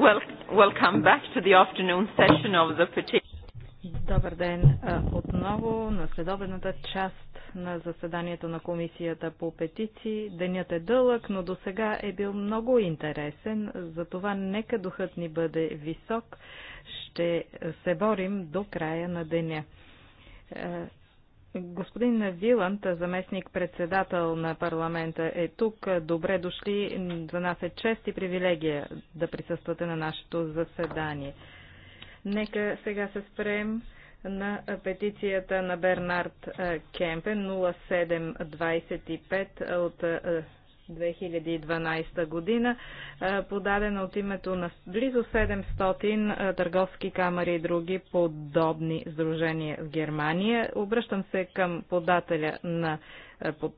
Welcome back to the afternoon session of the Добър ден отново на следобедната част на заседанието на Комисията по петиции. Денят е дълъг, но до сега е бил много интересен, затова нека духът ни бъде висок. Ще се борим до края на деня. Господин Виланд, заместник-председател на парламента е тук. Добре дошли. За нас е чест и привилегия да присъствате на нашето заседание. Нека сега се спрем на петицията на Бернард Кемпен 0725 от 2012 година, подадена от името на близо 700 търговски камери и други подобни сдружения в Германия. Обръщам се към подателя на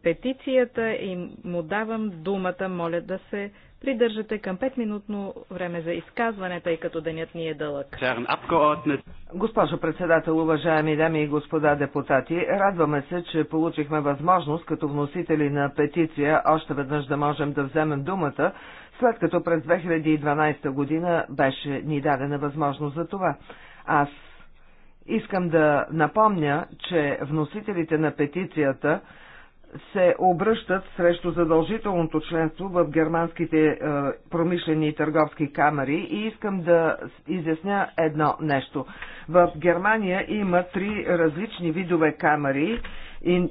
петицията и му давам думата. Моля да се придържате към 5-минутно време за изказване, тъй като денят ни е дълъг. Госпожо председател, уважаеми дами и господа депутати, радваме се, че получихме възможност като вносители на петиция още веднъж да можем да вземем думата, след като през 2012 година беше ни дадена възможност за това. Аз искам да напомня, че вносителите на петицията се обръщат срещу задължителното членство в германските е, промишлени и търговски камери и искам да изясня едно нещо. В Германия има три различни видове камери и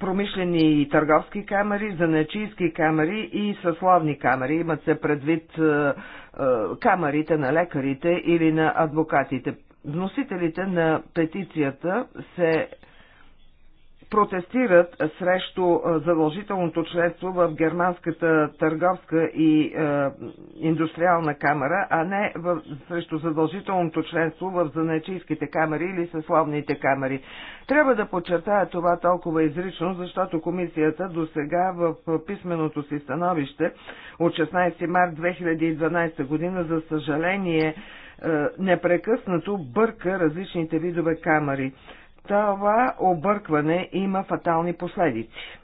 промишлени и търговски камери, занечийски камери и съсловни камери. Имат се предвид е, е, камерите на лекарите или на адвокатите. Вносителите на петицията се протестират срещу задължителното членство в Германската търговска и е, индустриална камера, а не в, срещу задължителното членство в занечийските камери или съсловните камери. Трябва да подчертая това толкова изрично, защото комисията до сега в писменото си становище от 16 март 2012 година, за съжаление, е, непрекъснато бърка различните видове камери това объркване има фатални последици.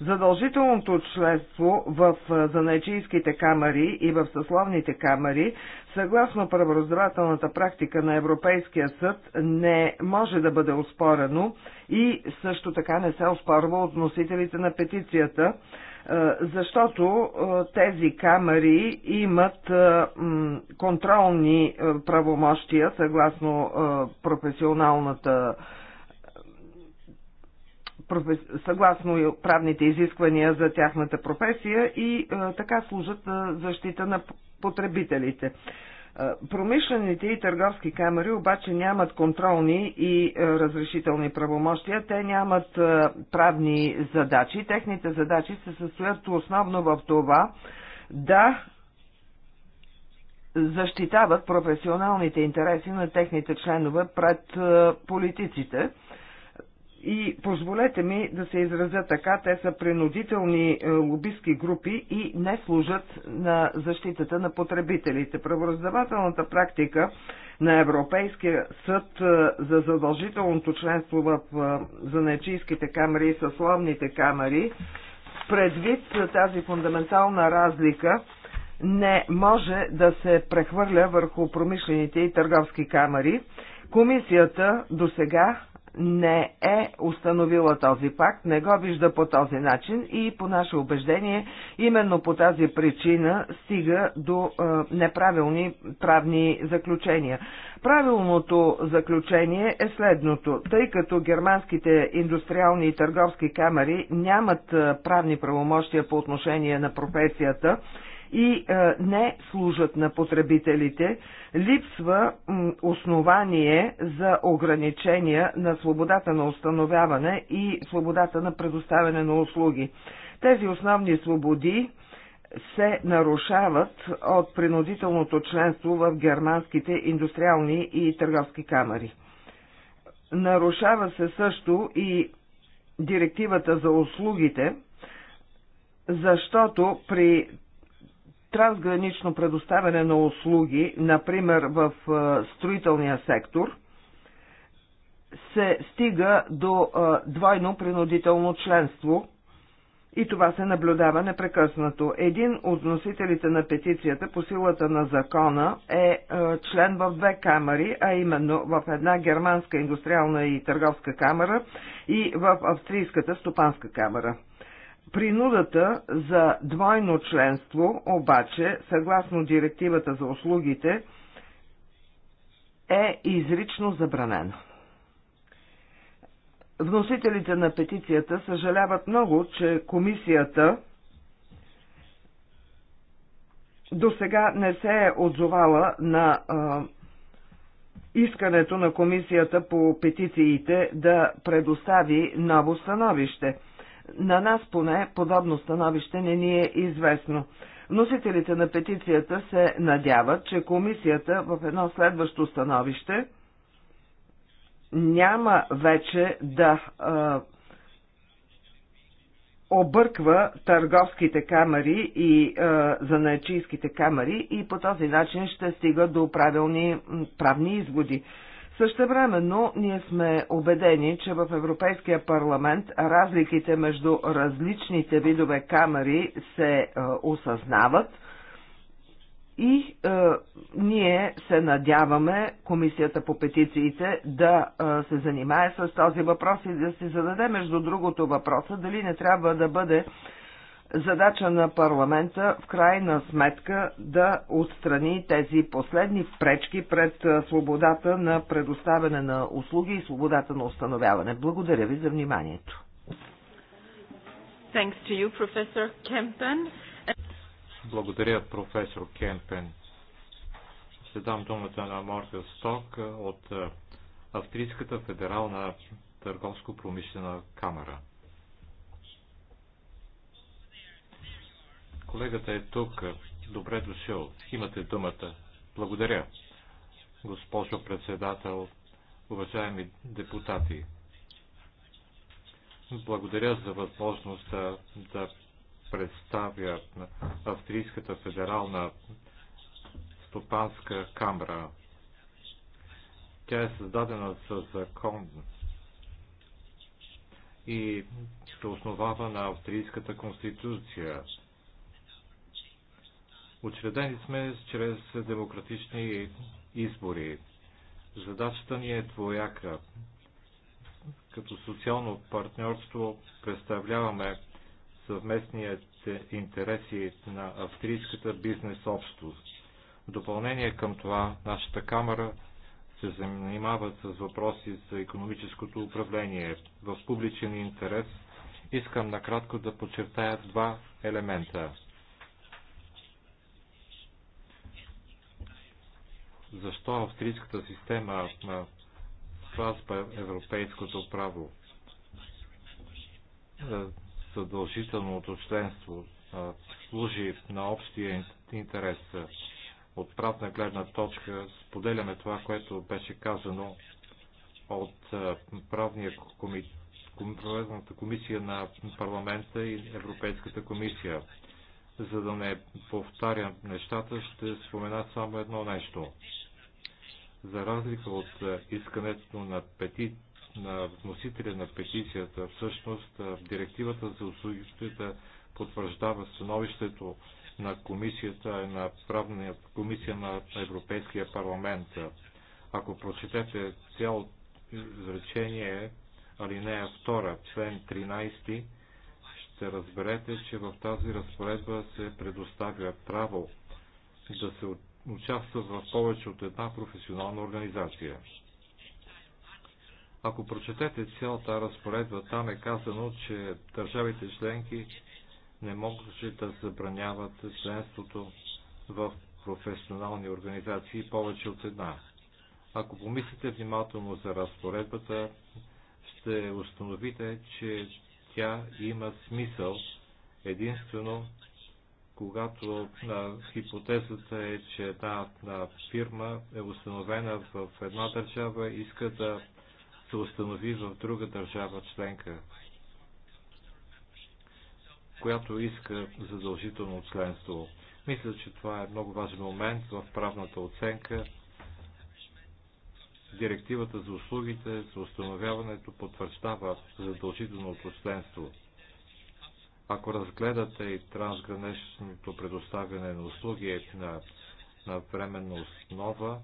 Задължителното членство в занайчийските камери и в съсловните камери, съгласно правораздавателната практика на Европейския съд, не може да бъде оспорено и също така не се оспорва от носителите на петицията, е, защото е, тези камери имат е, контролни правомощия съгласно професионалната съгласно правните изисквания за тяхната професия и така служат защита на потребителите. Е, промишлените и търговски камери обаче нямат контролни и е, разрешителни правомощия, те нямат е, правни задачи. Техните задачи се състоят основно в това да защитават професионалните интереси на техните членове пред политиците. И позволете ми да се изразя така, те са принудителни е, лобистки групи и не служат на защитата на потребителите. Правораздавателната практика на Европейския съд е, за задължителното членство в е, занечийските камери и съсловните камери, предвид тази фундаментална разлика, не може да се прехвърля върху промишлените и търговски камери. Комисията до сега не е установила този факт, не го вижда по този начин и по наше убеждение именно по тази причина стига до е, неправилни правни заключения. Правилното заключение е следното. Тъй като германските индустриални и търговски камери нямат е, правни правомощия по отношение на професията, и е, не служат на потребителите, липсва основание за ограничения на свободата на установяване и свободата на предоставяне на услуги. Тези основни свободи се нарушават от принудителното членство в германските индустриални и търговски камери. Нарушава се също и директивата за услугите, защото при трансгранично предоставяне на услуги, например в е, строителния сектор, се стига до е, двойно принудително членство и това се наблюдава непрекъснато. Един от носителите на петицията по силата на закона е, е член в две камери, а именно в една германска индустриална и търговска камера и в австрийската стопанска камера. Принудата за двойно членство, обаче, съгласно директивата за услугите, е изрично забранена. Вносителите на петицията съжаляват много, че комисията до сега не се е отзовала на а, искането на комисията по петициите да предостави ново становище – на нас поне подобно становище не ни е известно. Носителите на петицията се надяват, че комисията в едно следващо становище няма вече да а, обърква търговските камери и а, камери и по този начин ще стига до правилни правни изводи. Същевременно ние сме убедени, че в Европейския парламент разликите между различните видове камери се е, осъзнават и е, ние се надяваме Комисията по петициите да е, се занимае с този въпрос и да си зададе между другото въпроса дали не трябва да бъде задача на парламента в крайна сметка да отстрани тези последни пречки пред свободата на предоставяне на услуги и свободата на установяване. Благодаря ви за вниманието. You, Благодаря, професор Кемпен. Ще дам думата на Морфил Сток от Австрийската федерална търговско-промишлена камера. Колегата е тук. Добре дошъл. Имате думата. Благодаря. Госпожо председател, уважаеми депутати, благодаря за възможността да представя Австрийската федерална стопанска камера. Тя е създадена със закон и се основава на Австрийската конституция. Учредени сме чрез демократични избори. Задачата ни е двояка. Като социално партньорство представляваме съвместните интереси на австрийската бизнес общност. В допълнение към това, нашата камера се занимава с въпроси за економическото управление в публичен интерес. Искам накратко да подчертая два елемента – защо австрийската система спазва европейското право. Задължителното е, членство служи на общия интерес. От правна гледна точка споделяме това, което беше казано от правния комит... Комисия на парламента и Европейската комисия за да не повтарям нещата, ще спомена само едно нещо. За разлика от искането на, пети, на вносителя на петицията, всъщност директивата за услугите да потвърждава становището на комисията на правния комисия на Европейския парламент. Ако прочетете цялото изречение, алинея 2, член 13, ще разберете, че в тази разпоредба се предоставя право да се участва в повече от една професионална организация. Ако прочетете цялата разпоредба, там е казано, че държавите членки не могат да забраняват членството в професионални организации повече от една. Ако помислите внимателно за разпоредбата, ще установите, че тя има смисъл единствено когато а, хипотезата е, че една, една фирма е установена в една държава и иска да се установи в друга държава членка, която иска задължително членство. Мисля, че това е много важен момент в правната оценка Директивата за услугите за установяването потвърждава задължителното членство. Ако разгледате и трансграничното предоставяне на услуги на, на временна основа,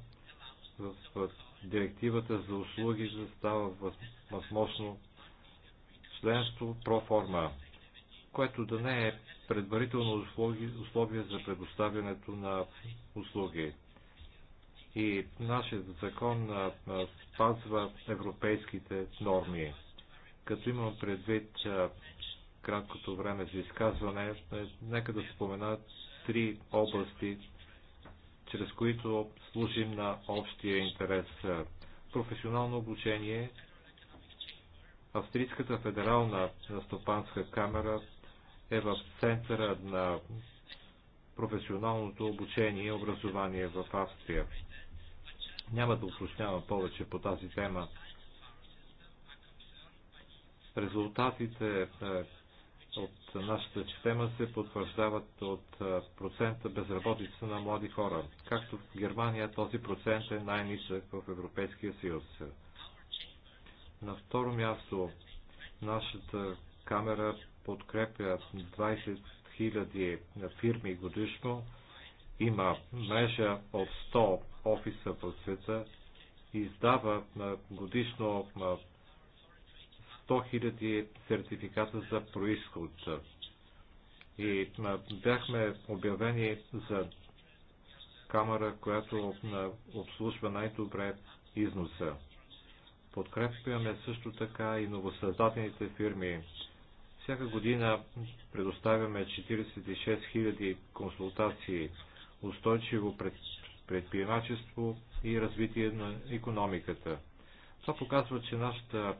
в, в директивата за услуги става възможно членство проформа, което да не е предварително услуги, условие за предоставянето на услуги и нашият закон спазва европейските норми. Като имам предвид краткото време за изказване, е, нека да спомена три области, чрез които служим на общия интерес. Професионално обучение, Австрийската федерална стопанска камера е в центъра на професионалното обучение и образование в Австрия. Няма да осложнявам повече по тази тема. Резултатите е, от нашата система се потвърждават от е, процента безработица на млади хора. Както в Германия този процент е най-нисък в Европейския съюз. На второ място нашата камера подкрепя 20 000 е, фирми годишно има мрежа от 100 офиса в света и издава годишно 100 000 сертификата за происход. И бяхме обявени за камера, която обслужва най-добре износа. Подкрепяме също така и новосъздадените фирми. Всяка година предоставяме 46 000 консултации устойчиво предприемачество и развитие на економиката. Това показва, че нашата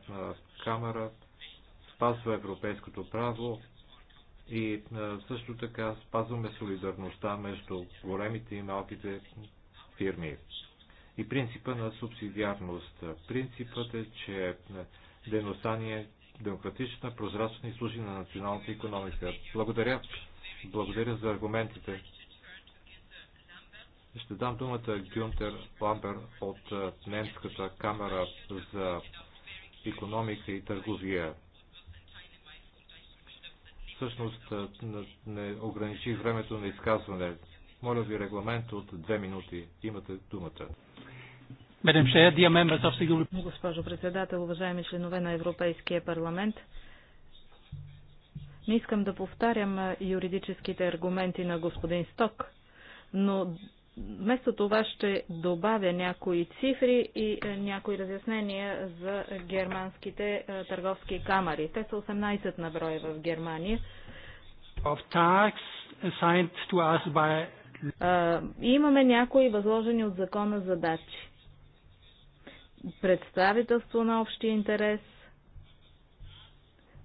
камера спазва европейското право и също така спазваме солидарността между големите и малките фирми. И принципа на субсидиарност. Принципът е, че дейността ни е демократична, прозрачна и служи на националната економика. Благодаря. Благодаря за аргументите. Ще дам думата Гюнтер Ламбер от Немската камера за економика и търговия. Всъщност не ограничих времето на изказване. Моля ви регламент от две минути. Имате думата. Госпожо председател, уважаеми членове на Европейския парламент, не искам да повтарям юридическите аргументи на господин Сток, но Вместо това ще добавя някои цифри и е, някои разяснения за германските е, търговски камери. Те са 18 на брой в Германия. By... И е, имаме някои възложени от закона задачи. Представителство на общия интерес,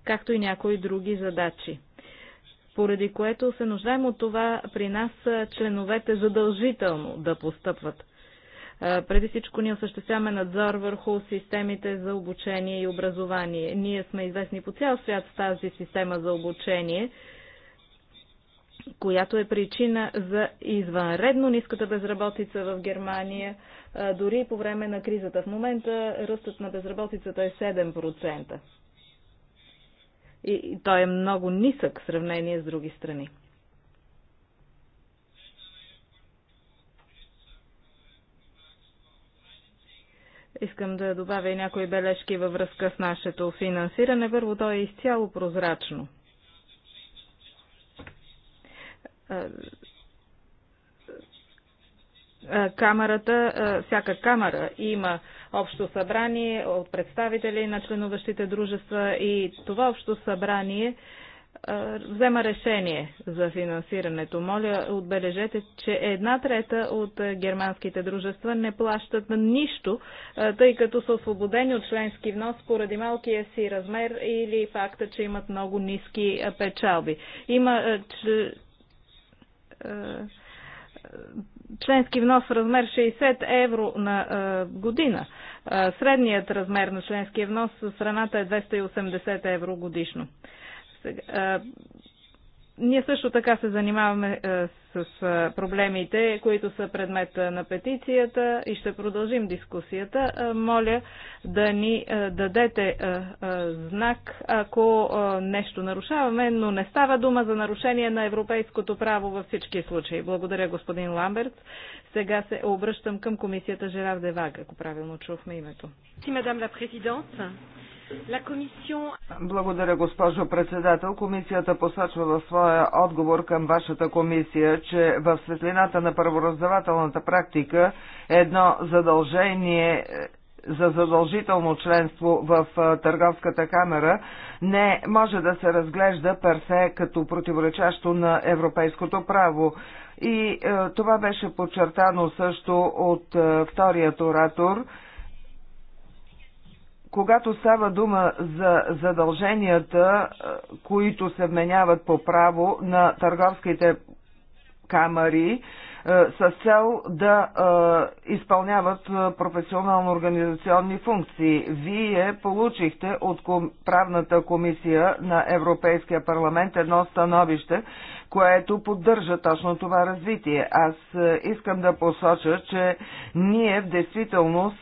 както и някои други задачи поради което се нуждаем от това при нас членовете задължително да постъпват. Преди всичко ние осъществяваме надзор върху системите за обучение и образование. Ние сме известни по цял свят с тази система за обучение, която е причина за извънредно ниската безработица в Германия, дори по време на кризата. В момента ръстът на безработицата е 7% и той е много нисък в сравнение с други страни. Искам да добавя и някои бележки във връзка с нашето финансиране. Първо, то е изцяло прозрачно. Камерата, всяка камера има общо събрание от представители на членуващите дружества и това общо събрание е, взема решение за финансирането. Моля, отбележете, че една трета от германските дружества не плащат на нищо, е, тъй като са освободени от членски внос поради малкия си размер или факта, че имат много ниски е, печалби. Има че, членски внос в размер 60 евро на а, година. А, средният размер на членския внос в страната е 280 евро годишно. Сега, а, ние също така се занимаваме е, с е, проблемите, които са предмет е, на петицията и ще продължим дискусията. Моля да ни дадете знак, ако нещо нарушаваме, но не става дума за нарушение на европейското право във всички случаи. Благодаря, господин Ламберт. Сега се обръщам към комисията Жерав Деваг, ако правилно чухме името. Си, мадам ла президент. Благодаря, госпожо председател. Комисията посочва в своя отговор към вашата комисия, че в светлината на първораздавателната практика едно задължение е, за задължително членство в е, Търговската камера не може да се разглежда персе като противоречащо на европейското право. И е, това беше подчертано също от е, вторият оратор – когато става дума за задълженията, е, които се вменяват по право на търговските камари, е, с цел да е, изпълняват професионално-организационни функции. Вие получихте от правната комисия на Европейския парламент едно становище, което поддържа точно това развитие. Аз искам да посоча, че ние в действителност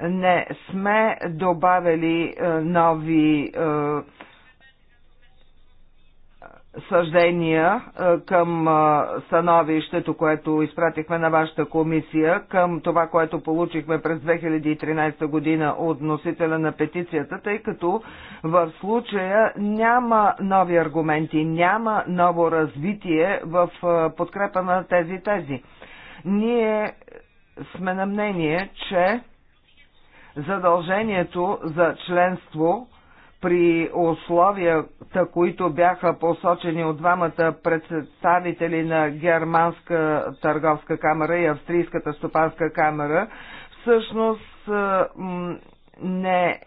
не сме добавили е, нови е, съждения е, към становището, което изпратихме на вашата комисия, към това, което получихме през 2013 година от носителя на петицията, тъй като в случая няма нови аргументи, няма ново развитие в подкрепа на тези тези. Ние сме на мнение, че задължението за членство при условията, които бяха посочени от двамата представители на Германска търговска камера и Австрийската стопанска камера, всъщност не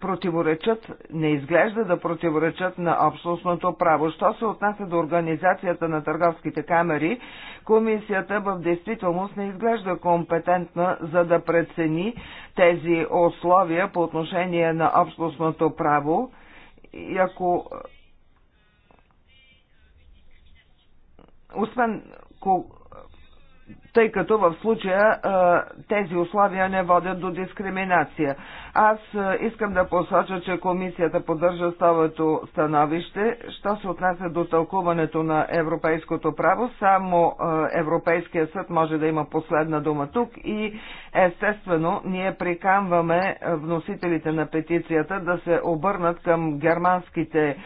противоречат, не изглежда да противоречат на общностното право. Що се отнася до организацията на търговските камери, комисията в действителност не изглежда компетентна за да прецени тези условия по отношение на общностното право. И ако освен тъй като в случая тези условия не водят до дискриминация. Аз е, искам да посоча, че комисията поддържа стовето становище, що се отнася до тълкуването на европейското право. Само е, Европейския съд може да има последна дума тук и естествено ние приканваме е, вносителите на петицията да се обърнат към германските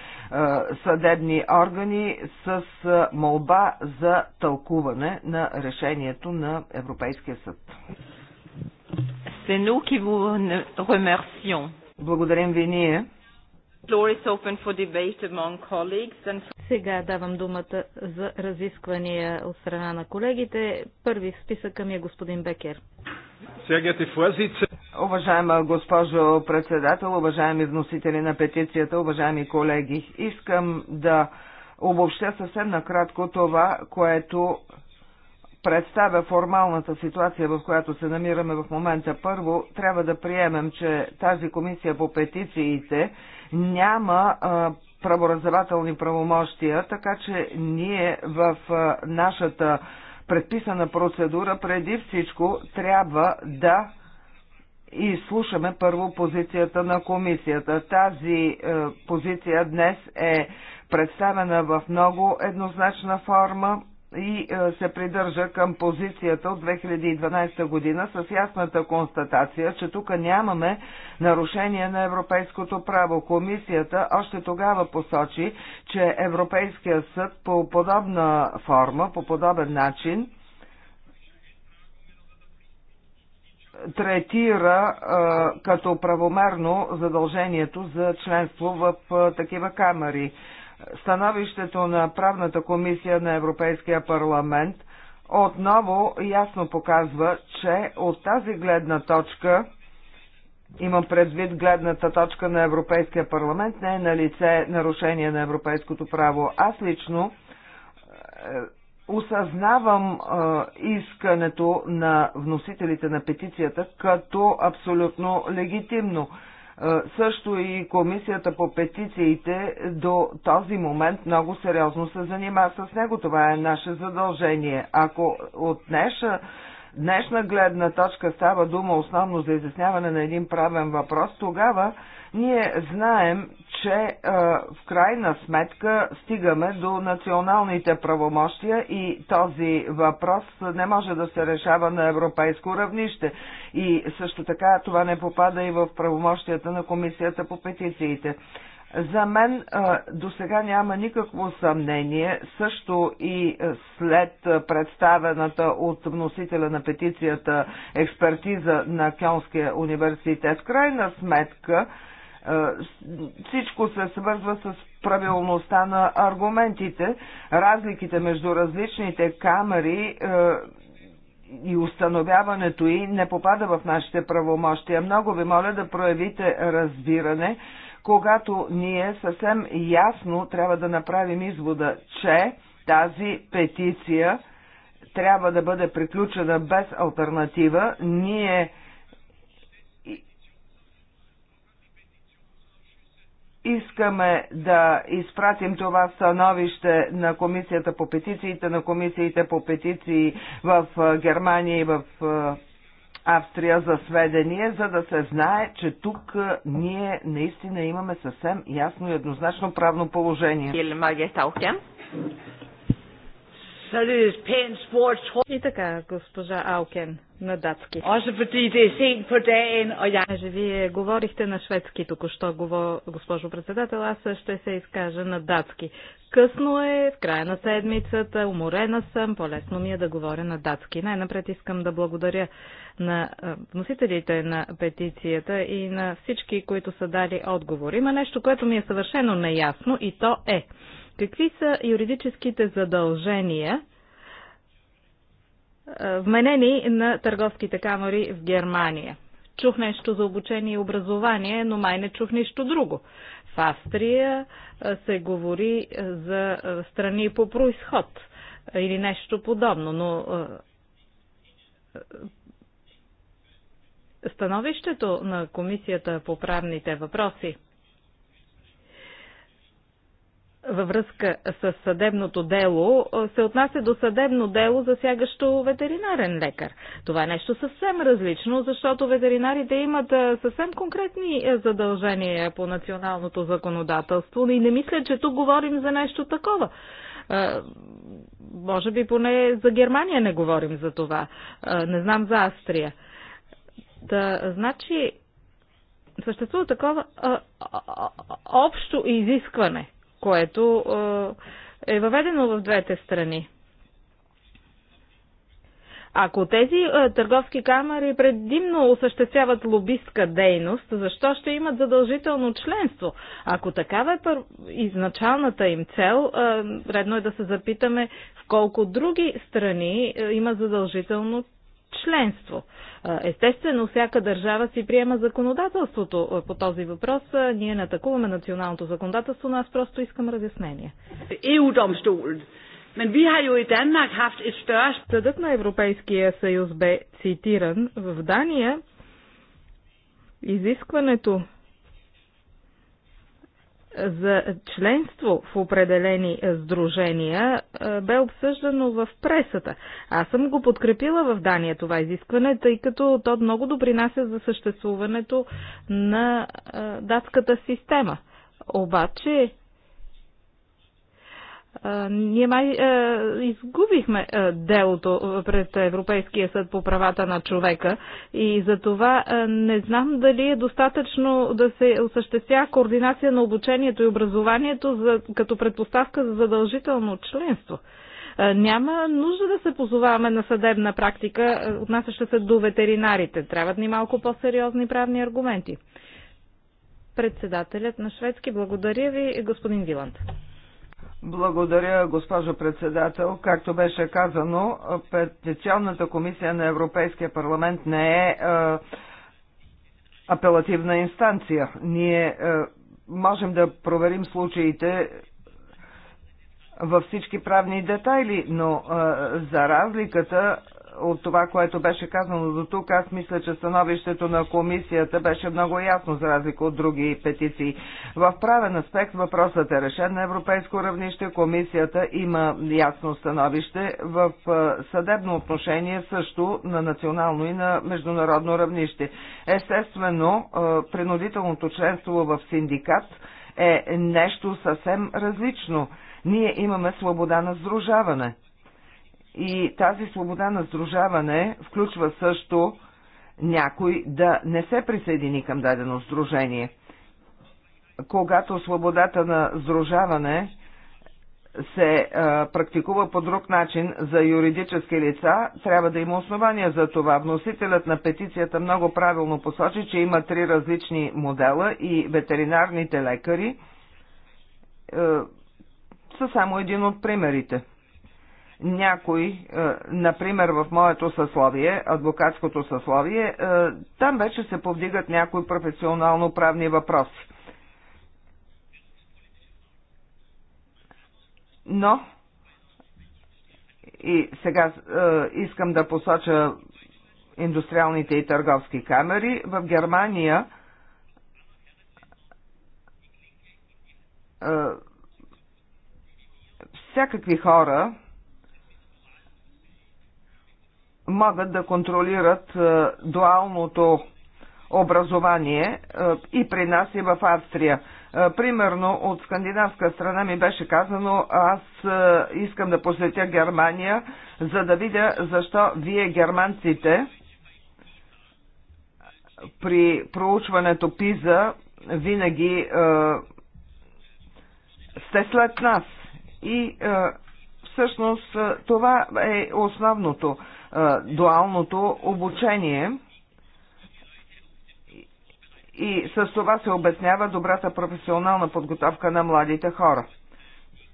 съдебни органи с молба за тълкуване на решението на Европейския съд. C'est nous qui vous remercions. Благодарим ви ние. Сега давам думата за разисквания от страна на колегите. Първи в списъка ми е господин Бекер. Уважаема госпожо председател, уважаеми вносители на петицията, уважаеми колеги, искам да обобщя съвсем накратко това, което представя формалната ситуация, в която се намираме в момента, първо трябва да приемем, че тази комисия по петициите няма правораздавателни правомощия, така че ние в а, нашата предписана процедура преди всичко трябва да и слушаме първо позицията на комисията. Тази е, позиция днес е представена в много еднозначна форма и е, се придържа към позицията от 2012 година с ясната констатация, че тук нямаме нарушение на европейското право. Комисията още тогава посочи, че Европейския съд по подобна форма, по подобен начин, третира а, е, като правомерно задължението за членство в а, е, такива камери. Становището на правната комисия на Европейския парламент отново ясно показва, че от тази гледна точка имам предвид гледната точка на Европейския парламент, не е на лице нарушение на европейското право. Аз лично е, осъзнавам е, искането на вносителите на петицията като абсолютно легитимно. Е, също и комисията по петициите до този момент много сериозно се занимава с него. Това е наше задължение. Ако отнеша днешна гледна точка става дума основно за изясняване на един правен въпрос, тогава ние знаем, че в крайна сметка стигаме до националните правомощия и този въпрос не може да се решава на европейско равнище. И също така това не попада и в правомощията на Комисията по петициите. За мен до сега няма никакво съмнение, също и след представената от вносителя на петицията експертиза на Кьонския университет. В крайна сметка всичко се свързва с правилността на аргументите, разликите между различните камери и установяването й не попада в нашите правомощия. Много ви моля да проявите разбиране когато ние съвсем ясно трябва да направим извода, че тази петиция трябва да бъде приключена без альтернатива, ние искаме да изпратим това становище на Комисията по петициите, на комисиите по петиции в Германия и в Австрия за сведение, за да се знае, че тук ние наистина имаме съвсем ясно и еднозначно правно положение. Er и така, госпожа Алкен на датски. Може er вие говорихте на шведски, току-що, госпожо председател, аз ще се изкажа на датски. Късно е, в края на седмицата, уморена съм, по-лесно ми е да говоря на датски. Най-напред искам да благодаря на носителите на петицията и на всички, които са дали отговор. Има нещо, което ми е съвършено неясно и то е. Какви са юридическите задължения вменени на търговските камери в Германия? Чух нещо за обучение и образование, но май не чух нищо друго. В Австрия се говори за страни по происход или нещо подобно, но становището на Комисията по правните въпроси във връзка с съдебното дело се отнася до съдебно дело, засягащо ветеринарен лекар. Това е нещо съвсем различно, защото ветеринарите имат съвсем конкретни задължения по националното законодателство и не мисля, че тук говорим за нещо такова. Може би поне за Германия не говорим за това. Не знам за Австрия. Да, значи, съществува такова а, а, а, общо изискване което е въведено в двете страни. Ако тези търговски камери предимно осъществяват лобистка дейност, защо ще имат задължително членство? Ако такава е изначалната им цел, редно е да се запитаме в колко други страни има задължително членство. Естествено, всяка държава си приема законодателството по този въпрос. Ние не атакуваме националното законодателство, но аз просто искам разяснение. Men vi har jo i Danmark haft et større... Съдът на Европейския съюз бе цитиран. В Дания изискването за членство в определени сдружения бе обсъждано в пресата. Аз съм го подкрепила в Дания това изискване, тъй като то много допринася за съществуването на датската система. Обаче ние май е, изгубихме е, делото пред Европейския съд по правата на човека и за това е, не знам дали е достатъчно да се осъществя координация на обучението и образованието за, като предпоставка за задължително членство. Няма нужда да се позоваваме на съдебна практика, отнасяща се до ветеринарите. Трябват ни малко по-сериозни правни аргументи. Председателят на шведски, благодаря ви, господин Виланд. Благодаря, госпожо председател. Както беше казано, петиционната комисия на Европейския парламент не е, е апелативна инстанция. Ние е, можем да проверим случаите във всички правни детайли, но а, е, за разликата от това, което беше казано до тук, аз мисля, че становището на комисията беше много ясно, за разлика от други петиции. В правен аспект въпросът е решен на европейско равнище, комисията има ясно становище, в съдебно отношение също на национално и на международно равнище. Естествено, принудителното членство в синдикат е нещо съвсем различно. Ние имаме свобода на сдружаване. И тази свобода на сдружаване включва също някой да не се присъедини към дадено сдружение. Когато свободата на сдружаване се а, практикува по друг начин за юридически лица, трябва да има основания за това. Вносителят на петицията много правилно посочи, че има три различни модела и ветеринарните лекари а, са само един от примерите някой, е, например в моето съсловие, адвокатското съсловие, е, там вече се повдигат някои професионално правни въпроси. Но, и сега е, искам да посоча индустриалните и търговски камери, в Германия всякакви хора, могат да контролират е, дуалното образование е, и при нас, и в Австрия. Е, примерно от скандинавска страна ми беше казано, аз искам да посетя Германия, за да видя защо вие германците при проучването ПИЗа винаги е, сте след нас. И е, всъщност това е основното. Е, дуалното обучение. И с това се обяснява добрата професионална подготовка на младите хора.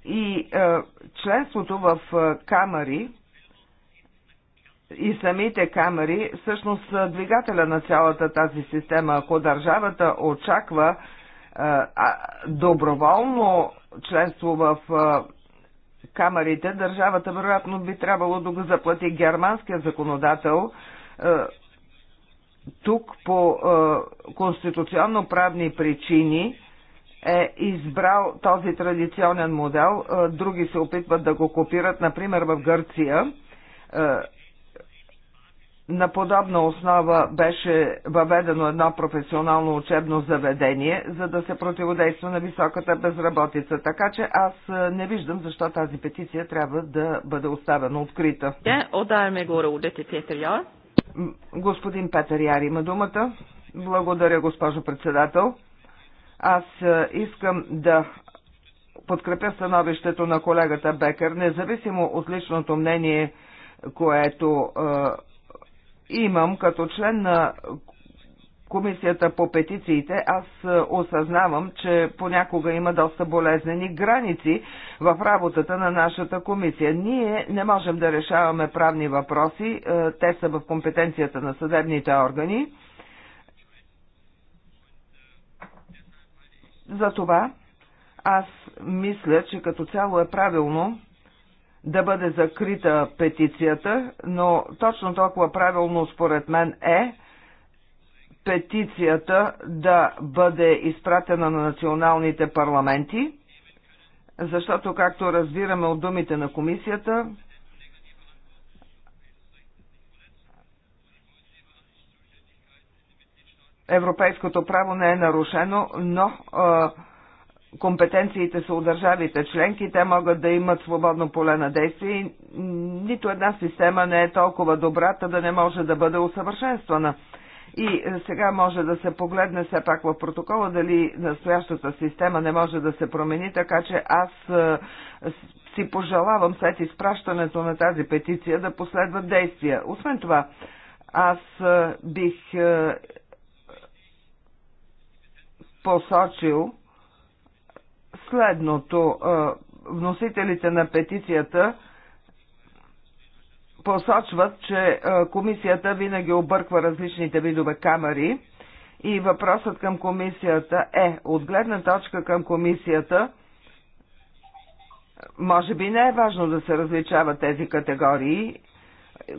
И е, членството в е, камери и самите камери всъщност са двигателя на цялата тази система. Ако държавата очаква е, доброволно членство в е, камерите, държавата вероятно би трябвало да го заплати германския законодател. Е, тук по е, конституционно-правни причини е избрал този традиционен модел, е, други се опитват да го копират, например в Гърция на подобна основа беше въведено едно професионално учебно заведение, за да се противодейства на високата безработица. Така че аз не виждам защо тази петиция трябва да бъде оставена открита. Да, отдаваме Господин Петър Яр има думата. Благодаря, госпожо председател. Аз искам да подкрепя становището на колегата Бекър, независимо от личното мнение, което имам като член на Комисията по петициите, аз е, осъзнавам, че понякога има доста болезнени граници в работата на нашата комисия. Ние не можем да решаваме правни въпроси, е, те са в компетенцията на съдебните органи. Затова аз мисля, че като цяло е правилно да бъде закрита петицията, но точно толкова правилно според мен е петицията да бъде изпратена на националните парламенти, защото, както разбираме от думите на комисията, европейското право не е нарушено, но а, компетенциите са у държавите членки, те могат да имат свободно поле на действие. и Нито една система не е толкова добра, да не може да бъде усъвършенствана. И е, сега може да се погледне все пак в протокола дали настоящата система не може да се промени, така че аз е, си пожелавам след изпращането на тази петиция да последват действия. Освен това, аз е, бих посочил, следното. Вносителите на петицията посочват, че комисията винаги обърква различните видове камери и въпросът към комисията е, от гледна точка към комисията, може би не е важно да се различават тези категории.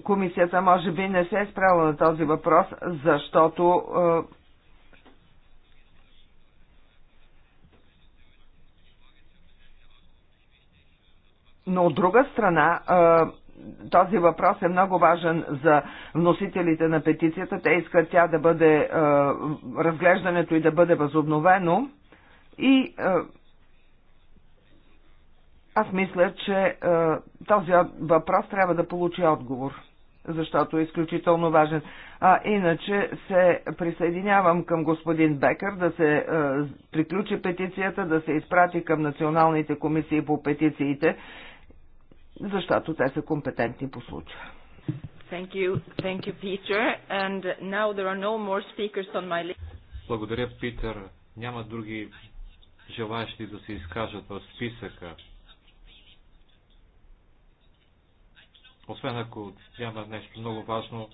Комисията може би не се е справила на този въпрос, защото е, Но от друга страна, този въпрос е много важен за вносителите на петицията. Те искат тя да бъде, разглеждането и да бъде възобновено. И аз мисля, че този въпрос трябва да получи отговор защото е изключително важен. А иначе се присъединявам към господин Бекър да се е, приключи петицията, да се изпрати към националните комисии по петициите защото те са компетентни по случая. Thank you. Thank you, Peter. And now there are no more speakers on my list. Благодаря, Питър. Няма други желащи да се изкажат в списъка. Освен ако няма нещо много важно,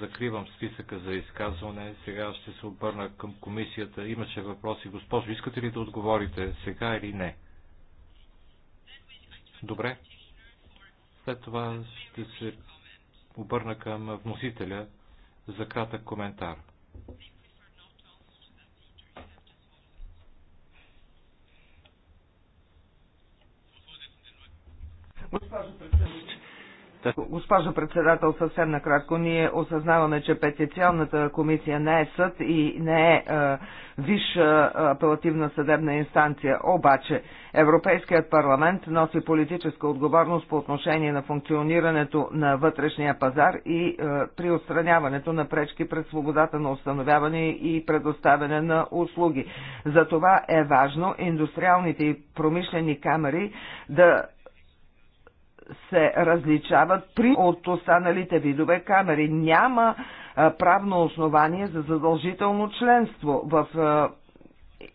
закривам списъка за изказване. Сега ще се обърна към комисията. Имаше въпроси. Госпожо, искате ли да отговорите сега или не? Добре. След това ще се обърна към вносителя за кратък коментар. Госпожо председател, Госпожо председател, съвсем накратко, ние осъзнаваме, че петиционната комисия не е съд и не е, е висша апелативна съдебна инстанция. Обаче Европейският парламент носи политическа отговорност по отношение на функционирането на вътрешния пазар и е, при отстраняването на пречки пред свободата на установяване и предоставяне на услуги. За това е важно индустриалните и промишлени камери да се различават при от останалите видове камери. Няма правно основание за задължително членство в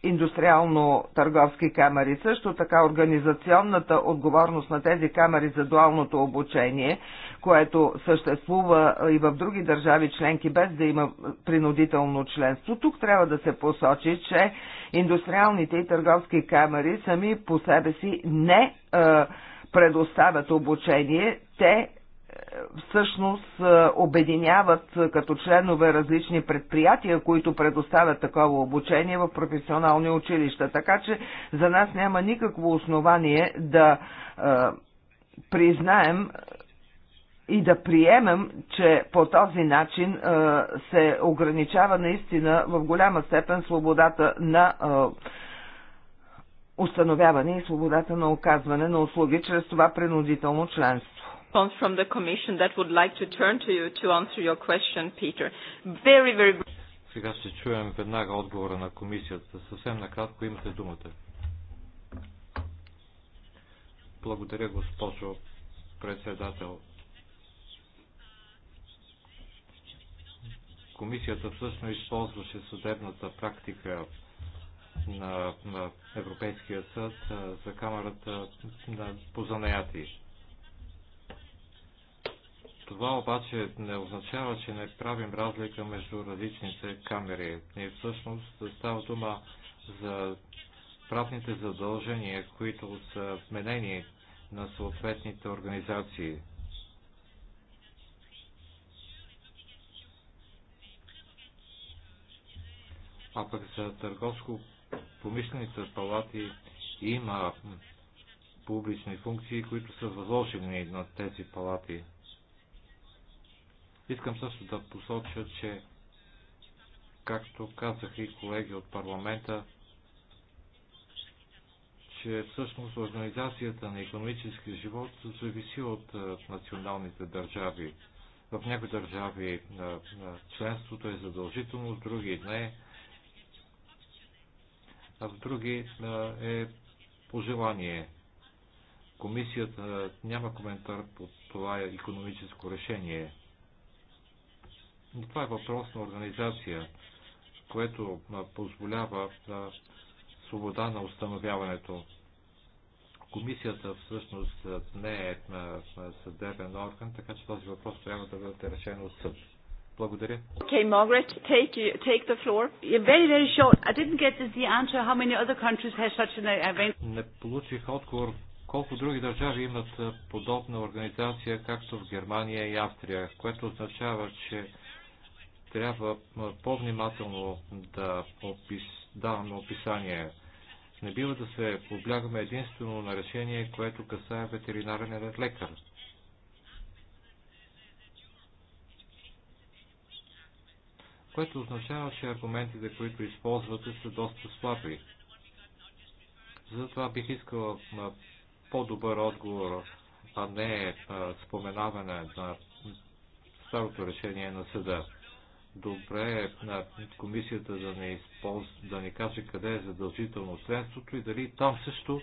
индустриално-търговски камери. Също така организационната отговорност на тези камери за дуалното обучение, което съществува и в други държави членки без да има принудително членство. Тук трябва да се посочи, че индустриалните и търговски камери сами по себе си не а, предоставят обучение, те е, всъщност е, обединяват е, като членове различни предприятия, които предоставят такова обучение в професионални училища. Така че за нас няма никакво основание да признаем и да приемем, че по този начин се ограничава наистина в голяма степен свободата на установяване и свободата на оказване на услуги чрез това принудително членство. From the Commission that would like to turn to you to answer your question, Peter. Very, very... Сега ще чуем веднага отговора на комисията. Съвсем накратко имате думата. Благодаря, госпожо председател. Комисията всъщност използваше съдебната практика на Европейския съд за камерата на позанаяти. Това обаче не означава, че не правим разлика между различните камери. И всъщност става дума за правните задължения, които са вменени на съответните организации. А пък за търговско промишлените палати има публични функции, които са възложени на тези палати. Искам също да посоча, че както казах и колеги от парламента, че всъщност организацията на економически живот зависи от националните държави. В някои държави членството е задължително, в други не а в други е пожелание. Комисията няма коментар по това економическо решение. Но това е въпрос на организация, което позволява свобода на установяването. Комисията всъщност не е съдебен орган, така че този въпрос трябва да бъде решен от съд. Благодаря. Okay, Margaret, take, take the floor. very, very short. I didn't get the answer how many other countries have such an event. Не получих отговор колко други държави имат подобна организация, както в Германия и Австрия, което означава, че трябва по-внимателно да опис... даваме описание. Не бива да се облягаме единствено на решение, което касае ветеринарен лекар. което означава, че аргументите, които използвате, са доста слаби. Затова бих на по-добър отговор, а не споменаване на старото решение на съда. Добре е на комисията да не, използ... да не каже къде е задължително членството и дали там също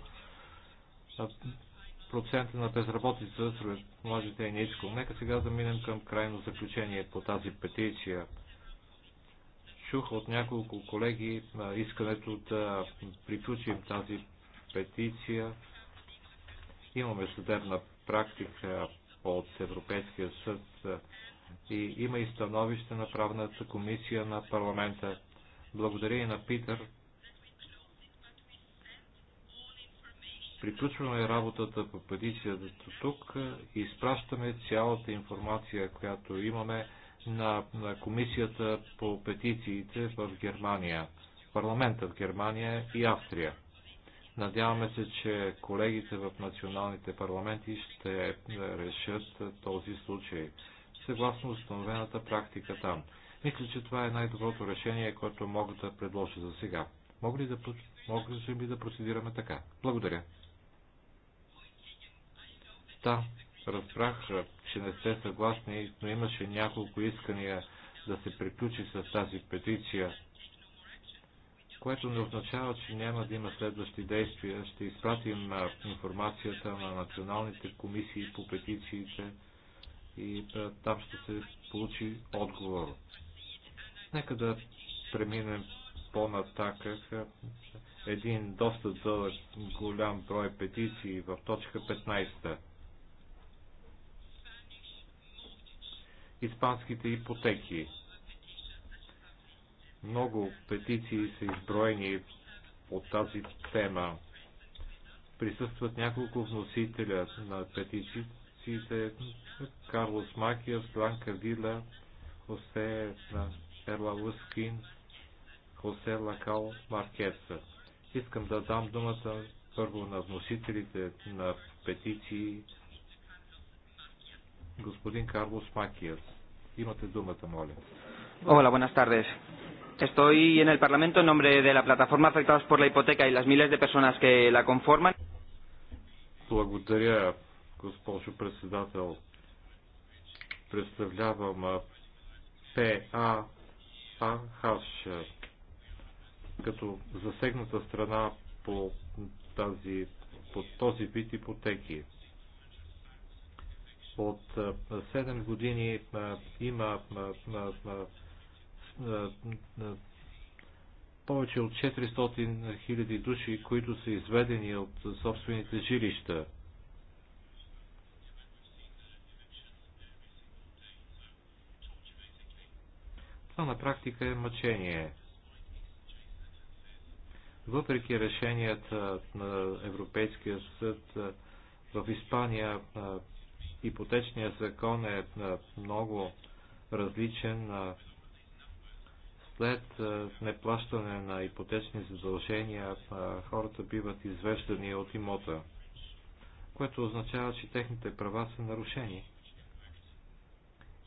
процента на безработица сред младите е ниско. Нека сега да минем към крайно заключение по тази петиция чух от няколко колеги искането да приключим тази петиция. Имаме съдебна практика от Европейския съд и има и становище на правната комисия на парламента. Благодаря и на Питър. Приключваме работата по петицията тук и изпращаме цялата информация, която имаме на, на комисията по петициите в Германия, парламента в Германия и Австрия. Надяваме се, че колегите в националните парламенти ще решат този случай, съгласно установената практика там. Мисля, че това е най-доброто решение, което мога да предложа за сега. Мога ли да, мога ли да процедираме така? Благодаря. Да, разбрах, че не сте съгласни, но имаше няколко искания да се приключи с тази петиция, което не означава, че няма да има следващи действия. Ще изпратим информацията на националните комисии по петициите и там ще се получи отговор. Нека да преминем по-нататък един доста дълъг голям брой петиции в точка 15. испанските ипотеки. Много петиции са изброени от тази тема. Присъстват няколко вносителя на петициите Карлос Макия, Бланка Вила, Хосе Ерла Лъскин, Хосе Лакал Маркеса. Искам да дам думата първо на вносителите на петиции господин Карлос Макиас. Имате думата, моля. Hola, buenas tardes. Estoy en el Parlamento en nombre de la plataforma afectados por la hipoteca y las miles de personas que la conforman. Благодаря, госпожо председател. Представлявам ПААХ като засегната страна по, тази, по този вид ипотеки от 7 години има повече от 400 хиляди души, които са изведени от собствените жилища. Това на практика е мъчение. Въпреки решенията на Европейския съд в Испания ипотечният закон е много различен. След неплащане на ипотечни задължения хората биват извеждани от имота, което означава, че техните права са нарушени.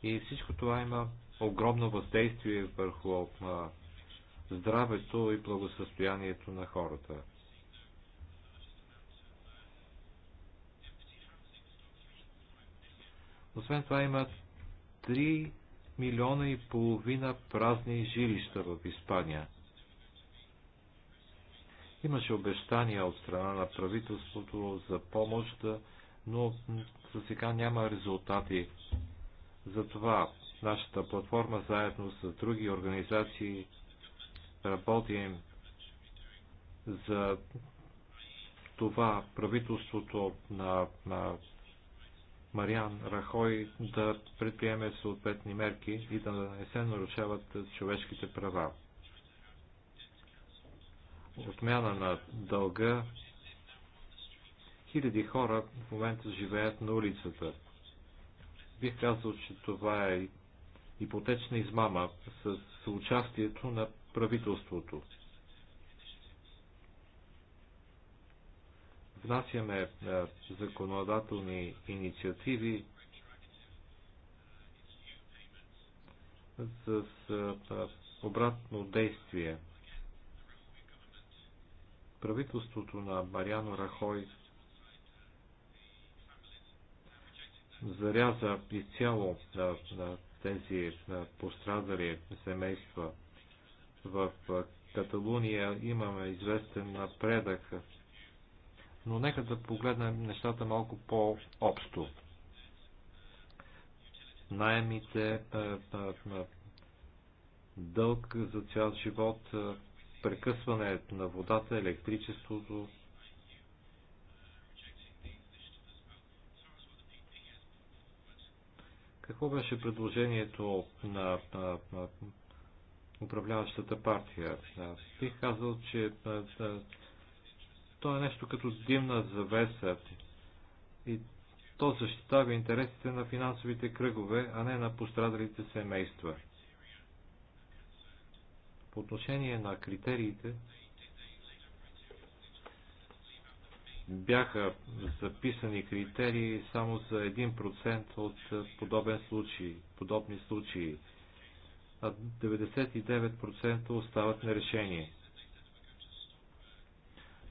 И всичко това има огромно въздействие върху здравето и благосъстоянието на хората. Освен това има 3 милиона и половина празни жилища в Испания. Имаше обещания от страна на правителството за помощ, но за сега няма резултати. Затова нашата платформа заедно с други организации работим за това правителството на, на Мариан Рахой да предприеме съответни мерки и да не се нарушават човешките права. Отмяна на дълга. Хиляди хора в момента живеят на улицата. Бих казал, че това е ипотечна измама с участието на правителството. внасяме е, законодателни инициативи с е, обратно действие. Правителството на Мариано Рахой заряза изцяло на, е, на тези на пострадали семейства. В Каталуния имаме известен напредък но нека да погледнем нещата малко по-общо. Найемите, е, е, е, дълг за цял живот, прекъсване на водата, електричеството, Какво беше предложението на, на, на управляващата партия? Бих казал, че то е нещо като димна завеса и то защитава интересите на финансовите кръгове, а не на пострадалите семейства. По отношение на критериите, бяха записани критерии само за 1% от подобен случай, подобни случаи, а 99% остават нерешение.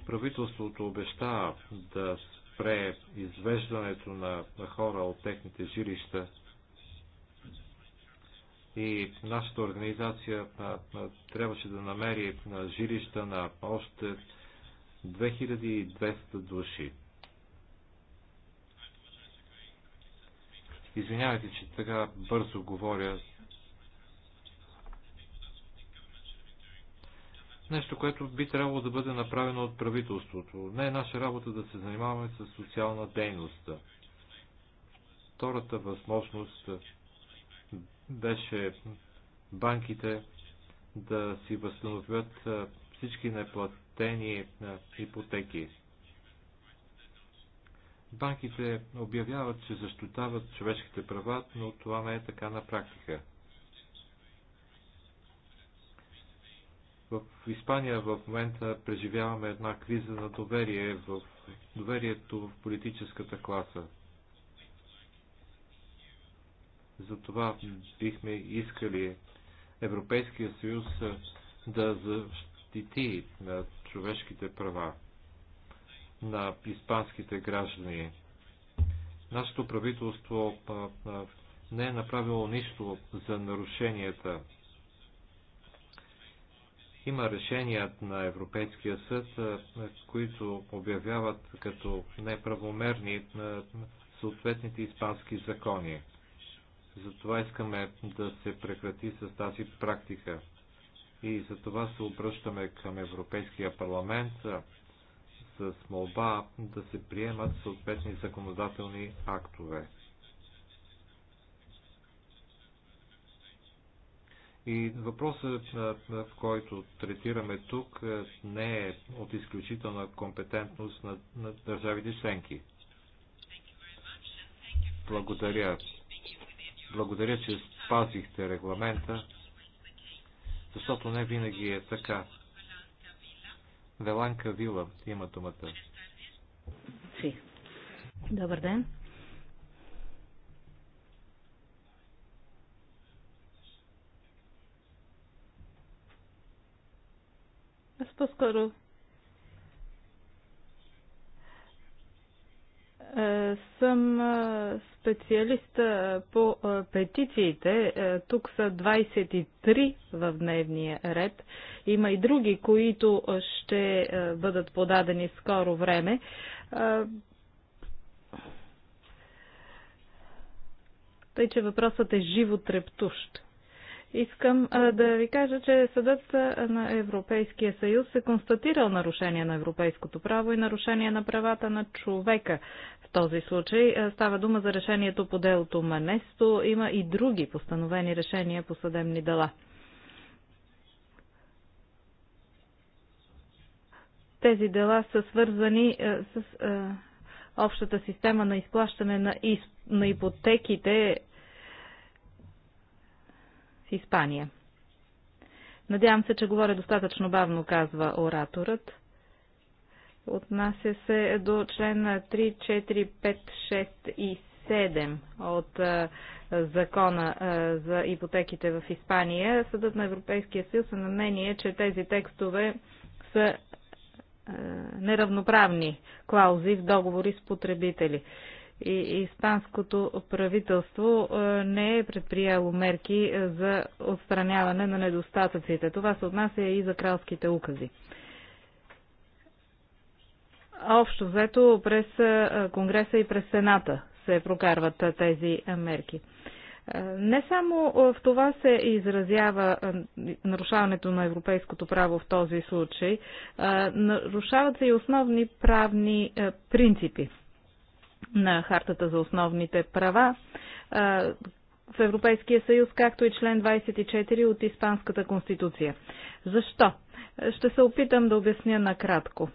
Правителството обеща да спре извеждането на хора от техните жилища и нашата организация трябваше да намери жилища на още 2200 души. Извинявайте, че така бързо говоря, Нещо, което би трябвало да бъде направено от правителството. Не е наша работа да се занимаваме с социална дейност. Втората възможност беше банките да си възстановят всички неплатени ипотеки. Банките обявяват, че защитават човешките права, но това не е така на практика. В Испания в момента преживяваме една криза на доверие в доверието в политическата класа. Затова бихме искали Европейския съюз да защити на човешките права на испанските граждани. Нашето правителство не е направило нищо за нарушенията има решения на Европейския съд, които обявяват като неправомерни на съответните испански закони. Затова искаме да се прекрати с тази практика. И затова се обръщаме към Европейския парламент с молба да се приемат съответни законодателни актове. И въпросът, в който третираме тук, не е от изключителна компетентност на, на държавите членки. Благодаря. Благодаря, че спазихте регламента, защото не винаги е така. Веланка Вила има думата. Добър ден. Аз по-скоро е, съм е, специалист е, по петициите. Тук са 23 в дневния ред. Има и други, които ще бъдат подадени скоро време. Тъй, че въпросът е животрептущ. Искам да ви кажа, че съдът на Европейския съюз е констатирал нарушение на европейското право и нарушение на правата на човека. В този случай става дума за решението по делото Манесто. Има и други постановени решения по съдебни дела. Тези дела са свързани с общата система на изплащане на ипотеките Испания. Надявам се, че говоря достатъчно бавно, казва ораторът. Отнася се до член 3, 4, 5, 6 и 7 от закона за ипотеките в Испания. Съдът на Европейския съюз е на мнение, че тези текстове са неравноправни клаузи в договори с потребители и испанското правителство е, не е предприело мерки е, за отстраняване на недостатъците. Това се отнася и за кралските укази. Общо взето през е, Конгреса и през Сената се прокарват тези мерки. Не само в това се изразява нарушаването на европейското право в този случай, нарушават се и основни правни принципи на Хартата за основните права в Европейския съюз, както и член 24 от Испанската конституция. Защо? Ще се опитам да обясня накратко.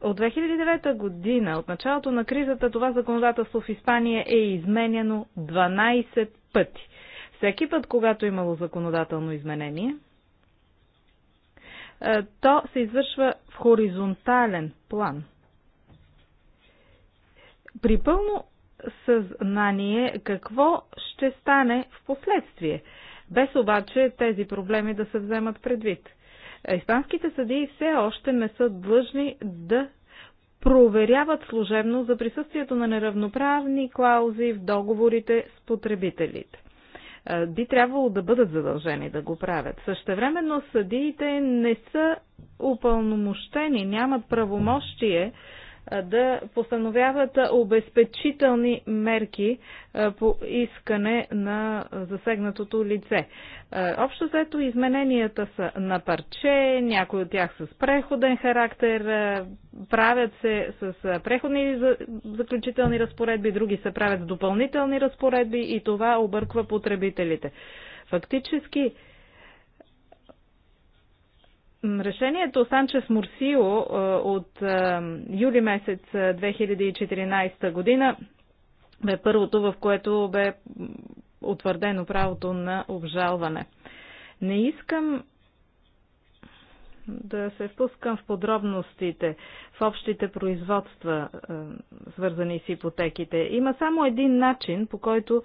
От 2009 година, от началото на кризата, това законодателство в Испания е изменено 12 пъти. Всеки път, когато е имало законодателно изменение, то се извършва в хоризонтален план – при пълно съзнание какво ще стане в последствие, без обаче тези проблеми да се вземат предвид. Испанските съдии все още не са длъжни да проверяват служебно за присъствието на неравноправни клаузи в договорите с потребителите. Е, би трябвало да бъдат задължени да го правят. Същевременно съдиите не са упълномощени, нямат правомощие да постановяват обезпечителни мерки по искане на засегнатото лице. Общо взето измененията са на парче, някои от тях с преходен характер, правят се с преходни заключителни разпоредби, други се правят с допълнителни разпоредби и това обърква потребителите. Фактически, Решението Санчес Мурсио е, от е, юли месец 2014 е, година бе първото, в което бе утвърдено правото на обжалване. Не искам да се впускам в подробностите, в общите производства, свързани с ипотеките. Има само един начин, по който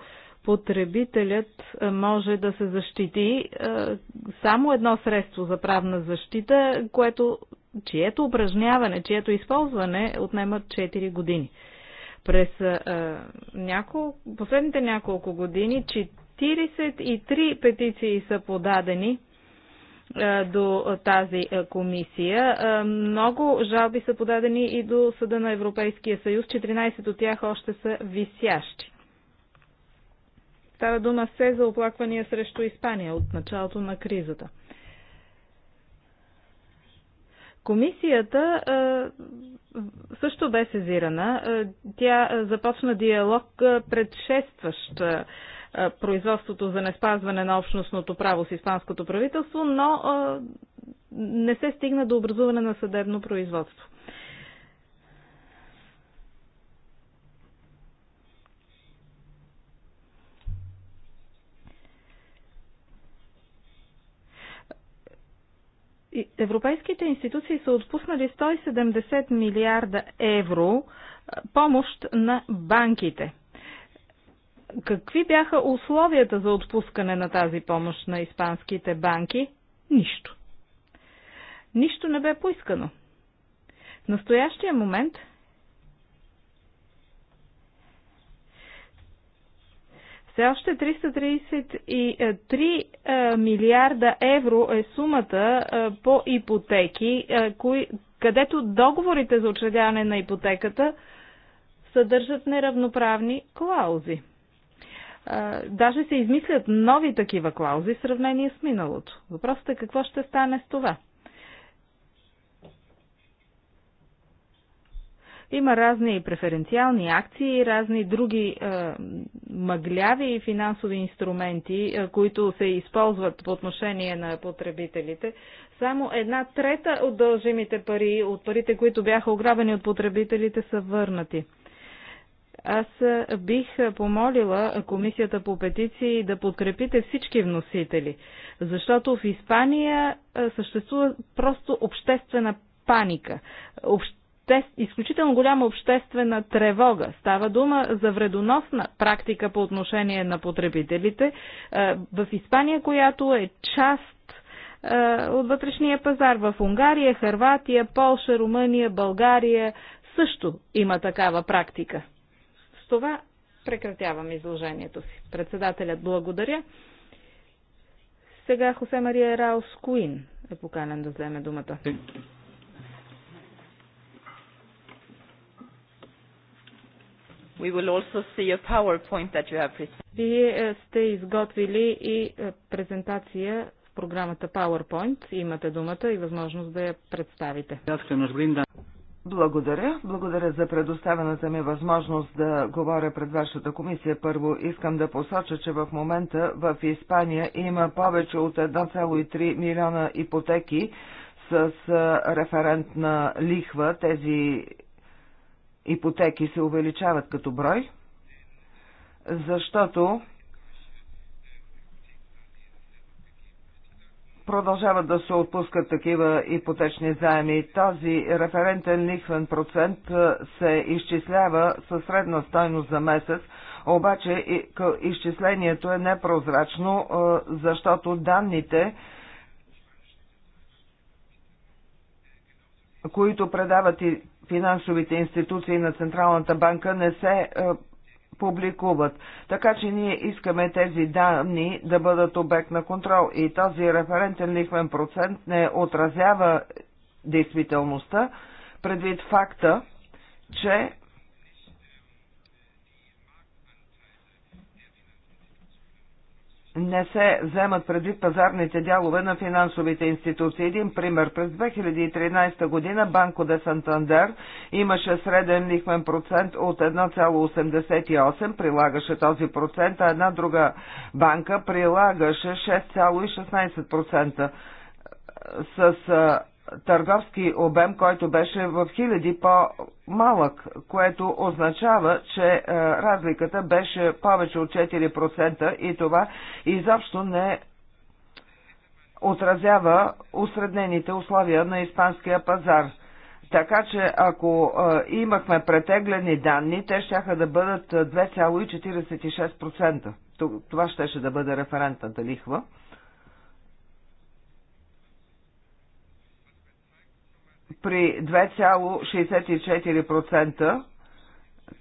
потребителят може да се защити само едно средство за правна защита, което, чието упражняване, чието използване отнема 4 години. През а, няколко, последните няколко години 43 петиции са подадени а, до тази а, комисия. А, много жалби са подадени и до Съда на Европейския съюз. 14 от тях още са висящи. Става дума се за оплаквания срещу Испания от началото на кризата. Комисията също бе сезирана. Тя започна диалог предшестващ производството за неспазване на общностното право с испанското правителство, но не се стигна до образуване на съдебно производство. Европейските институции са отпуснали 170 милиарда евро помощ на банките. Какви бяха условията за отпускане на тази помощ на испанските банки? Нищо. Нищо не бе поискано. В настоящия момент Все още 333 е, милиарда евро е сумата е, по ипотеки, е, където договорите за учредяване на ипотеката съдържат неравноправни клаузи. Даже се измислят нови такива клаузи в сравнение с миналото. Въпросът е какво ще стане с това? Има разни преференциални акции и разни други е, мъгляви и финансови инструменти, е, които се използват по отношение на потребителите. Само една трета от дължимите пари, от парите, които бяха ограбени от потребителите, са върнати. Аз е, бих помолила Комисията по петиции да подкрепите всички вносители, защото в Испания е, съществува просто обществена паника. Общ обще... изключително голяма обществена тревога. Става дума за вредоносна практика по отношение на потребителите е, в Испания, която е част е, от вътрешния пазар. В Унгария, Харватия, Полша, Румъния, България също има такава практика. С това прекратявам изложението си. Председателят благодаря. Сега Хосе Мария Раус Куин е поканен да вземе думата. We will also see a PowerPoint that you have presented. Вие е, сте изготвили и е, презентация в програмата PowerPoint. Имате думата и възможност да я представите. Благодаря. Благодаря за предоставената ми възможност да говоря пред вашата комисия. Първо искам да посоча, че в момента в Испания има повече от 1,3 милиона ипотеки с е, референтна лихва. Тези ипотеки се увеличават като брой, защото продължават да се отпускат такива ипотечни заеми. Този референтен лихвен процент се изчислява със средна стойност за месец, обаче изчислението е непрозрачно, защото данните, които предават и финансовите институции на Централната банка не се е, публикуват. Така че ние искаме тези данни да бъдат обект на контрол и този референтен лихвен процент не отразява действителността, предвид факта, че не се вземат предвид пазарните дялове на финансовите институции. Един пример. През 2013 година Банко де Сантандер имаше среден лихвен процент от 1,88, прилагаше този процент, а една друга банка прилагаше 6,16%. С търговски обем, който беше в хиляди по-малък, което означава, че е, разликата беше повече от 4% и това изобщо не отразява усреднените условия на испанския пазар. Така че ако а, е, имахме претеглени данни, те ще да бъдат 2,46%. Това щеше да бъде референтната лихва. при 2,64%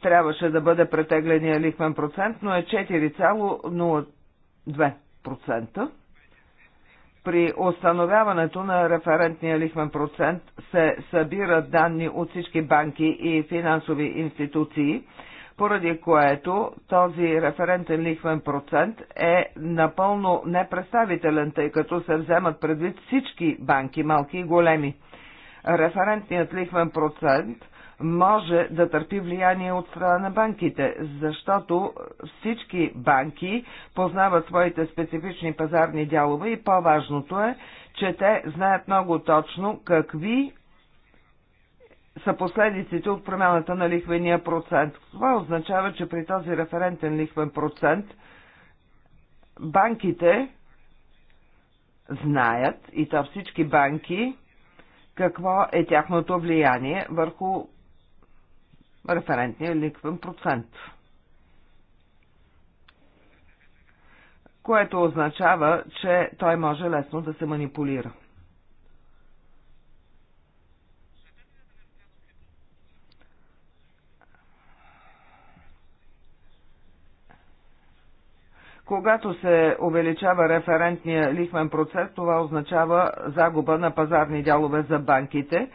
трябваше да бъде претегления лихвен процент, но е 4,02%. При установяването на референтния лихвен процент се събират данни от всички банки и финансови институции, поради което този референтен лихвен процент е напълно непредставителен, тъй като се вземат предвид всички банки, малки и големи референтният лихвен процент може да търпи влияние от страна на банките, защото всички банки познават своите специфични пазарни дялове и по-важното е, че те знаят много точно какви са последиците от промяната на лихвения процент. Това означава, че при този референтен лихвен процент банките знаят, и то всички банки, какво е тяхното влияние върху референтния ликвен процент. Което означава, че той може лесно да се манипулира. Когато се увеличава референтния лихвен процент, това означава загуба на пазарни дялове за банките.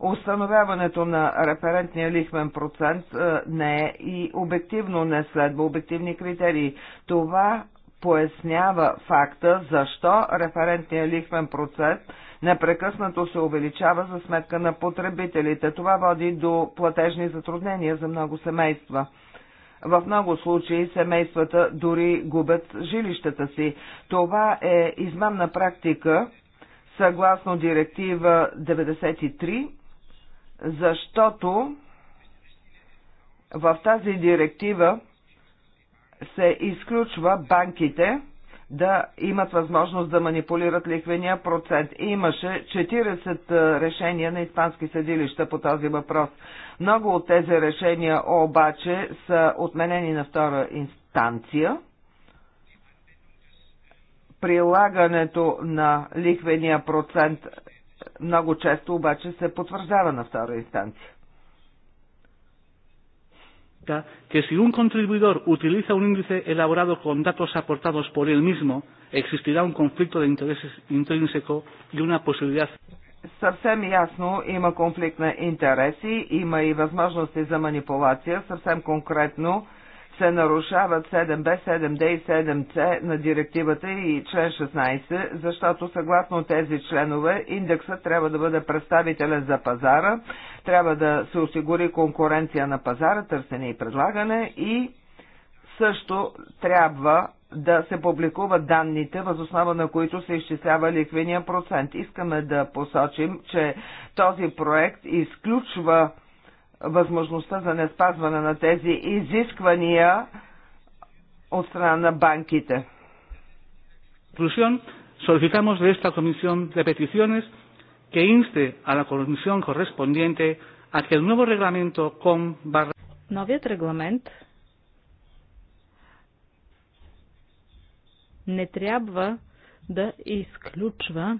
Установяването на референтния лихвен процент е, не е и обективно не следва обективни критерии. Това пояснява факта защо референтния лихвен процент непрекъснато се увеличава за сметка на потребителите. Това води до платежни затруднения за много семейства. В много случаи семействата дори губят жилищата си. Това е измамна практика, съгласно директива 93, защото в тази директива се изключва банките, да имат възможност да манипулират лихвения процент. И имаше 40 решения на испански съдилища по този въпрос. Много от тези решения обаче са отменени на втора инстанция. Прилагането на лихвения процент много често обаче се потвърждава на втора инстанция que si un contribuidor utiliza un índice elaborado con datos aportados por él mismo, existirá un conflicto de intereses intrínseco y una posibilidad. Съвсем ясно има конфликт на интереси, има и възможности за манипулация. Съвсем конкретно се нарушават 7b, 7d и 7c на директивата и член 16, защото съгласно тези членове индексът трябва да бъде представителен за пазара, трябва да се осигури конкуренция на пазара, търсене и предлагане и също трябва да се публикуват данните, възоснова на които се изчислява ликвения процент. Искаме да посочим, че този проект изключва възможността за не спазване на тези изисквания от страна на банките. Solicitamos de esta Comisión de Peticiones que inste a la Comisión correspondiente a que el nuevo reglamento con barra... Новият регламент не трябва да изключва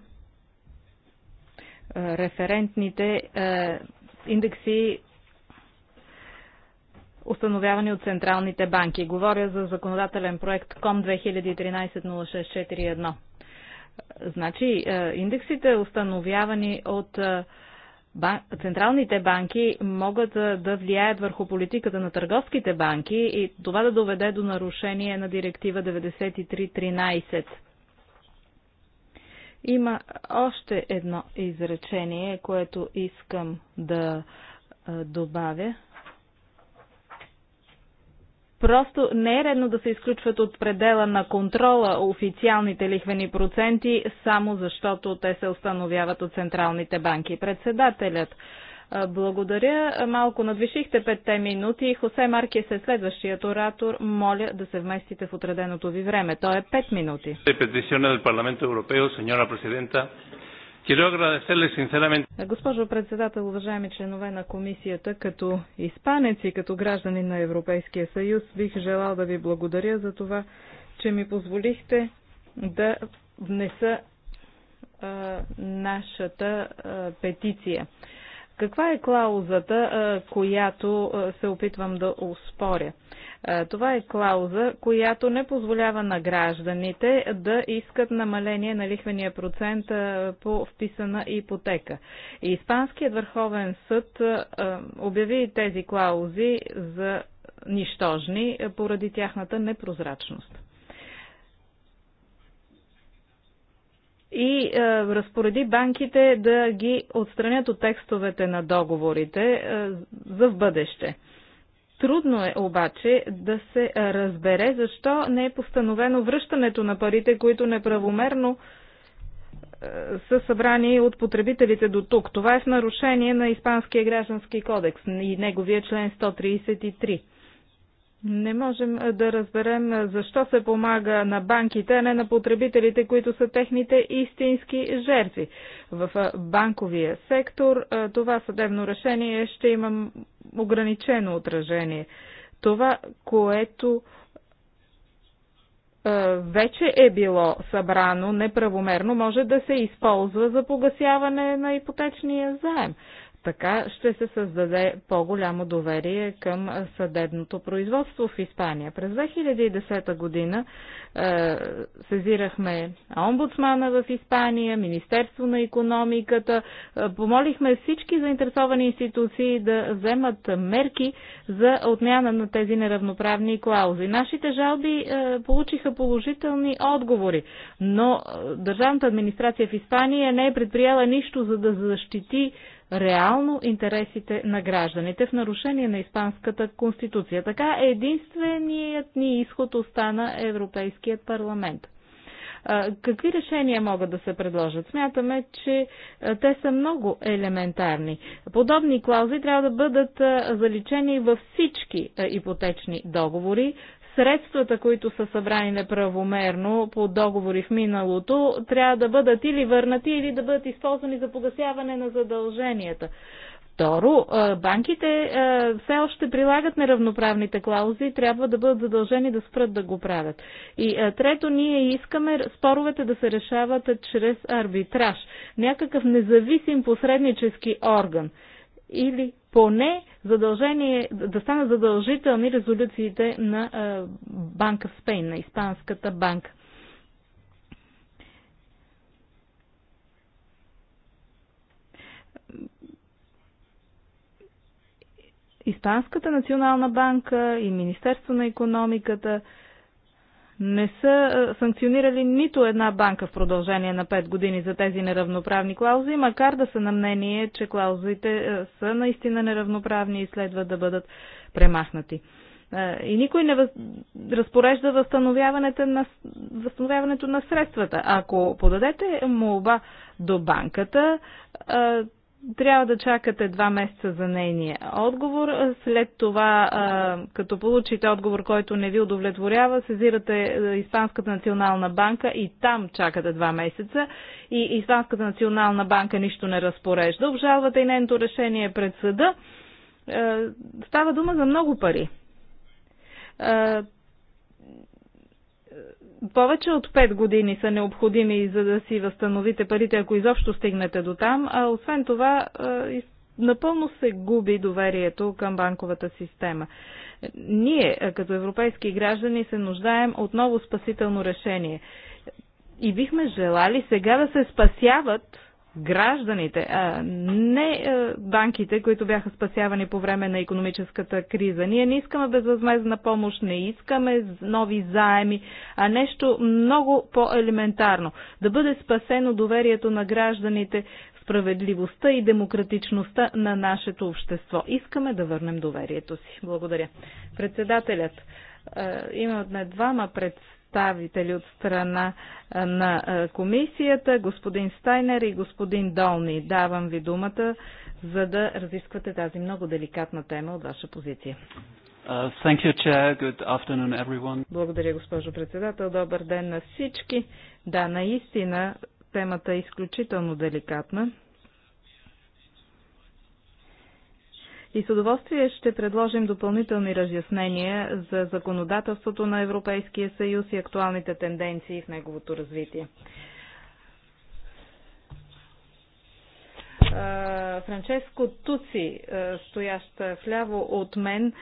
е, референтните е, индекси установявани от централните банки. Говоря за законодателен проект КОМ 2013-0641. Значи, е, индексите, установявани от е, централните банки, могат е, да влияят върху политиката на търговските банки и това да доведе до нарушение на директива 9313. Има още едно изречение, което искам да добавя. Просто не е редно да се изключват от предела на контрола официалните лихвени проценти, само защото те се установяват от централните банки. Председателят, благодаря. Малко надвишихте петте минути. Хосе Маркес е следващият оратор. Моля да се вместите в отреденото ви време. То е пет минути. Госпожо председател, уважаеми членове на комисията, като испанец и като граждани на Европейския съюз, бих желал да ви благодаря за това, че ми позволихте да внеса а, нашата а, петиция. Каква е клаузата, която се опитвам да успоря? Това е клауза, която не позволява на гражданите да искат намаление на лихвения процент по вписана ипотека. Испанският върховен съд обяви тези клаузи за нищожни поради тяхната непрозрачност. и е, разпореди банките да ги отстранят от текстовете на договорите е, за в бъдеще. Трудно е обаче да се е, разбере защо не е постановено връщането на парите, които неправомерно е, са събрани от потребителите до тук. Това е в нарушение на Испанския граждански кодекс и неговия член 133. Не можем да разберем защо се помага на банките, а не на потребителите, които са техните истински жертви. В банковия сектор това съдебно решение ще има ограничено отражение. Това, което вече е било събрано неправомерно, може да се използва за погасяване на ипотечния заем. Така ще се създаде по-голямо доверие към съдебното производство в Испания. През 2010 година е, сезирахме омбудсмана в Испания, Министерство на економиката, е, помолихме всички заинтересовани институции да вземат мерки за отмяна на тези неравноправни клаузи. Нашите жалби е, получиха положителни отговори, но е, държавната администрация в Испания не е предприела нищо за да защити реално интересите на гражданите в нарушение на Испанската конституция. Така единственият ни изход остана Европейският парламент. Какви решения могат да се предложат? Смятаме, че те са много елементарни. Подобни клаузи трябва да бъдат заличени във всички ипотечни договори, средствата, които са събрани неправомерно по договори в миналото, трябва да бъдат или върнати, или да бъдат използвани за погасяване на задълженията. Второ, банките все още прилагат неравноправните клаузи и трябва да бъдат задължени да спрат да го правят. И трето, ние искаме споровете да се решават чрез арбитраж, някакъв независим посреднически орган или поне задължение, да станат задължителни резолюциите на е, Банка в Спейн, на Испанската банка. Испанската национална банка и Министерство на економиката – не са санкционирали нито една банка в продължение на 5 години за тези неравноправни клаузи, макар да са на мнение, че клаузите са наистина неравноправни и следва да бъдат премахнати. И никой не въз... разпорежда възстановяването на... възстановяването на средствата. Ако подадете молба до банката, трябва да чакате два месеца за нейния отговор. След това, като получите отговор, който не ви удовлетворява, сезирате е, Испанската национална банка и там чакате два месеца и Испанската национална банка нищо не разпорежда. Обжалвате и нейното решение пред съда. Е, става дума за много пари е, повече от 5 години са необходими за да си възстановите парите, ако изобщо стигнете до там, а освен това напълно се губи доверието към банковата система. Ние, като европейски граждани, се нуждаем от ново спасително решение. И бихме желали сега да се спасяват гражданите, а не банките, които бяха спасявани по време на економическата криза. Ние не искаме безвъзмезна помощ, не искаме нови заеми, а нещо много по-елементарно. Да бъде спасено доверието на гражданите, справедливостта и демократичността на нашето общество. Искаме да върнем доверието си. Благодаря. Председателят имаме двама пред представители от страна на комисията, господин Стайнер и господин Долни. Давам ви думата, за да разисквате тази много деликатна тема от ваша позиция. Uh, you, Благодаря, госпожо председател. Добър ден на всички. Да, наистина темата е изключително деликатна. и с удоволствие ще предложим допълнителни разяснения за законодателството на Европейския съюз и актуалните тенденции в неговото развитие. Франческо Туци, стоящ вляво от мен,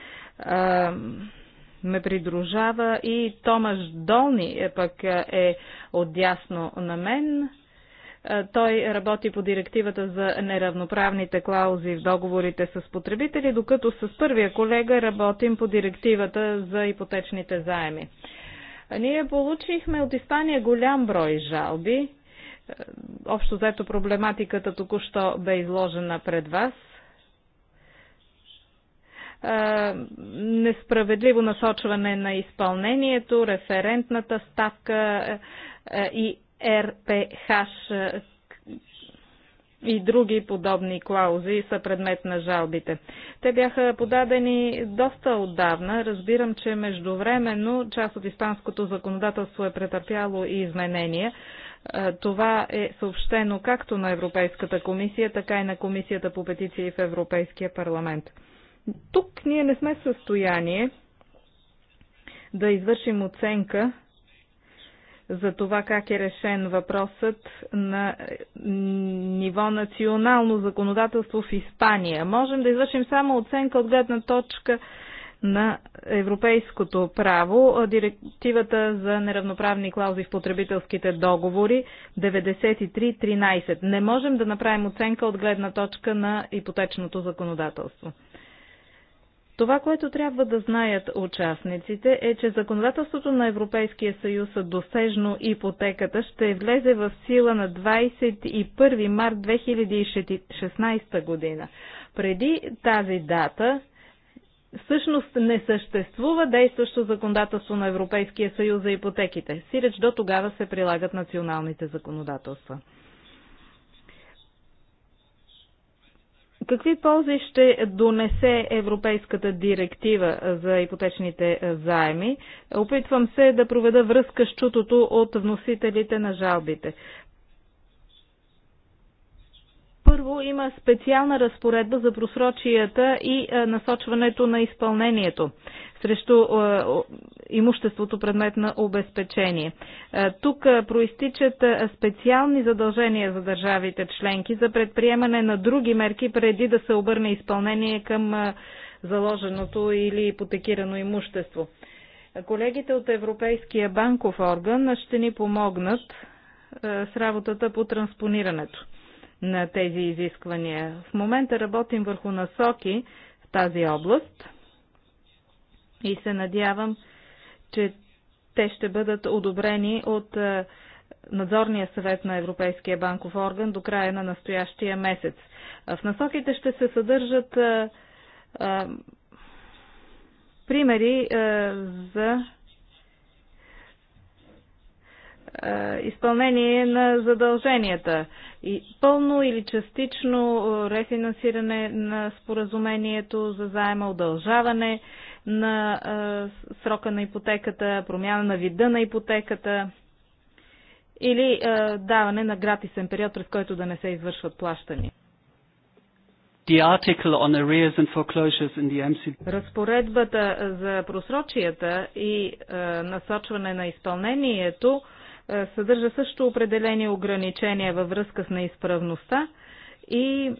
ме придружава и Томаш Долни е пък е отдясно на мен. Е, той работи по директивата за неравноправните клаузи в договорите с потребители, докато с първия колега работим по директивата за ипотечните заеми. Е, ние получихме от Испания голям брой жалби. Е, общо заето проблематиката току-що бе изложена пред вас несправедливо насочване на изпълнението, референтната ставка и РПХ и други подобни клаузи са предмет на жалбите. Те бяха подадени доста отдавна. Разбирам, че междувременно част от испанското законодателство е претърпяло и изменения. Това е съобщено както на Европейската комисия, така и на Комисията по петиции в Европейския парламент. Тук ние не сме в състояние да извършим оценка за това как е решен въпросът на ниво национално законодателство в Испания. Можем да извършим само оценка от гледна точка на европейското право, директивата за неравноправни клаузи в потребителските договори 93.13. Не можем да направим оценка от гледна точка на ипотечното законодателство. Това, което трябва да знаят участниците е, че законодателството на Европейския съюз досежно ипотеката ще влезе в сила на 21 март 2016 година. Преди тази дата всъщност не съществува действащо законодателство на Европейския съюз за ипотеките. Сиреч до тогава се прилагат националните законодателства. Какви ползи ще донесе Европейската директива за ипотечните заеми? Опитвам се да проведа връзка с чутото от вносителите на жалбите. Първо има специална разпоредба за просрочията и насочването на изпълнението срещу е, имуществото предмет на обезпечение. Е, тук е, проистичат специални задължения за държавите членки за предприемане на други мерки преди да се обърне изпълнение към заложеното или ипотекирано имущество. Колегите от Европейския банков орган ще ни помогнат с работата по транспонирането на тези изисквания. В момента работим върху насоки в тази област и се надявам, че те ще бъдат одобрени от е, надзорния съвет на Европейския банков орган до края на настоящия месец. В насоките ще се съдържат а, е, а, е, примери а, за изпълнение на задълженията и пълно или частично рефинансиране на споразумението за заема, удължаване на срока на ипотеката, промяна на вида на ипотеката или даване на гратисен период, през който да не се извършват плащания. Разпоредбата за просрочията и насочване на изпълнението съдържа също определени ограничения във връзка с неизправността и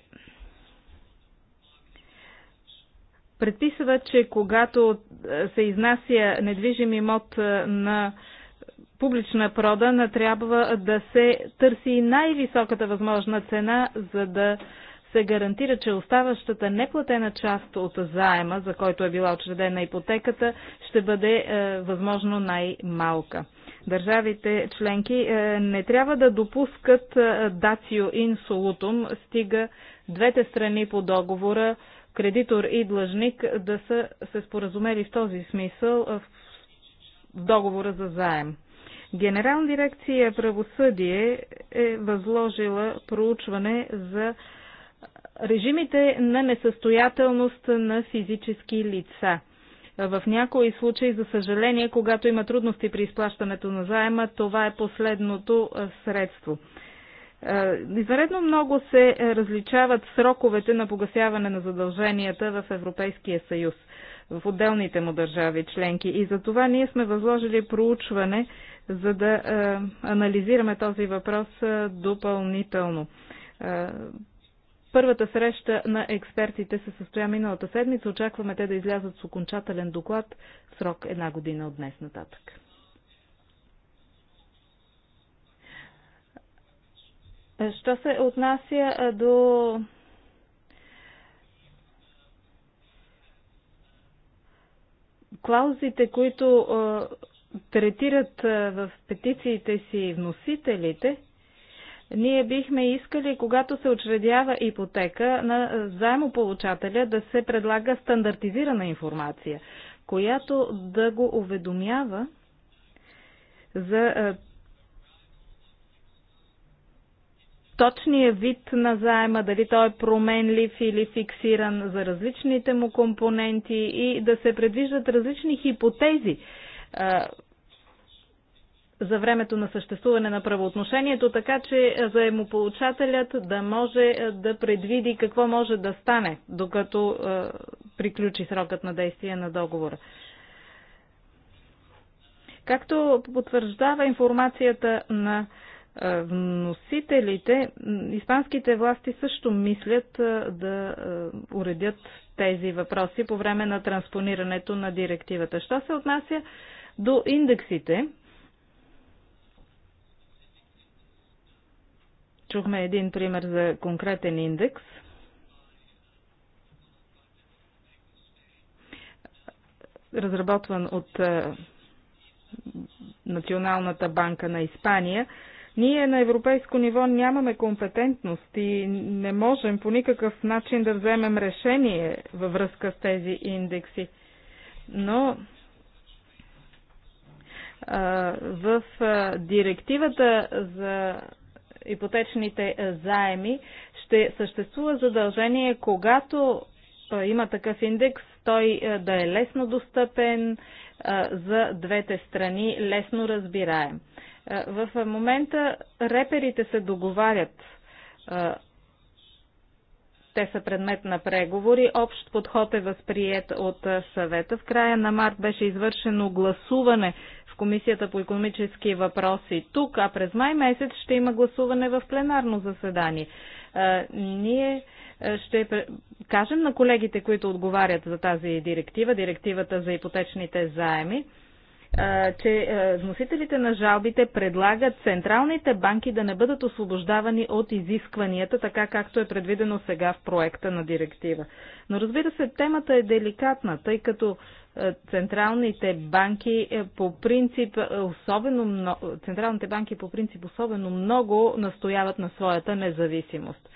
предписва, че когато е, се изнася недвижим имот е, на публична продана, трябва да се търси най-високата възможна цена, за да се гарантира, че оставащата неплатена част от заема, за който е била учредена ипотеката, ще бъде е, възможно най-малка. Държавите членки е, не трябва да допускат дацио е, инсулутум, стига двете страни по договора кредитор и длъжник да са се споразумели в този смисъл в договора за заем. Генерална дирекция правосъдие е възложила проучване за режимите на несъстоятелност на физически лица. В някои случаи, за съжаление, когато има трудности при изплащането на заема, това е последното средство. Е, Изваредно много се различават сроковете на погасяване на задълженията в Европейския съюз в отделните му държави членки. И за това ние сме възложили проучване, за да е, анализираме този въпрос е, допълнително. първата среща на експертите се състоя миналата седмица. Очакваме те да излязат с окончателен доклад в срок една година от днес нататък. Що се отнася до клаузите, които третират в петициите си вносителите, ние бихме искали, когато се учредява ипотека на заемополучателя, да се предлага стандартизирана информация, която да го уведомява за точния вид на заема, дали той е променлив или фиксиран за различните му компоненти и да се предвиждат различни хипотези за времето на съществуване на правоотношението, така че заемополучателят да може да предвиди какво може да стане, докато приключи срокът на действие на договора. Както потвърждава информацията на е, вносителите, испанските власти също мислят е, да е, уредят тези въпроси по време на транспонирането на директивата. Що се отнася до индексите, чухме един пример за конкретен индекс. разработван от Националната банка на Испания – ние на европейско ниво нямаме компетентност и не можем по никакъв начин да вземем решение във връзка с тези индекси. Но в директивата за ипотечните заеми ще съществува задължение, когато има такъв индекс, той да е лесно достъпен за двете страни, лесно разбираем. Е, в момента реперите се договарят. Е, те са предмет на преговори. Общ подход е възприят от е, съвета. В края на март беше извършено гласуване в Комисията по економически въпроси тук, а през май месец ще има гласуване в пленарно заседание. Ние ще кажем на колегите, които отговарят за тази директива, директивата за ипотечните заеми, че вносителите на жалбите предлагат централните банки да не бъдат освобождавани от изискванията, така както е предвидено сега в проекта на директива. Но разбира се, темата е деликатна, тъй като централните банки е, по принцип е, особено много, централните банки по принцип особено много настояват на своята независимост.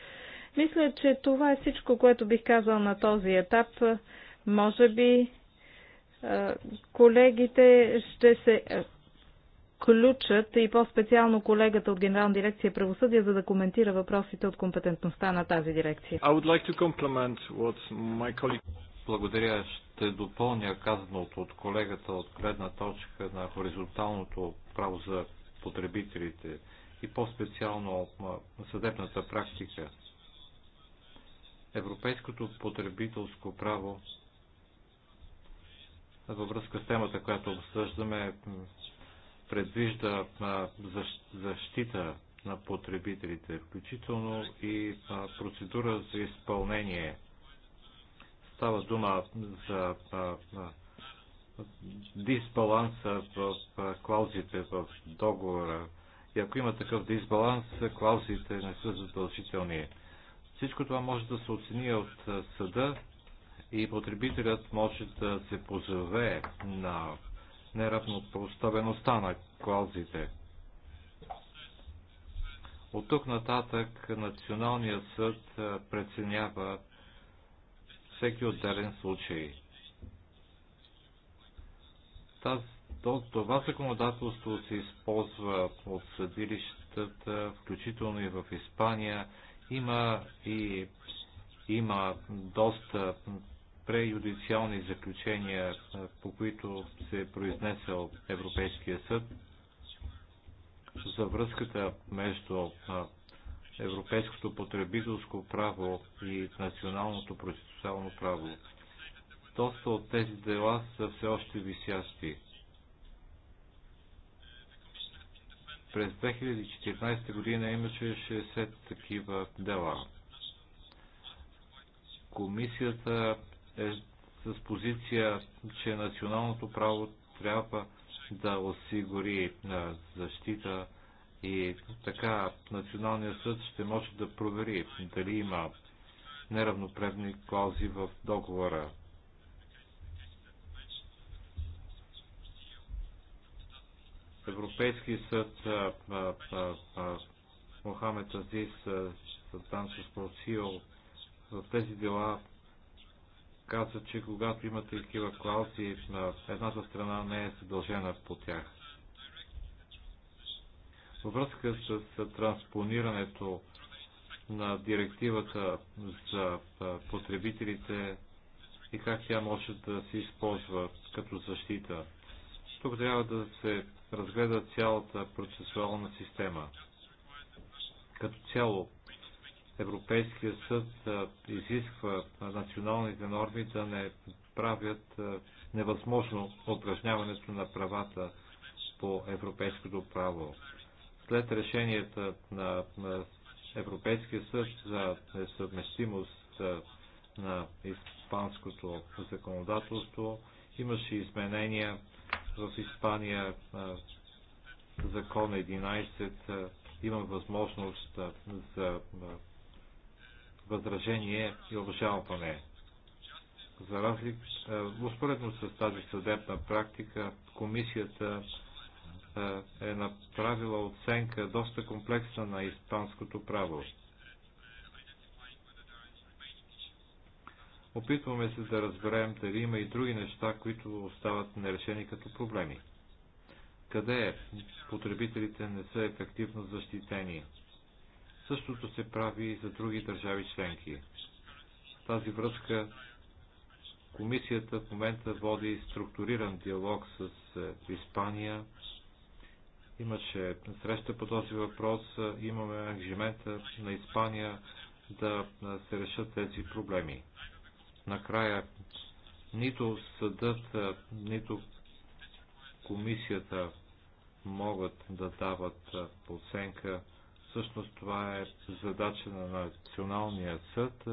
Мисля, че това е всичко, което бих казал на този етап. Може би е, колегите ще се е, включат и по-специално колегата от Генерална дирекция правосъдие, за да коментира въпросите от компетентността на тази дирекция. Like Благодаря. Ще допълня казаното от колегата от гледна точка на хоризонталното право за потребителите и по-специално съдебната практика. Европейското потребителско право във връзка с темата, която обсъждаме, предвижда защита на потребителите, включително и процедура за изпълнение. Става дума за дисбаланса в клаузите в договора. И ако има такъв дисбаланс, клаузите не са задължителни. Всичко това може да се оцени от съда и потребителят може да се позове на неравнопоставеността на клаузите. От тук нататък Националният съд преценява всеки отделен случай. това законодателство се използва от съдилищата, включително и в Испания. Има и има доста преюдициални заключения, по които се е произнесъл Европейския съд за връзката между европейското потребителско право и националното процесуално право. Доста от тези дела са все още висящи. През 2014 година имаше 60 такива дела. Комисията е с позиция, че националното право трябва да осигури е, защита и така Националният съд ще може да провери дали има неравноправни клаузи в договора. Европейски съд а, а, а, Мохамед Азис е, Султан Соспросил в тези дела каза, че когато има такива клаузи, на едната страна не е задължена по тях. Във връзка с транспонирането на директивата за потребителите и как тя може да се използва като защита. Тук трябва да се разгледа цялата процесуална система. Като цяло Европейския съд изисква националните норми да не правят невъзможно упражняването на правата по европейското право. След решенията на Европейския съд за несъвместимост на испанското законодателство имаше изменения в Испания закон 11 има възможност за възражение и обжалване. Е. За разлик, е, успоредно с тази съдебна практика, комисията е, е направила оценка доста комплексна на испанското право. Опитваме се да разберем дали има и други неща, които остават нерешени като проблеми. Къде потребителите не са ефективно защитени? Същото се прави и за други държави членки. В тази връзка комисията в момента води структуриран диалог с е, Испания. Имаше среща по този въпрос. Имаме ангажимента на Испания да е, се решат тези проблеми. Накрая нито съдът, е, нито комисията могат да дават оценка Всъщност това е задача на Националния съд.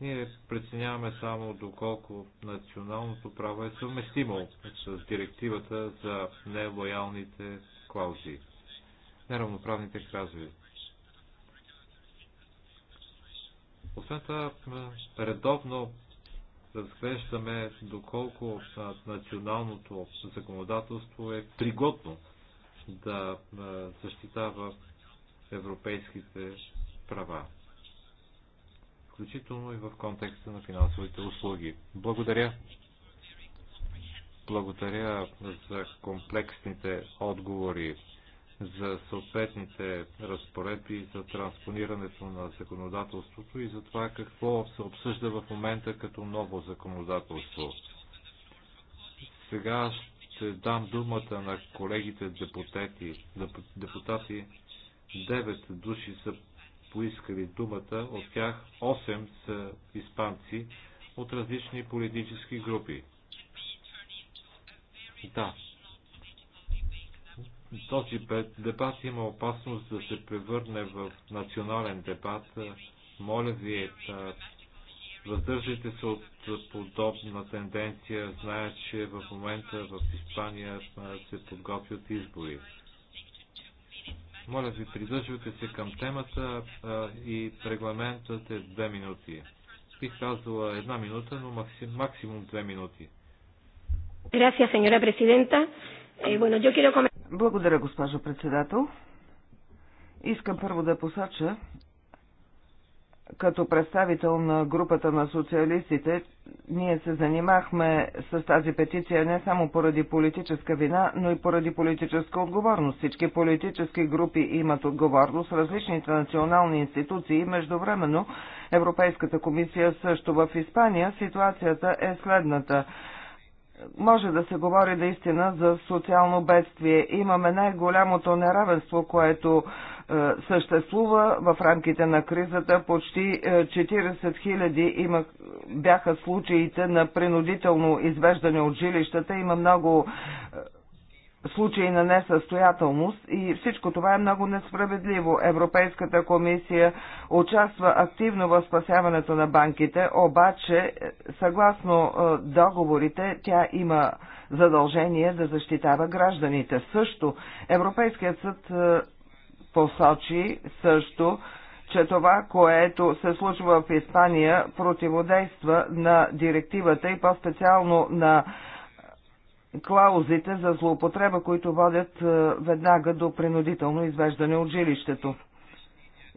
Ние преценяваме само доколко националното право е съвместимо с директивата за нелоялните клаузи, неравноправните кразови. Освен това, редовно разглеждаме доколко националното законодателство е пригодно да защитава европейските права, включително и в контекста на финансовите услуги. Благодаря. Благодаря за комплексните отговори, за съответните разпоредби, за транспонирането на законодателството и за това какво се обсъжда в момента като ново законодателство. Сега ще дам думата на колегите депутати, депутати Девет души са поискали думата, от тях 8 са испанци от различни политически групи. Да. Този дебат има опасност да се превърне в национален дебат. Моля ви, е, да въздържайте се от подобна тенденция. Зная, че в момента в Испания се подготвят избори. Моля ви, придържвайте се към темата а, и регламентът е две минути. Бих казала една минута, но максим, максимум две минути. Eh, Благодаря, госпожо председател. Искам първо да посоча, като представител на групата на социалистите, ние се занимахме с тази петиция не само поради политическа вина, но и поради политическа отговорност. Всички политически групи имат отговорност, различните национални институции, междувременно Европейската комисия също в Испания. Ситуацията е следната може да се говори наистина за социално бедствие. Имаме най-голямото неравенство, което е, съществува в рамките на кризата. Почти 40 е, 000 бяха случаите на принудително извеждане от жилищата. Има много е, случаи на несъстоятелност и всичко това е много несправедливо. Европейската комисия участва активно в спасяването на банките, обаче съгласно договорите тя има задължение да защитава гражданите. Също Европейският съд посочи също, че това, което се случва в Испания, противодейства на директивата и по-специално на клаузите за злоупотреба, които водят е, веднага до принудително извеждане от жилището.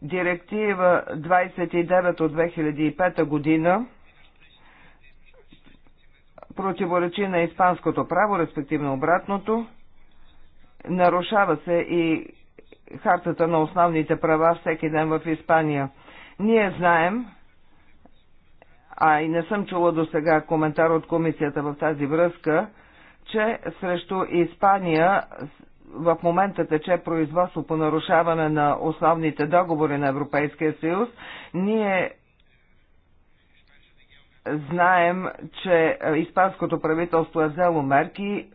Директива 29 от 2005 година противоречи на испанското право, респективно обратното, нарушава се и хартата на основните права всеки ден в Испания. Ние знаем, а и не съм чула до сега коментар от комисията в тази връзка, че срещу Испания в момента тече производство по нарушаване на основните договори на Европейския съюз. Ние знаем, че испанското правителство е взело мерки,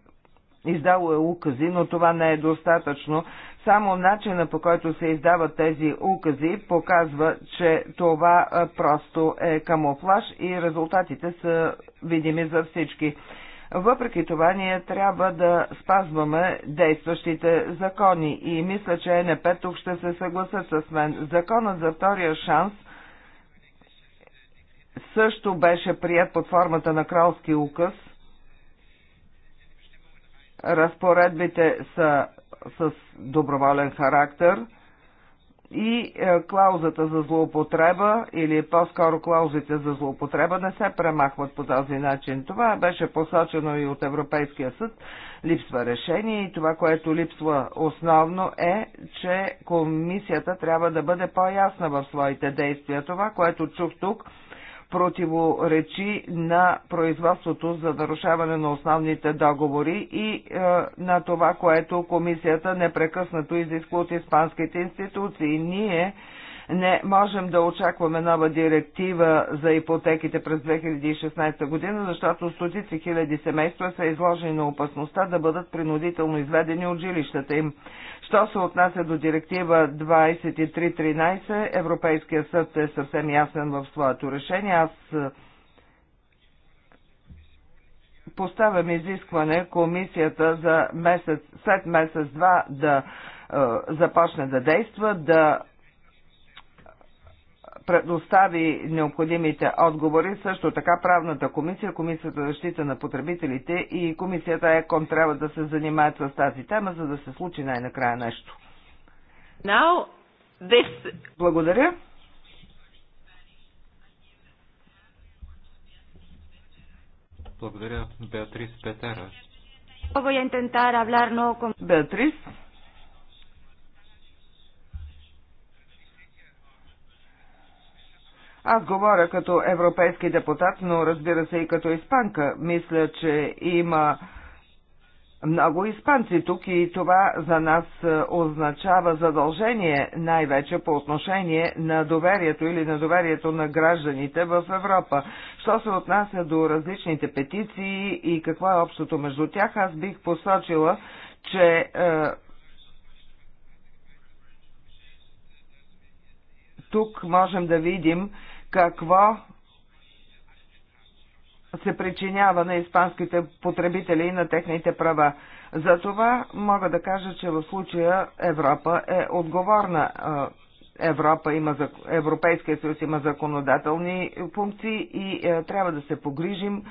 издало е укази, но това не е достатъчно. Само начина по който се издават тези укази показва, че това просто е камуфлаж и резултатите са видими за всички. Въпреки това ние трябва да спазваме действащите закони и мисля, че НП тук ще се съгласат с мен. Законът за втория шанс също беше прият под формата на кралски указ. Разпоредбите са с доброволен характер и е, клаузата за злоупотреба или по-скоро клаузите за злоупотреба не се премахват по този начин. Това беше посочено и от Европейския съд. Липсва решение и това, което липсва основно е, че комисията трябва да бъде по-ясна в своите действия. Това, което чух тук, противоречи на производството за нарушаване на основните договори и е, на това, което комисията непрекъснато изисква от испанските институции. Ние не можем да очакваме нова директива за ипотеките през 2016 година, защото стотици хиляди семейства са изложени на опасността да бъдат принудително изведени от жилищата им. Що се отнася до директива 2313, Европейския съд е съвсем ясен в своето решение. Аз е, поставям изискване комисията за месец, след месец-два да е, започне да действа, да предостави необходимите отговори. Също така правната комисия, комисията за защита на потребителите и комисията ЕКОН трябва да се занимаят с тази тема, за да се случи най-накрая нещо. Now, this... Благодаря. Благодаря, Беатрис Петера. Беатрис, Аз говоря като европейски депутат, но разбира се и като испанка. Мисля, че има много испанци тук и това за нас е, означава задължение, най-вече по отношение на доверието или на доверието на гражданите в Европа. Що се отнася до различните петиции и какво е общото между тях, аз бих посочила, че е, тук можем да видим, какво се причинява на испанските потребители и на техните права. За това мога да кажа, че в случая Европа е отговорна. Е, Европа има, Европейския съюз има законодателни функции и е, трябва да се погрижим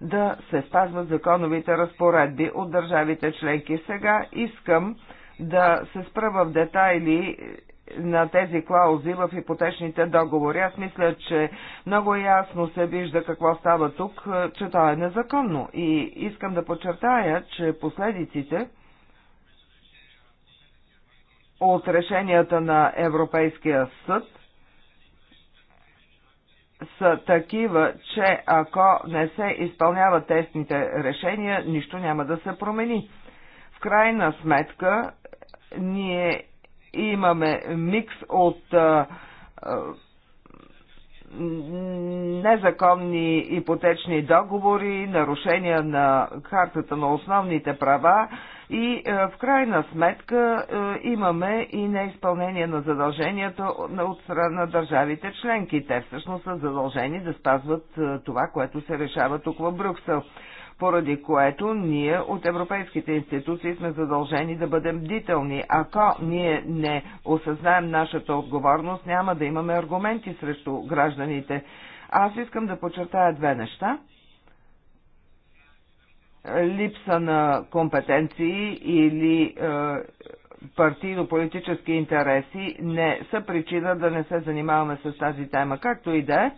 да се спазват законовите разпоредби от държавите членки. Сега искам да се спра в детайли е, на тези клаузи в ипотечните договори. Аз мисля, че много ясно се вижда какво става тук, е, че това е незаконно. И искам да подчертая, че последиците от решенията на Европейския съд са такива, че ако не се изпълняват тесните решения, нищо няма да се промени. В крайна сметка, ние имаме микс от а, а, незаконни ипотечни договори, нарушения на картата на основните права и в крайна сметка имаме и неизпълнение на задълженията от страна на държавите членки. Те всъщност са задължени да спазват това, което се решава тук в Брюксел поради което ние от европейските институции сме задължени да бъдем бдителни. Ако ние не осъзнаем нашата отговорност, няма да имаме аргументи срещу гражданите. Аз искам да подчертая две неща. Липса на компетенции или е, партийно-политически интереси не са причина да не се занимаваме с тази тема, както и да е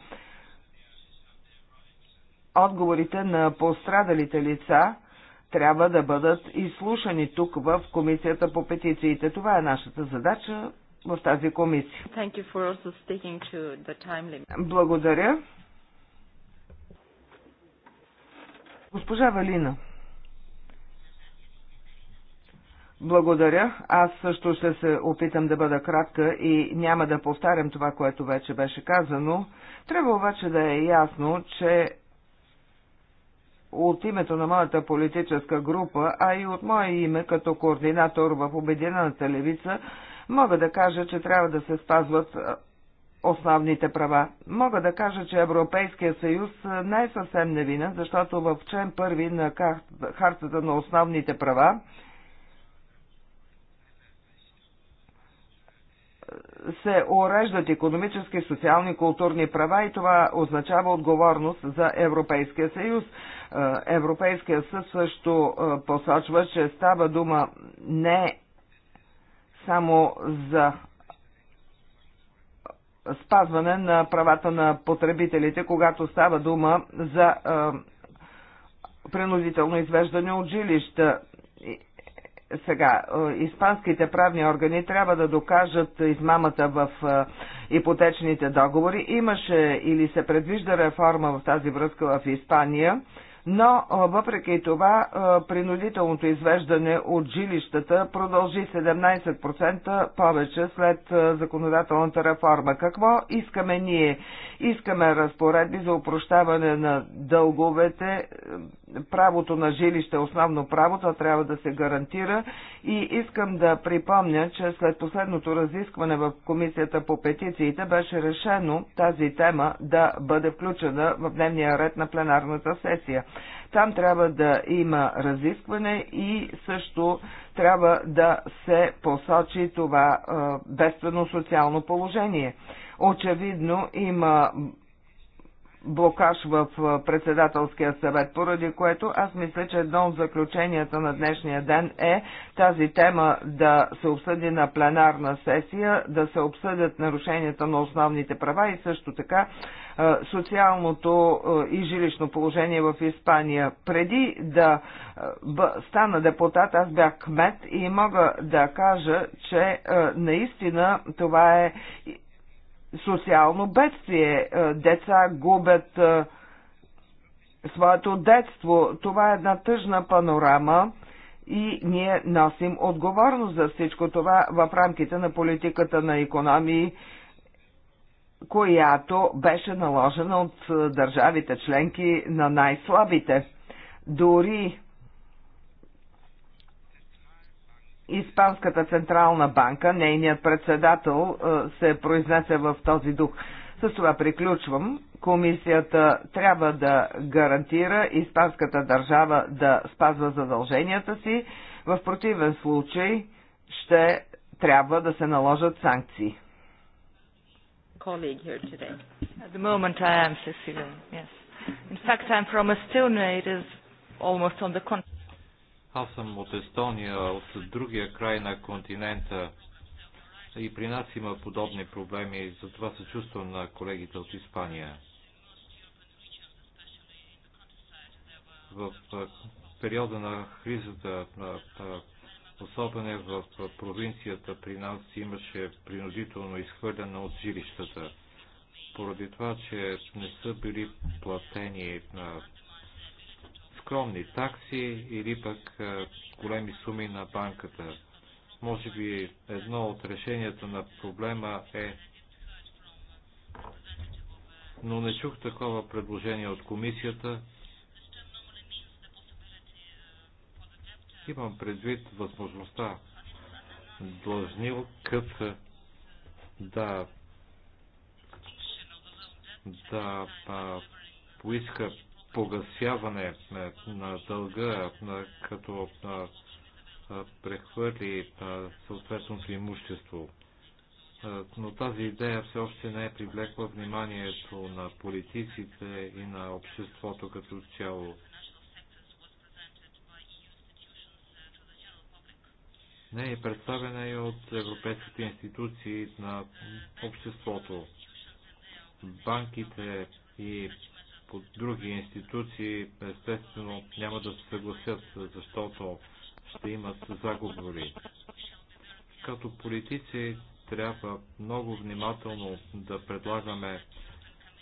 отговорите на пострадалите лица трябва да бъдат изслушани тук в Комисията по петициите. Това е нашата задача в тази комисия. Благодаря. Госпожа Валина. Благодаря. Аз също ще се опитам да бъда кратка и няма да повтарям това, което вече беше казано. Трябва обаче да е ясно, че от името на моята политическа група, а и от мое име като координатор в Обединената левица, мога да кажа, че трябва да се спазват основните права. Мога да кажа, че Европейския съюз не е съвсем невинен, защото в член първи на хартата на основните права се уреждат економически, социални, културни права и това означава отговорност за Европейския съюз. Е, Европейския съд също е, посочва, че става дума не само за спазване на правата на потребителите, когато става дума за е, принудително извеждане от жилища сега, е, испанските правни органи трябва да докажат измамата в е, ипотечните договори. Имаше или се предвижда реформа в тази връзка в Испания, но е, въпреки това принудителното извеждане от жилищата продължи 17% повече след законодателната реформа. Какво искаме ние? Искаме разпоредби за упрощаване на дълговете правото на жилище основно право, това трябва да се гарантира и искам да припомня, че след последното разискване в Комисията по петициите беше решено тази тема да бъде включена в дневния ред на пленарната сесия. Там трябва да има разискване и също трябва да се посочи това бедствено социално положение. Очевидно има блокаж в председателския съвет, поради което аз мисля, че едно от заключенията на днешния ден е тази тема да се обсъди на пленарна сесия, да се обсъдят нарушенията на основните права и също така социалното и жилищно положение в Испания. Преди да стана депутат, аз бях кмет и мога да кажа, че наистина това е социално бедствие. Е, деца губят е, своето детство. Това е една тъжна панорама и ние носим отговорност за всичко това в рамките на политиката на економии, която беше наложена от е, държавите членки на най-слабите. Дори Испанската централна банка, нейният председател е, се произнесе в този дух. С това приключвам. Комисията трябва да гарантира испанската държава да спазва задълженията си. В противен случай ще трябва да се наложат санкции. Колеги, аз съм от Естония, от другия край на континента и при нас има подобни проблеми, затова се чувствам на колегите от Испания. В периода на кризата, особено е в провинцията при нас, имаше принудително изхвърляне от жилищата, поради това, че не са били платени на скромни такси или пък големи суми на банката. Може би едно от решенията на проблема е но не чух такова предложение от комисията. Имам предвид възможността кът да да поиска погасяване е, на дълга, е, като е, прехвърли съответното имущество. Но тази идея все още не е привлекла вниманието на политиците и на обществото като цяло. Не е представена и от европейските институции на обществото. Банките и по други институции, естествено няма да се съгласят, защото ще имат заговори. Като политици трябва много внимателно да предлагаме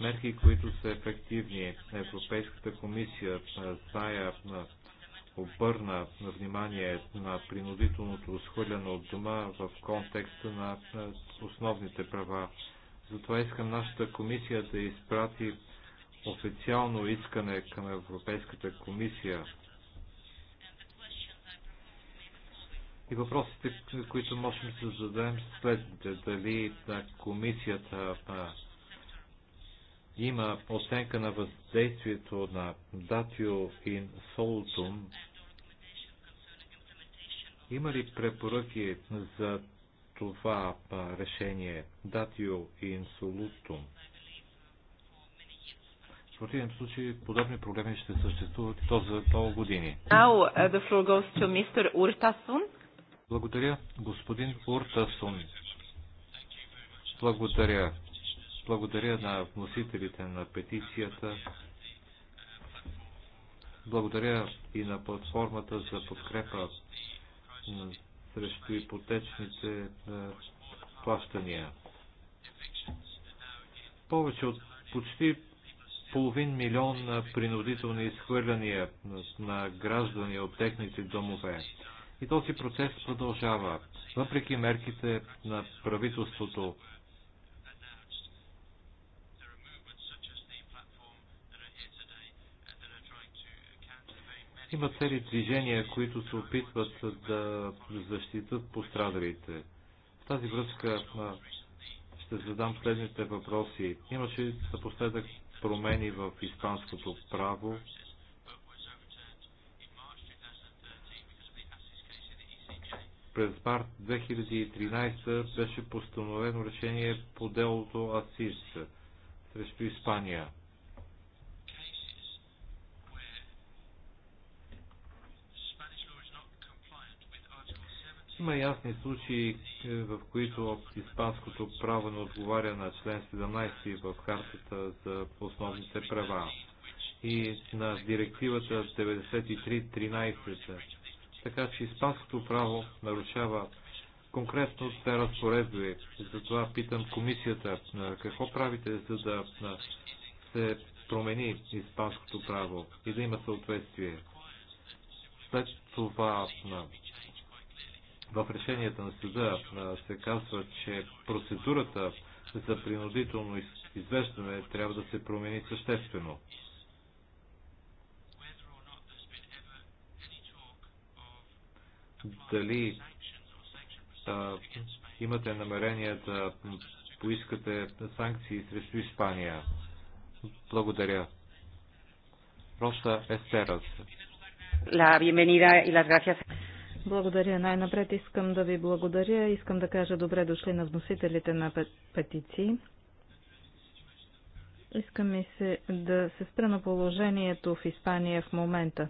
мерки, които са ефективни. Европейската комисия зная обърна внимание на принудителното схвърляне от дома в контекста на основните права. Затова искам нашата комисия да изпрати официално искане към Европейската комисия. И въпросите, които можем да зададем следните. Дали да, комисията има оценка на въздействието на Датио и Солтум Има ли препоръки за това решение Датио и Солутум? В противен случай подобни проблеми ще съществуват и то за много години. Now, uh, the floor goes to Mr. Urtasun. Благодаря, господин Уртасун. Благодаря. Благодаря на вносителите на петицията. Благодаря и на платформата за подкрепа срещу ипотечните плащания. Повече от почти половин милион принудителни изхвърляния на граждани от техните домове. И този процес продължава, въпреки мерките на правителството. Има цели движения, които се опитват да защитат пострадалите. В тази връзка ще задам следните въпроси. Имаше напоследък промени в испанското право. През март 2013 беше постановено решение по делото Асис срещу Испания. Има ясни случаи, в които испанското право не отговаря на член 17 в картата за основните права и на директивата 93-13. Така че испанското право нарушава конкретно те разпоредби. Затова питам комисията, какво правите, за да се промени испанското право и да има съответствие. След това в решенията на съда се казва, че процедурата за принудително извеждане трябва да се промени съществено. Дали а, имате намерение да поискате санкции срещу Испания? Благодаря. Роса Естерас. La bienvenida y las gracias. Благодаря. Най-напред искам да ви благодаря. Искам да кажа добре дошли на вносителите на петиции. Искам и се да се спра на положението в Испания в момента.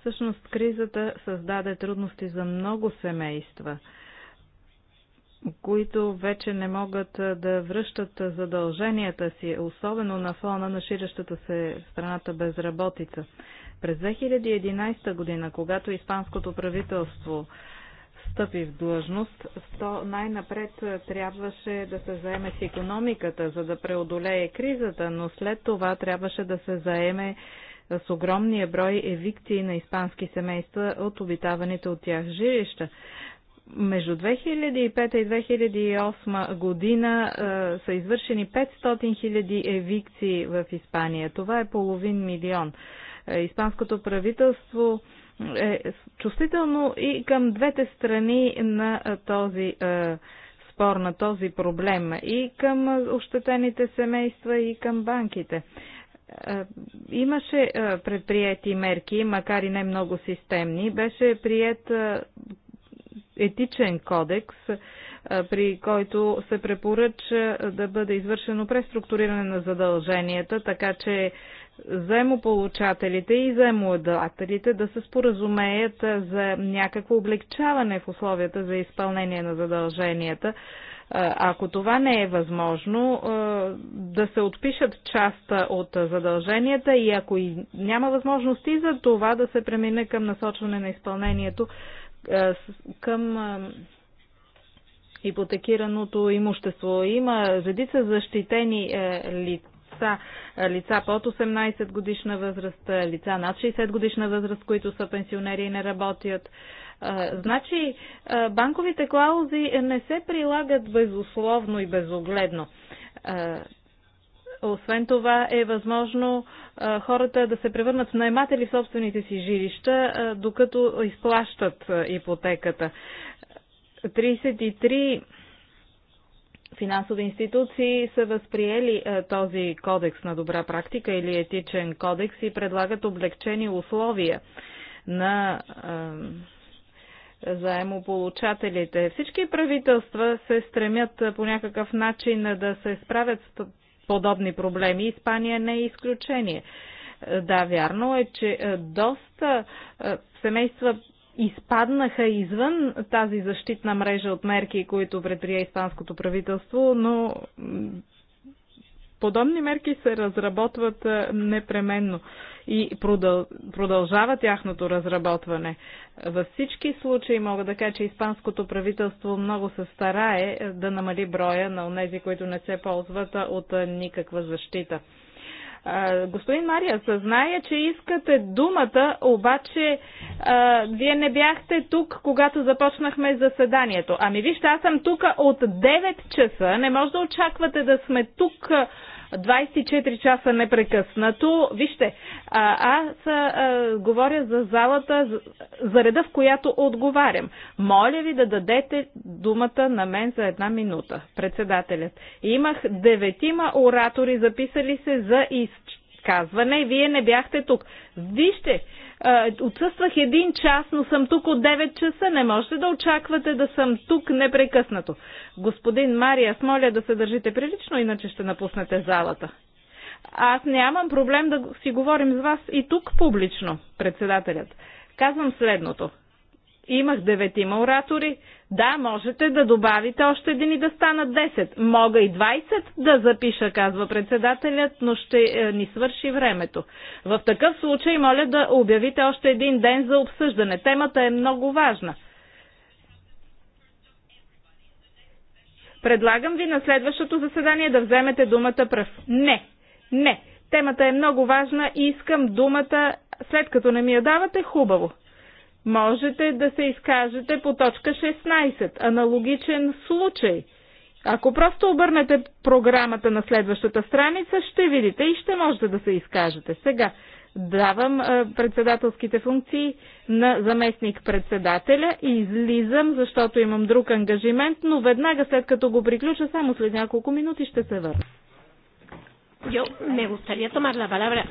Всъщност кризата създаде трудности за много семейства – които вече не могат да връщат задълженията си, особено на фона на ширещата се страната безработица. През 2011 година, когато испанското правителство стъпи в длъжност, то най-напред трябваше да се заеме с економиката, за да преодолее кризата, но след това трябваше да се заеме с огромния брой евикции на испански семейства от обитаваните от тях жилища между 2005 и 2008 година са извършени 500 000 евикции в Испания. Това е половин милион. Е, Испанското правителство е чувствително и към двете страни на този спор, на този проблем. И към ощетените семейства, и към банките. Имаше предприяти мерки, макар и не много системни. Беше прият етичен кодекс, при който се препоръча да бъде извършено преструктуриране на задълженията, така че заемополучателите и заемодателите да се споразумеят за някакво облегчаване в условията за изпълнение на задълженията. Ако това не е възможно, да се отпишат част от задълженията и ако и няма възможности за това да се премине към насочване на изпълнението е, към е, ипотекираното имущество. Има редица защитени е, лица, лица под 18 годишна възраст, лица над 60 годишна възраст, които са пенсионери и не работят. Значи, банковите клаузи не се прилагат безусловно и безогледно освен това е възможно хората да се превърнат в найматели в собствените си жилища, докато изплащат ипотеката. 33 финансови институции са възприели този кодекс на добра практика или етичен кодекс и предлагат облегчени условия на заемополучателите. Всички правителства се стремят по някакъв начин да се справят с подобни проблеми. Испания не е изключение. Е, да, вярно е, че е, доста е, семейства изпаднаха извън тази защитна мрежа от мерки, които предприе испанското правителство, но подобни мерки се разработват непременно и продъл... продължава тяхното разработване. Във всички случаи мога да кажа, че испанското правителство много се старае е, да намали броя на онези, които не се ползват от никаква защита. Господин Мария, съзная, че искате думата, обаче а, вие не бяхте тук, когато започнахме заседанието. Ами вижте, аз съм тук от 9 часа. Не може да очаквате да сме тук 24 часа непрекъснато. Вижте, аз а, говоря за залата, за, за реда, в която отговарям. Моля ви да дадете думата на мен за една минута, председателят. Имах деветима оратори, записали се за изказване и вие не бяхте тук. Вижте, е, отсъствах един час, но съм тук от 9 часа. Не можете да очаквате да съм тук непрекъснато. Господин Мария, моля да се държите прилично, иначе ще напуснете залата. Аз нямам проблем да си говорим с вас и тук публично, председателят. Казвам следното. Имах деветима оратори. Да, можете да добавите още един и да станат десет. Мога и 20 да запиша, казва председателят, но ще е, ни свърши времето. В такъв случай моля да обявите още един ден за обсъждане. Темата е много важна. Предлагам ви на следващото заседание да вземете думата пръв. Не, не. Темата е много важна и искам думата, след като не ми я давате, хубаво можете да се изкажете по точка 16. Аналогичен случай. Ако просто обърнете програмата на следващата страница, ще видите и ще можете да се изкажете. Сега давам председателските функции на заместник-председателя и излизам, защото имам друг ангажимент, но веднага след като го приключа, само след няколко минути ще се върна. Yo me gustaría tomar la palabra.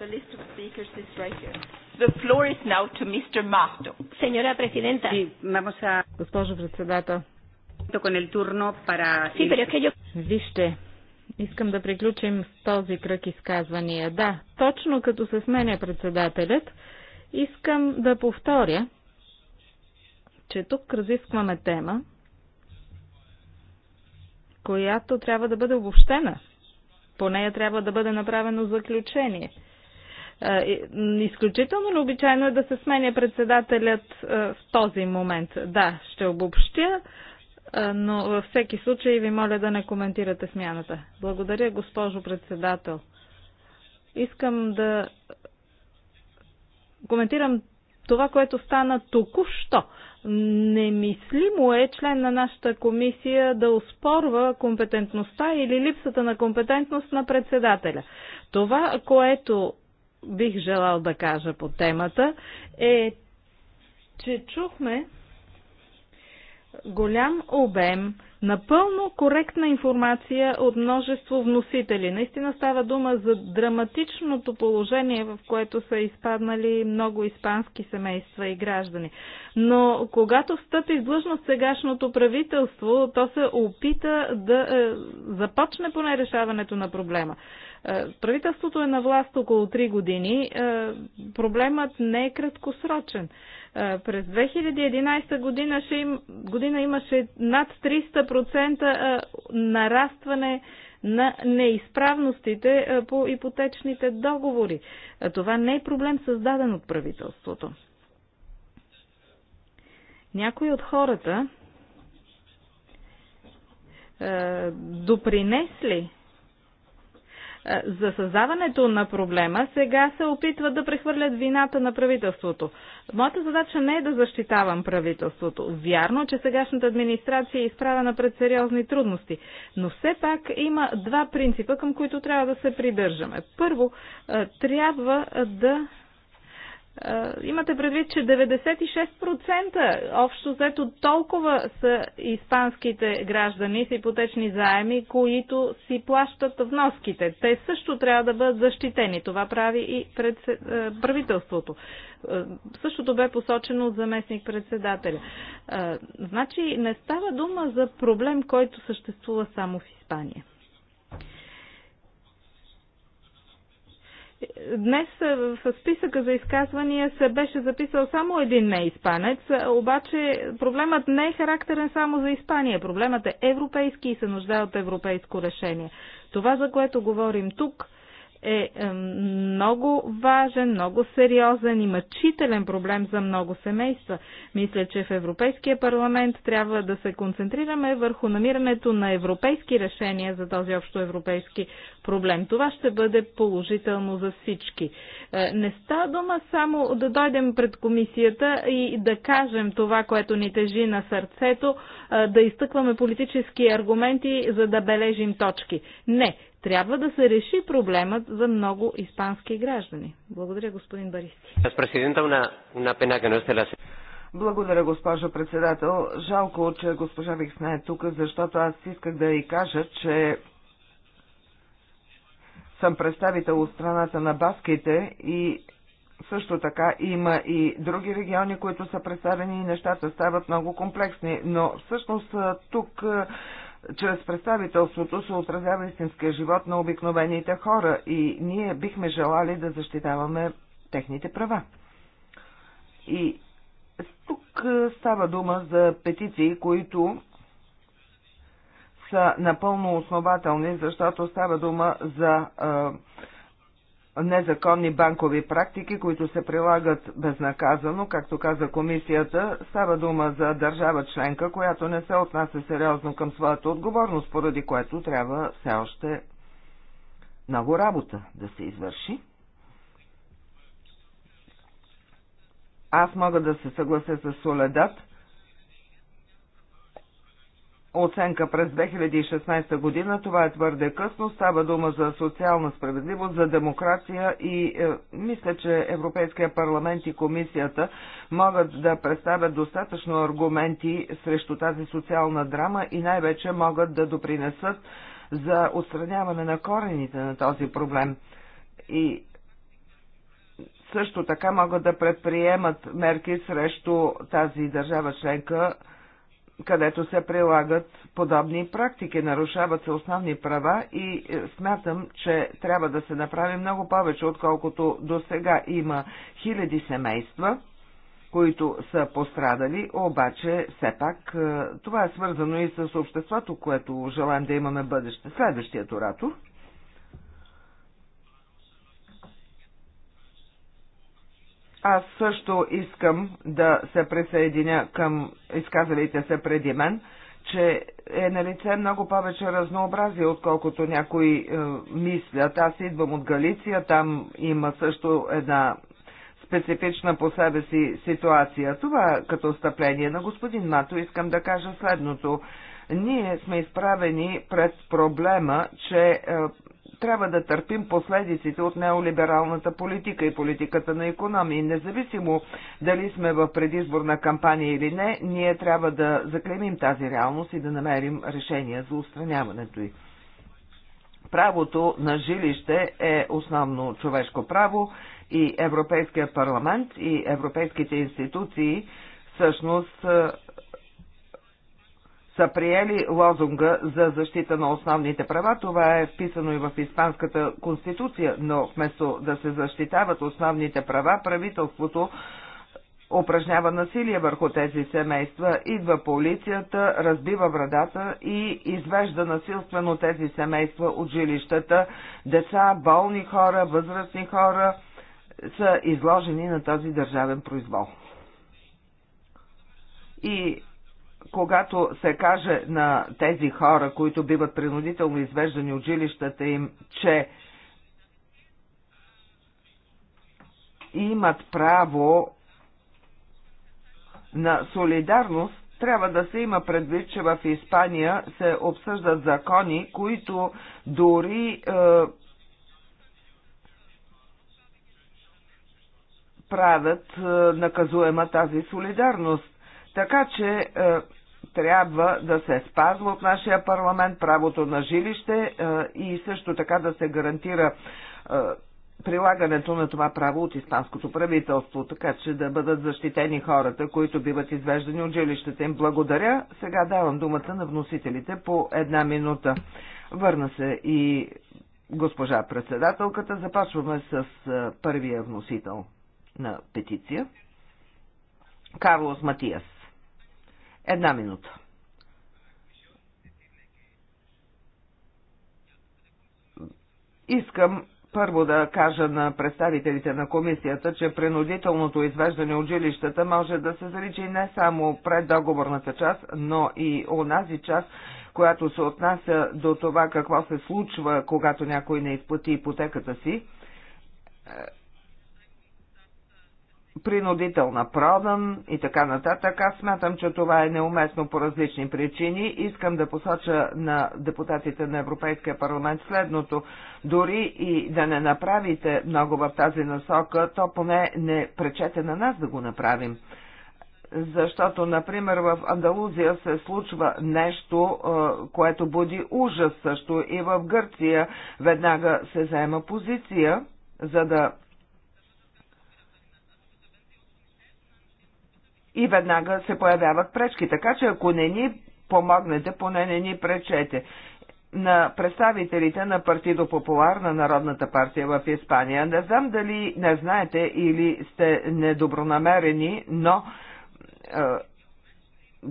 The list of speakers is right here. The floor is now to Mr. Mato. Señora Presidenta. Sí, vamos a... Госпожо председател. Con el turno para... Sí, pero es que yo... Вижте, искам да приключим с този кръг изказвания. Да, точно като се сменя председателят, искам да повторя, че тук разискваме тема, която трябва да бъде обобщена. По нея трябва да бъде направено заключение – е, изключително ли обичайно е да се сменя председателят е, в този момент? Да, ще обобщя, е, но във всеки случай ви моля да не коментирате смяната. Благодаря, госпожо председател. Искам да коментирам това, което стана току-що. Немислимо е член на нашата комисия да оспорва компетентността или липсата на компетентност на председателя. Това, което бих желал да кажа по темата, е, че чухме голям обем напълно коректна информация от множество вносители. Наистина става дума за драматичното положение, в което са изпаднали много испански семейства и граждани. Но когато встъпи в длъжност сегашното правителство, то се опита да е, започне поне решаването на проблема. Е, правителството е на власт около 3 години. Е, проблемът не е краткосрочен. Е, през 2011 година, ще им, година имаше над 300% е, нарастване на неизправностите е, по ипотечните договори. Това не е проблем създаден от правителството. Някои от хората допринесли е, за създаването на проблема сега се опитват да прехвърлят вината на правителството. Моята задача не е да защитавам правителството. Вярно, че сегашната администрация е изправена пред сериозни трудности, но все пак има два принципа, към които трябва да се придържаме. Първо, е, трябва да Имате предвид, че 96% общо взето толкова са испанските граждани с ипотечни заеми, които си плащат вноските. Те също трябва да бъдат защитени. Това прави и пред... правителството. Същото бе посочено от заместник председателя. Значи не става дума за проблем, който съществува само в Испания. Днес е, в списъка за изказвания се беше записал само един неиспанец, е, обаче проблемът не е характерен само за Испания. Проблемът е европейски и се нуждае от европейско решение. Това, за което говорим тук, е, е много важен, много сериозен и мъчителен проблем за много семейства. Мисля, че в Европейския парламент трябва да се концентрираме върху намирането на европейски решения за този общо европейски проблем. Това ще бъде положително за всички. Е, не става дума само да дойдем пред комисията и да кажем това, което ни тежи на сърцето, е, да изтъкваме политически аргументи, за да бележим точки. Не, трябва да се реши проблемът за много испански граждани. Благодаря, господин Баристи. Благодаря, госпожо председател. Жалко, че госпожа Викс не е тук, защото аз исках да и кажа, че съм представител от страната на баските и също така има и други региони, които са представени и нещата стават много комплексни, но всъщност тук чрез представителството се отразява истинския живот на обикновените хора и ние бихме желали да защитаваме техните права. И тук е, става дума за петиции, които са напълно основателни, защото става дума за а, е, незаконни банкови практики, които се прилагат безнаказано, както каза комисията, става дума за държава членка, която не се отнася сериозно към своята отговорност, поради което трябва все още много работа да се извърши. Аз мога да се съглася с Соледат – оценка през 2016 година, това е твърде късно. Става дума за социална справедливост, за демокрация и е, мисля, че Европейския парламент и комисията могат да представят достатъчно аргументи срещу тази социална драма и най-вече могат да допринесат за отстраняване на корените на този проблем. И също така могат да предприемат мерки срещу тази държава членка, където се прилагат подобни практики, нарушават се основни права и е, смятам, че трябва да се направи много повече, отколкото до сега има хиляди семейства, които са пострадали, обаче все пак е, това е свързано и с обществото, което желаем да имаме бъдеще. Следващият оратор. Аз също искам да се присъединя към изказалите се преди мен, че е на лице много повече разнообразие, отколкото някои е, мислят. Аз идвам от Галиция, там има също една специфична по себе си ситуация. Това като стъпление на господин Мато искам да кажа следното. Ние сме изправени пред проблема, че е, трябва да търпим последиците от неолибералната политика и политиката на економии. Независимо дали сме в предизборна кампания или не, ние трябва да заклемим тази реалност и да намерим решения за устраняването й. Правото на жилище е основно човешко право и Европейския парламент и европейските институции всъщност са приели лозунга за защита на основните права. Това е вписано и в Испанската конституция, но вместо да се защитават основните права, правителството упражнява насилие върху тези семейства, идва полицията, разбива врадата и извежда насилствено тези семейства от жилищата. Деца, болни хора, възрастни хора са изложени на този държавен произвол. И когато се каже на тези хора, които биват принудително извеждани от жилищата им, че имат право на солидарност, трябва да се има предвид, че в Испания се обсъждат закони, които дори е, правят е, наказуема тази солидарност. Така че е, трябва да се спазва от нашия парламент правото на жилище е, и също така да се гарантира е, прилагането на това право от испанското правителство, така че да бъдат защитени хората, които биват извеждани от жилищата им. Благодаря. Сега давам думата на вносителите по една минута. Върна се и госпожа председателката. Започваме с първия вносител на петиция. Карлос Матиас. Една минута. Искам първо да кажа на представителите на комисията, че принудителното извеждане от жилищата може да се заличи не само пред договорната част, но и онази част, която се отнася до това какво се случва, когато някой не изплати ипотеката си принудителна продан и така нататък. Аз смятам, че това е неуместно по различни причини. Искам да посоча на депутатите на Европейския парламент следното. Дори и да не направите много в тази насока, то поне не пречете на нас да го направим. Защото, например, в Андалузия се случва нещо, е, което буди ужас също и в Гърция веднага се заема позиция, за да и веднага се появяват пречки. Така че ако не ни помогнете, поне не ни пречете. На представителите на Партидо Популар на Народната партия в Испания. Не знам дали не знаете или сте недобронамерени, но е,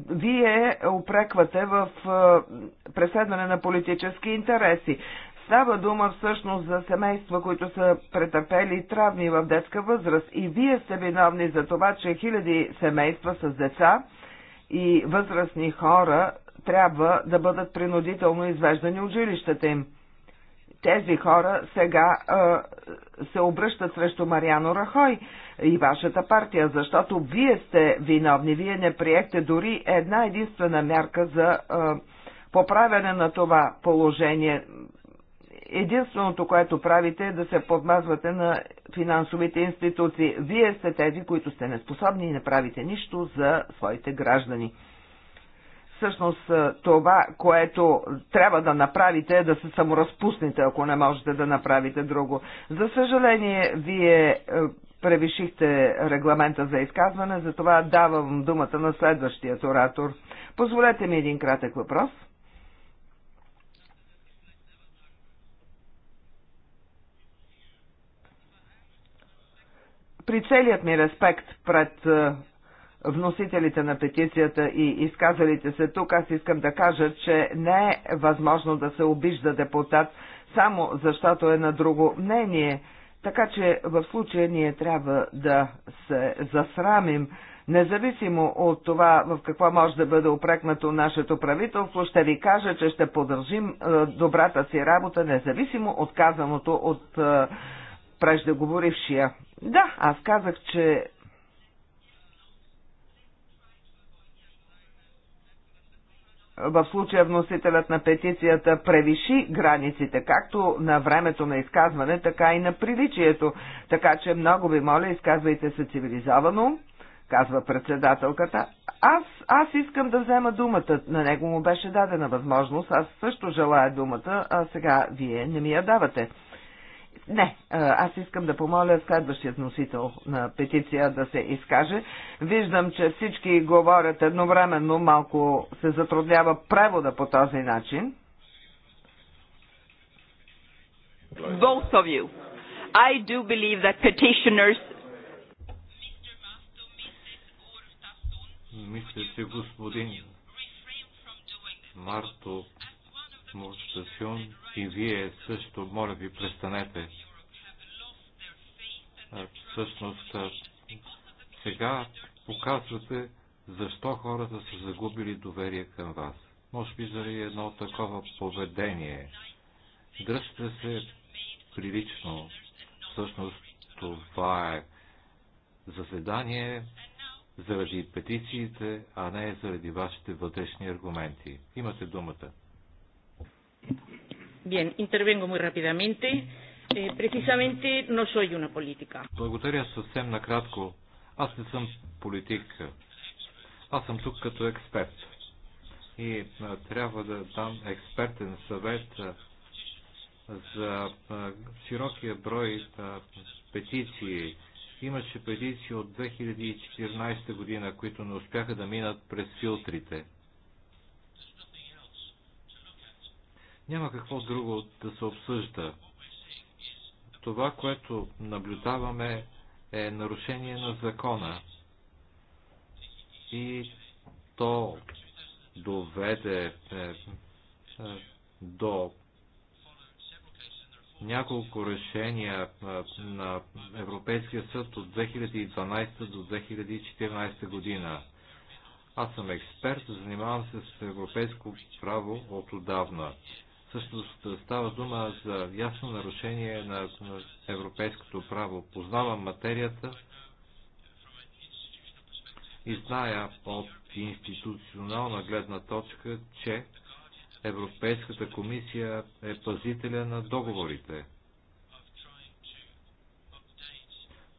вие упреквате в е, преследване на политически интереси. Става дума всъщност за семейства, които са претърпели травми в детска възраст и вие сте виновни за това, че хиляди семейства с деца и възрастни хора трябва да бъдат принудително извеждани от жилищата им. Тези хора сега а, се обръщат срещу Мариано Рахой и вашата партия, защото вие сте виновни, вие не приехте дори една единствена мярка за а, поправяне на това положение единственото, което правите е да се подмазвате на финансовите институции. Вие сте тези, които сте неспособни и не правите нищо за своите граждани. Всъщност е, това, което трябва да направите е да се саморазпуснете, ако не можете да направите друго. За съжаление, вие е, превишихте регламента за изказване, затова давам думата на следващия оратор. Позволете ми един кратък въпрос – При целият ми респект пред е, вносителите на петицията и изказалите се тук, аз искам да кажа, че не е възможно да се обижда депутат само защото е на друго мнение. Така че в случая ние трябва да се засрамим. Независимо от това в какво може да бъде опрекнато нашето правителство, ще ви кажа, че ще поддържим е, добрата си работа, независимо от казаното от е, преждеговорившия. Да, аз казах, че в случая вносителят на петицията превиши границите, както на времето на изказване, така и на приличието. Така че много ви моля, изказвайте се цивилизовано, казва председателката. Аз, аз искам да взема думата. На него му беше дадена възможност. Аз също желая думата, а сега вие не ми я давате. Не, аз искам да помоля следващият носител на петиция да се изкаже. Виждам, че всички говорят едновременно, малко се затруднява превода по този начин. Both of you. I do believe that petitioners мисля, че господин Марто Муртасюн и вие също, моля ви, престанете. Всъщност, сега показвате защо хората са загубили доверие към вас. Може би заради едно такова поведение. Дръжте се прилично. Всъщност това е заседание заради петициите, а не заради вашите вътрешни аргументи. Имате думата. Bien, intervengo muy rápidamente. Eh, precisamente no soy una política. Благодаря съвсем накратко. Аз не съм политик. Аз съм тук като експерт. И а, е, трябва да дам експертен съвет а, е, за а, е, широкия брой а, петиции. Имаше петиции от 2014 година, които не успяха да минат през филтрите. Няма какво друго да се обсъжда. Това, което наблюдаваме, е нарушение на закона. И то доведе е, е до няколко решения е, на Европейския съд от 2012 до 2014 година. Аз съм експерт, занимавам се с европейско право от отдавна. Също е, става дума за ясно нарушение на европейското право. Познавам материята и зная от институционална гледна точка, че Европейската комисия е пазителя на договорите.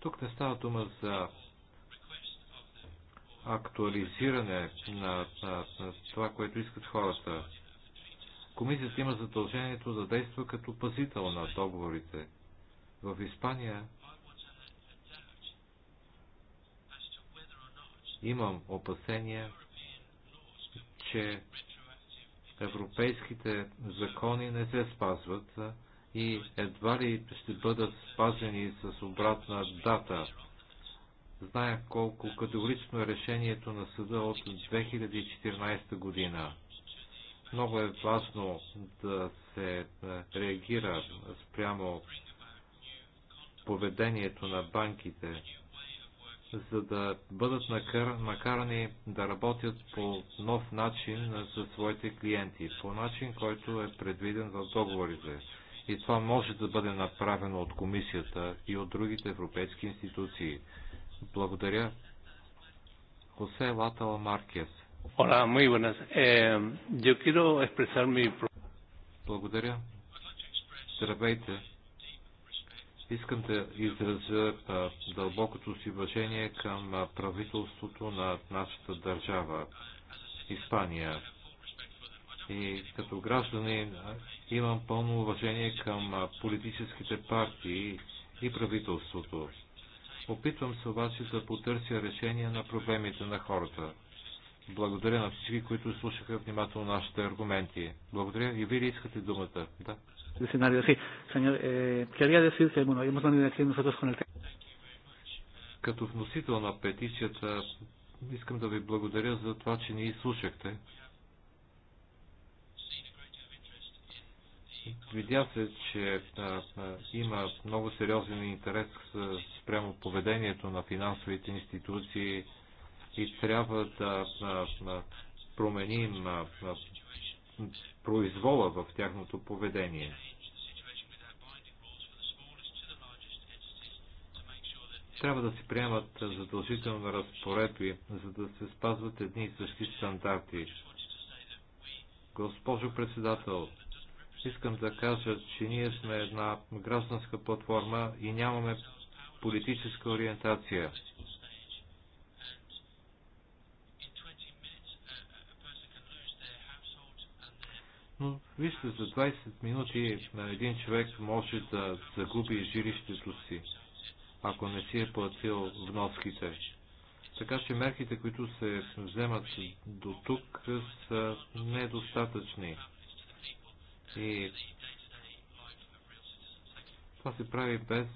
Тук не става дума за актуализиране на, на, на това, което искат хората. Комисията има задължението да действа като пазител на договорите. В Испания имам опасения, че европейските закони не се спазват и едва ли ще бъдат спазени с обратна дата. Зная колко категорично е решението на съда от 2014 година. Много е важно да се е, реагира спрямо поведението на банките, за да бъдат накарани да работят по нов начин за своите клиенти, по начин, който е предвиден в договорите. И това може да бъде направено от комисията и от другите европейски институции. Благодаря. Хосе Латала Маркес. Hola, muy buenas. Eh, yo quiero expresar mi... Благодаря. Здравейте. Искам да изразя а, дълбокото си уважение към а, правителството на нашата държава, Испания. И като гражданин имам пълно уважение към а, политическите партии и правителството. Опитвам се обаче да потърся решение на проблемите на хората. Благодаря на всички, които слушаха внимателно нашите аргументи. Благодаря. И вие ли искате думата? Да. Е, е, е, Като вносител на петицията, искам да ви благодаря за това, че ни изслушахте. Видя се, че а, а, има много сериозен интерес спрямо поведението на финансовите институции, и трябва да променим произвола в тяхното поведение. Трябва да се приемат задължителни разпоредби, за да се спазват едни и същи стандарти. Госпожо председател, искам да кажа, че ние сме една гражданска платформа и нямаме политическа ориентация. Но вижте, за 20 минути на един човек може да загуби жилището си, ако не си е платил вноските. Така че мерките, които се вземат до тук, са недостатъчни. И това се прави без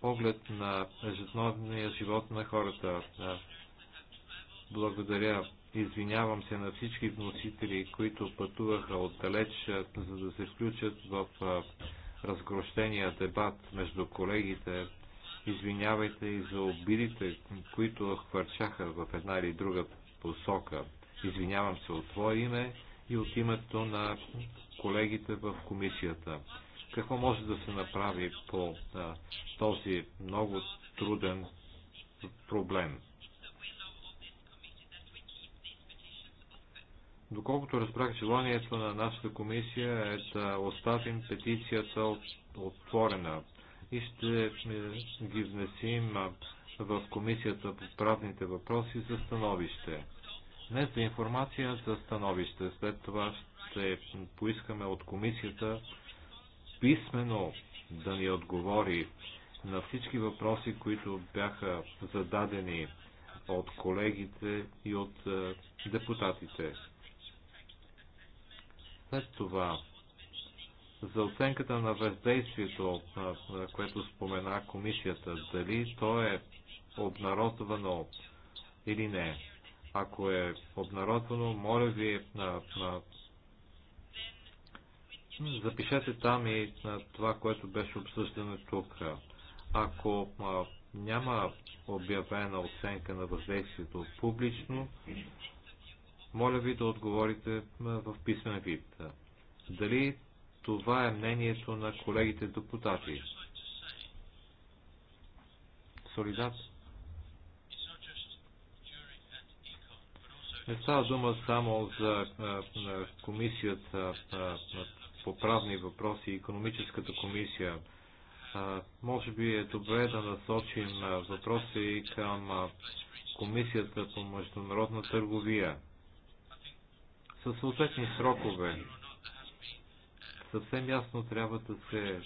поглед на ежедневния живот на хората. Благодаря Извинявам се на всички вносители, които пътуваха отдалеч, за да се включат в разгрощения дебат между колегите. Извинявайте и за обидите, които хвърчаха в една или друга посока. Извинявам се от твое име и от името на колегите в комисията. Какво може да се направи по този много труден проблем? Доколкото разбрах, желанието на нашата комисия е да оставим петицията отворена и ще ги внесим в комисията по правните въпроси за становище. Не за информация, за становище. След това ще поискаме от комисията писмено да ни отговори на всички въпроси, които бяха зададени от колегите и от е, депутатите. След това, за оценката на въздействието, което спомена комисията, дали то е обнародвано или не. Ако е обнародвано, моля ви, на, на... запишете там и на това, което беше обсъждано тук. Ако а, няма обявена оценка на въздействието публично, моля ви да отговорите в писмен вид. Дали това е мнението на колегите депутати? Солидат? Не става дума само за комисията по правни въпроси и економическата комисия. Може би е добре да насочим въпроси към комисията по международна търговия със съответни срокове. Съвсем ясно трябва да се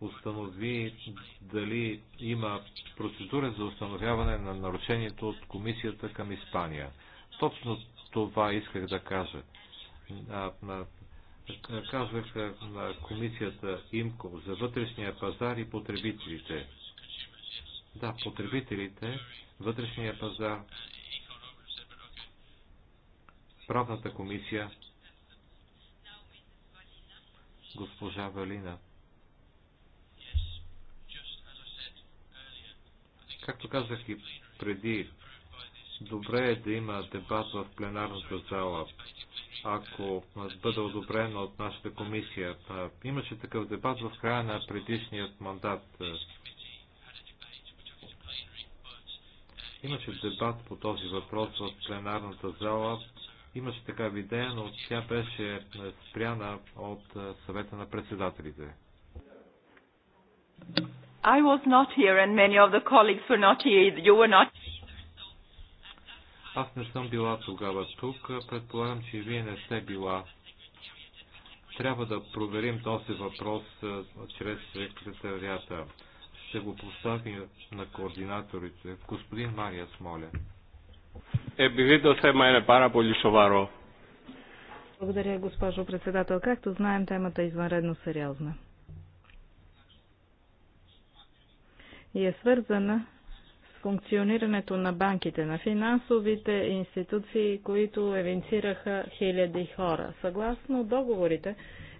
установи дали има процедура за установяване на нарушението от комисията към Испания. Точно това исках да кажа. Казвах на комисията ИМКО за вътрешния пазар и потребителите. Да, потребителите, вътрешния пазар правната комисия госпожа Валина. Както казах и преди, добре е да има дебат в пленарната зала, ако бъде одобрено от нашата комисия. Имаше такъв дебат в края на предишният мандат. Имаше дебат по този въпрос в пленарната зала, Имаше такава идея, но тя беше спряна от съвета на председателите. I was not here and many of the colleagues were not here. You were not аз не съм била тогава тук. Предполагам, че и вие не сте била. Трябва да проверим този въпрос чрез секретарията. Ще го поставим на координаторите. Господин Мария Смоля επειδή το θέμα είναι πάρα πολύ σοβαρό. Благодаря, госпожо председател. Както знаем, темата е извънредно сериозна. И е свързана с функционирането на банките, на финансовите институции, които евинцираха хиляди хора. Съгласно договорите,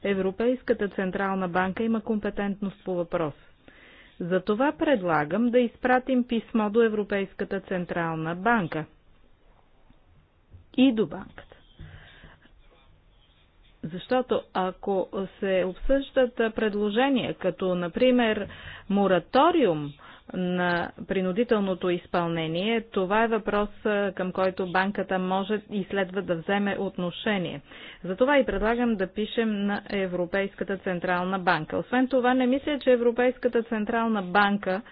Европейската Централна банка има компетентност по въпрос. Затова предлагам да изпратим писмо до Европейската Централна банка – и до банката. Защото ако се обсъждат предложения, като например мораториум на принудителното изпълнение, това е въпрос, към който банката може и следва да вземе отношение. Затова и предлагам да пишем на Европейската Централна банка. Освен това, не мисля, че Европейската Централна банка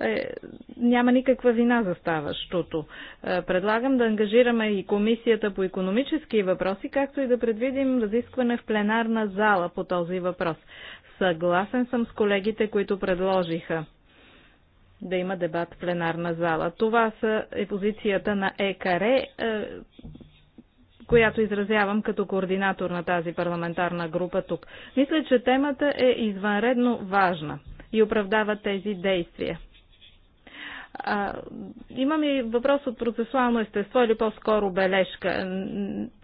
е, няма никаква вина за ставащото. Е, предлагам да ангажираме и Комисията по економически въпроси, както и да предвидим разискване в пленарна зала по този въпрос. Съгласен съм с колегите, които предложиха да има дебат в пленарна зала. Това са, е позицията на ЕКАРЕ, е, която изразявам като координатор на тази парламентарна група тук. Мисля, че темата е извънредно важна и оправдава тези действия. А, имам и въпрос от процесуално естество или по-скоро бележка.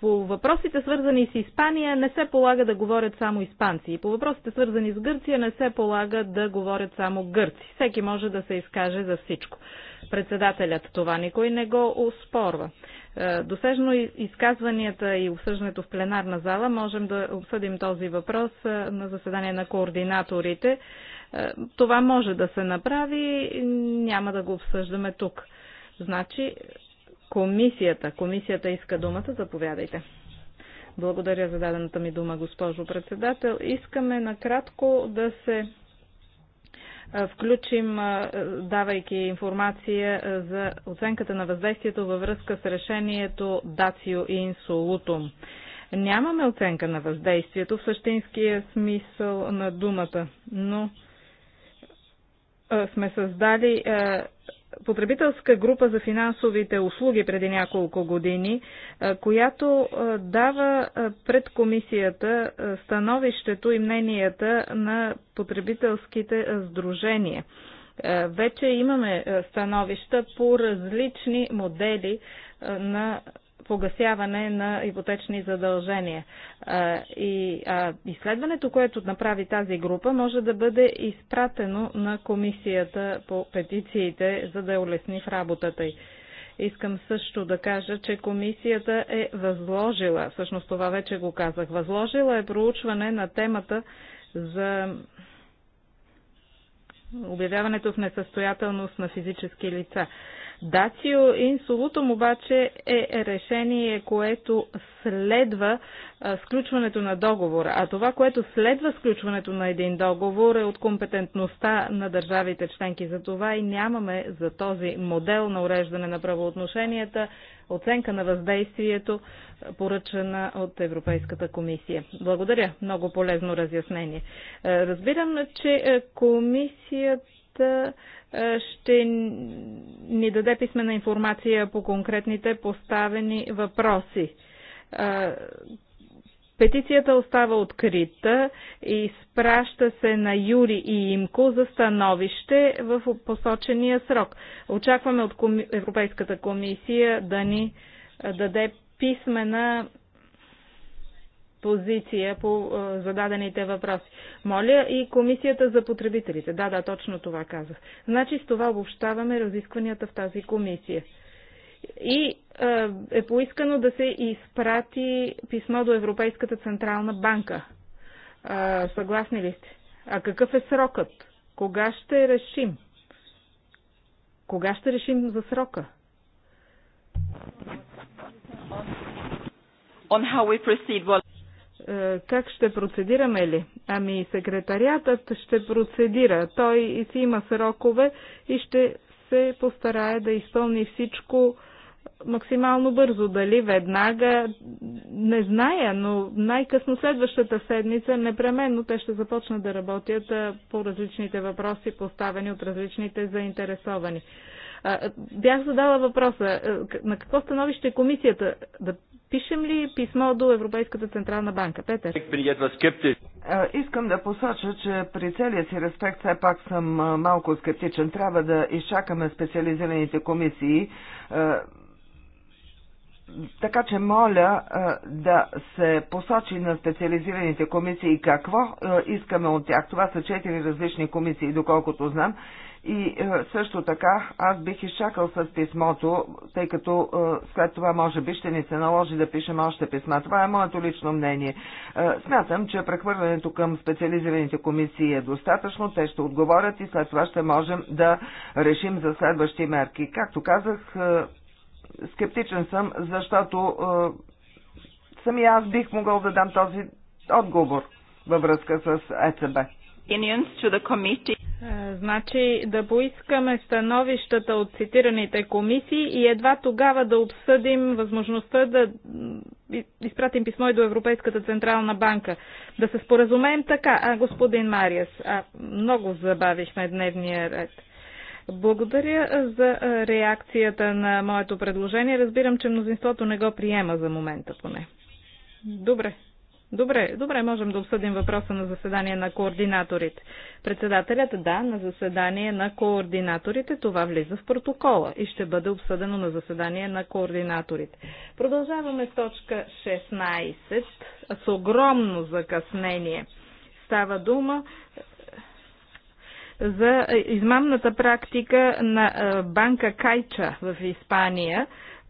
По въпросите свързани с Испания не се полага да говорят само испанци. И по въпросите свързани с Гърция не се полага да говорят само гърци. Всеки може да се изкаже за всичко. Председателят това никой не го успорва. Е, досежно изказванията и обсъждането в пленарна зала можем да обсъдим този въпрос е, на заседание на координаторите. Е, това може да се направи, няма да го обсъждаме тук. Значи, комисията. Комисията иска думата, заповядайте. Благодаря за дадената ми дума, госпожо председател. Искаме накратко да се е, включим, е, давайки информация за оценката на въздействието във връзка с решението Дацио и Инсолутум. Нямаме оценка на въздействието в същинския смисъл на думата, но е, сме създали е, потребителска група за финансовите услуги преди няколко години, е, която дава пред комисията становището и мненията на потребителските сдружения. Вече имаме становища по различни модели на погасяване на ипотечни задължения. И изследването, което направи тази група, може да бъде изпратено на комисията по петициите, за да я улесни в работата й. Искам също да кажа, че комисията е възложила, всъщност това вече го казах, възложила е проучване на темата за обявяването в несъстоятелност на физически лица. Дацио инсолутум обаче е решение, което следва сключването на договор, а това, което следва сключването на един договор е от компетентността на държавите членки. За това и нямаме за този модел на уреждане на правоотношенията оценка на въздействието, поръчана от Европейската комисия. Благодаря, много полезно разяснение. Разбирам, че е, комисията ще ни даде писмена информация по конкретните поставени въпроси. Петицията остава открита и спраща се на Юри и Имко за становище в посочения срок. Очакваме от Европейската комисия да ни даде писмена позиция по е, зададените въпроси. Моля и Комисията за потребителите. Да, да, точно това казах. Значи с това обобщаваме разискванията в тази комисия. И е, е поискано да се изпрати писмо до Европейската централна банка. Е, съгласни ли сте? А какъв е срокът? Кога ще решим? Кога ще решим за срока? On how we proceed. Well... Е, как ще процедираме ли? Ами секретариатът ще процедира. Той и си има срокове и ще се постарае да изпълни всичко максимално бързо. Дали веднага, не зная, но най-късно следващата седмица непременно те ще започнат да работят по различните въпроси, поставени от различните заинтересовани. Бях задала въпроса, е, на какво становище е комисията? Да пишем ли писмо до Европейската Централна банка? Петър? Искам да посоча, че при целия си респект все пак съм малко скептичен. Трябва да изчакаме специализираните комисии. Така че моля да се посочи на специализираните комисии какво искаме от тях. Това са четири различни комисии, доколкото знам. И е, също така, аз бих изчакал с писмото, тъй като е, след това може би ще ни се наложи да пишем още писма. Това е моето лично мнение. Е, смятам, че прехвърлянето към специализираните комисии е достатъчно, те ще отговорят и след това ще можем да решим за следващи мерки. Както казах, скептичен съм, защото сами аз бих могъл да дам този отговор във връзка с ЕЦБ. Е, значи да поискаме становищата от цитираните комисии и едва тогава да обсъдим възможността да изпратим писмо и до Европейската Централна банка. Да се споразумеем така, а, господин Мариас, а, много забавихме дневния ред. Благодаря за реакцията на моето предложение. Разбирам, че мнозинството не го приема за момента поне. Добре, Добре, добре, можем да обсъдим въпроса на заседание на координаторите. Председателят, да, на заседание на координаторите това влиза в протокола и ще бъде обсъдено на заседание на координаторите. Продължаваме с точка 16 с огромно закъснение. Става дума е, за измамната практика на е, банка Кайча в Испания.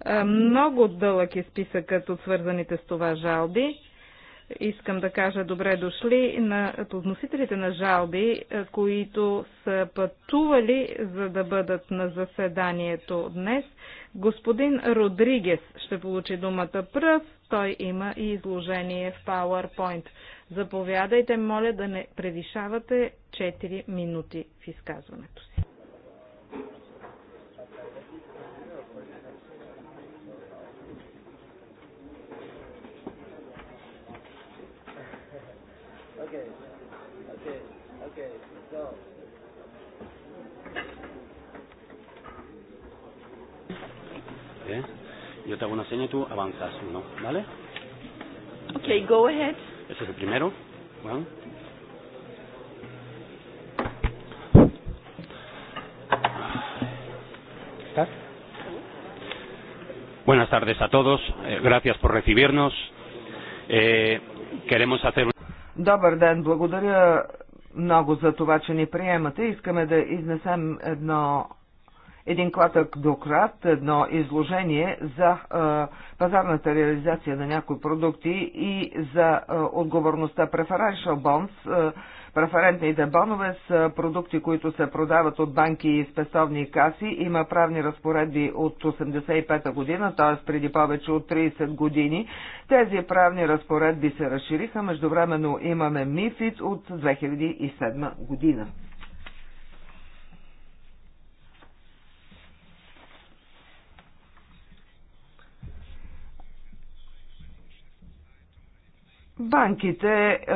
Е, много дълъг е списъкът от свързаните с това жалби. Искам да кажа добре дошли на подносителите на жалби, е, които са пътували за да бъдат на заседанието днес. Господин Родригес ще получи думата пръв. Той има и изложение в PowerPoint. Заповядайте, моля да не превишавате 4 минути в изказването си. Okay. Okay. Okay. So. Yo te hago una seña y tú avanzas uno, ¿vale? Ok, go ahead. Ese es el primero. Juan. ¿Estás? Buenas tardes a todos. Eh, gracias por recibirnos. Eh, queremos hacer Добър ден, благодаря много за това, че ни приемате. Искаме да изнесем едно, един кратък доклад, едно изложение за е, пазарната реализация на някои продукти и за е, отговорността. Преференшъл Bonds Преферентните бонове са продукти, които се продават от банки и спестовни каси. Има правни разпоредби от 85 година, т.е. преди повече от 30 години. Тези правни разпоредби се разшириха. Междувременно имаме МИФИД от 2007 година. Банките е,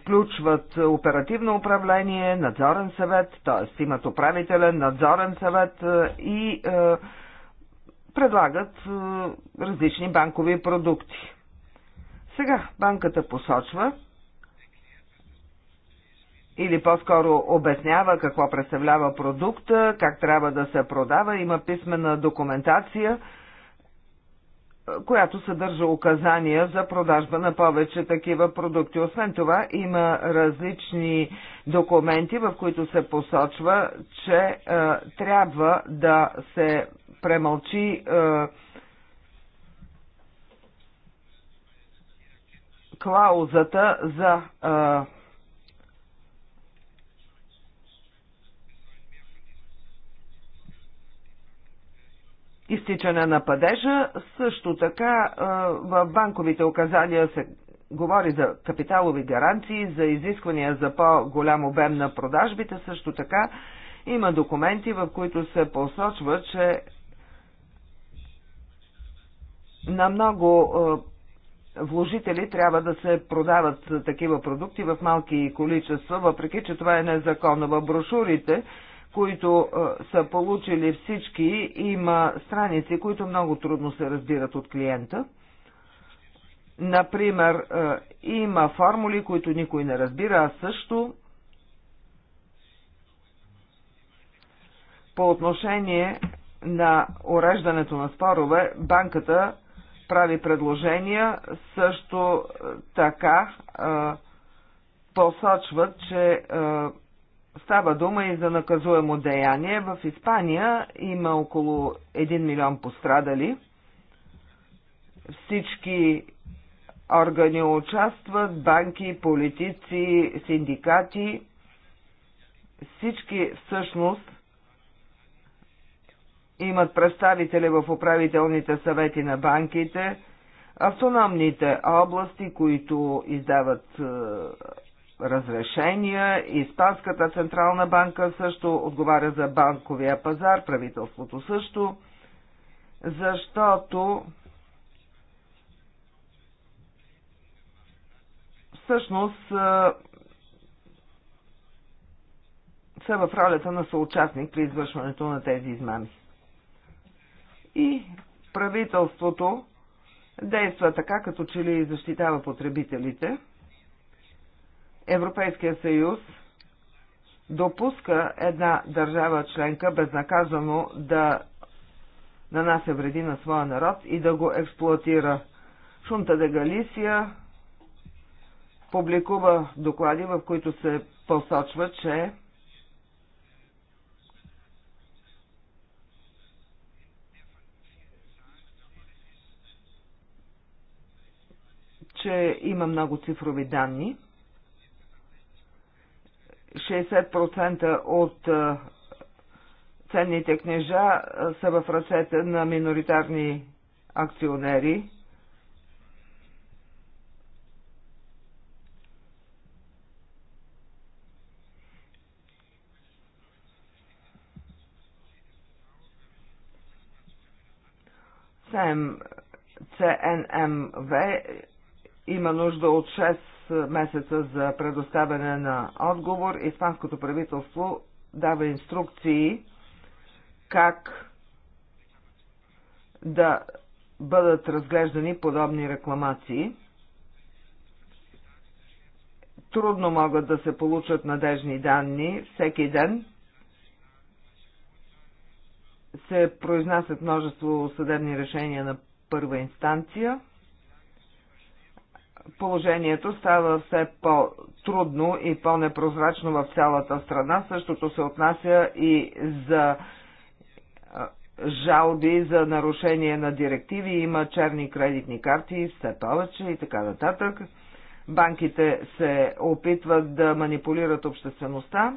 включват оперативно управление, надзорен съвет, т.е. имат управителен, надзорен съвет е, и е, предлагат е, различни банкови продукти. Сега банката посочва или по-скоро обяснява какво представлява продукта, как трябва да се продава, има писмена документация – която съдържа указания за продажба на повече такива продукти. Освен това, има различни документи, в които се посочва, че е, трябва да се премълчи е, клаузата за е, изтичане на падежа. Също така в банковите указания се говори за капиталови гаранции, за изисквания за по-голям обем на продажбите. Също така има документи, в които се посочва, че на много вложители трябва да се продават такива продукти в малки количества, въпреки че това е незаконно. В брошурите които е, са получили всички. Има страници, които много трудно се разбират от клиента. Например, е, има формули, които никой не разбира, а също. По отношение на уреждането на спорове, банката прави предложения, също е, така посочват, че Става дума и за наказуемо деяние. В Испания има около 1 милион пострадали. Всички органи участват, банки, политици, синдикати. Всички всъщност имат представители в управителните съвети на банките, автономните области, които издават е, разрешения. Испанската централна банка също отговаря за банковия пазар, правителството също, защото всъщност са в ролята на съучастник при извършването на тези измами. И правителството действа така, като че ли защитава потребителите – Европейския съюз допуска една държава членка безнаказано да нанася вреди на своя народ и да го експлуатира. Шунта де Галисия публикува доклади, в които се посочва, че че има много цифрови данни – 60% от ценните книжа са в ръцете на миноритарни акционери. СМ, ЦНМВ има нужда от 6 месеца за предоставяне на отговор. Испанското правителство дава инструкции как да бъдат разглеждани подобни рекламации. Трудно могат да се получат надежни данни всеки ден. Се произнасят множество съдебни решения на първа инстанция – положението става все по-трудно и по-непрозрачно в цялата страна. Същото се отнася и за жалби за нарушение на директиви, има черни кредитни карти, все повече и така нататък. Банките се опитват да манипулират обществеността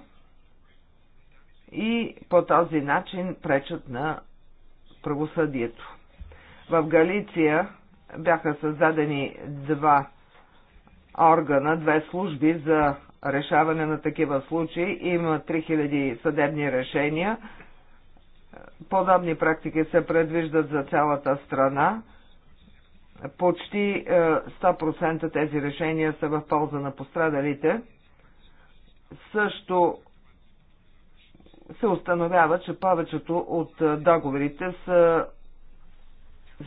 и по този начин пречат на правосъдието. В Галиция бяха създадени два органа, две служби за решаване на такива случаи. Има 3000 съдебни решения. Подобни практики се предвиждат за цялата страна. Почти 100% е, тези решения са в полза на пострадалите. Също се установява, че повечето от е, договорите са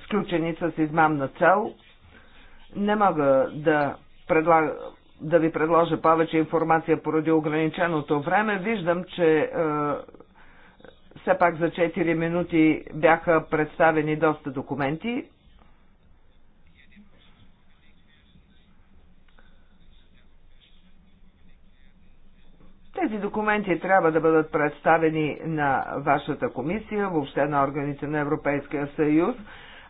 сключени с измамна цел. Не мога да предлага, да ви предложа повече информация поради ограниченото време. Виждам, че е, все пак за 4 минути бяха представени доста документи. Тези документи трябва да бъдат представени на вашата комисия, въобще на органите на Европейския съюз.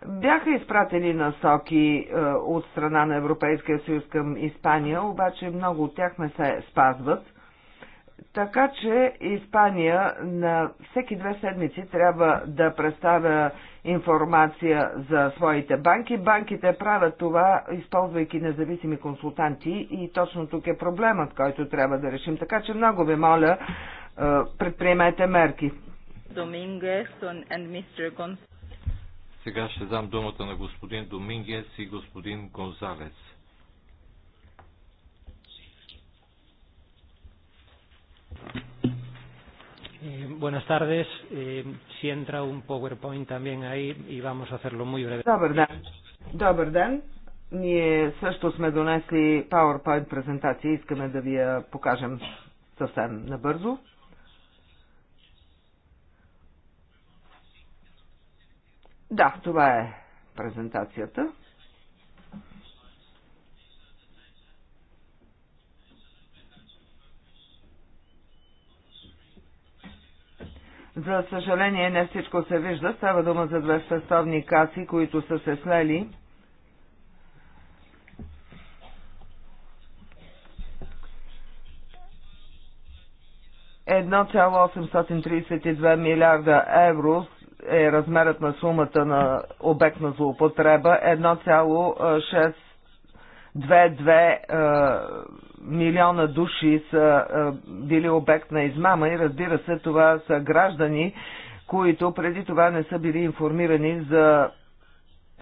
Бяха изпратени насоки е, от страна на Европейския съюз към Испания, обаче много от тях не се спазват. Така че Испания на всеки две седмици трябва да представя информация за своите банки. Банките правят това, използвайки независими консултанти и точно тук е проблемът, който трябва да решим. Така че много ви моля, е, предприемете мерки. Домингес и мистер Гонсалес. Сега ще дам думата на господин Домингес и господин Гонзалес. Eh, buenas tardes. Eh, si entra un PowerPoint también ahí y vamos a hacerlo muy breve. Добър ден. Добър ден. Ние също сме донесли PowerPoint презентация. Искаме да ви я покажем съвсем набързо. Да, това е презентацията. За съжаление не всичко се вижда. Става дума за две съставни каси, които са се слели. Едно 832 милиарда евро е размерът на сумата на обект на злоупотреба 1,622 е, е, милиона души са е, били обект на измама и разбира се това са граждани, които преди това не са били информирани за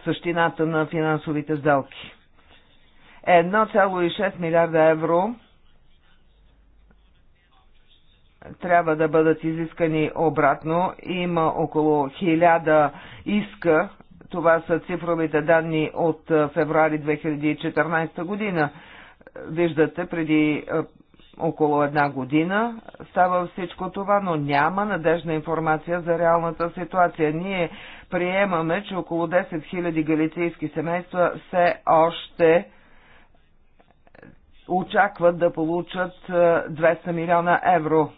същината на финансовите сделки. 1,6 милиарда евро трябва да бъдат изискани обратно. Има около 1000 иска. Това са цифровите данни от е, феврари 2014 година. Виждате, преди е, около една година става всичко това, но няма надежна информация за реалната ситуация. Ние приемаме, че около 10 000 галицийски семейства все още очакват да получат 200 е, милиона евро.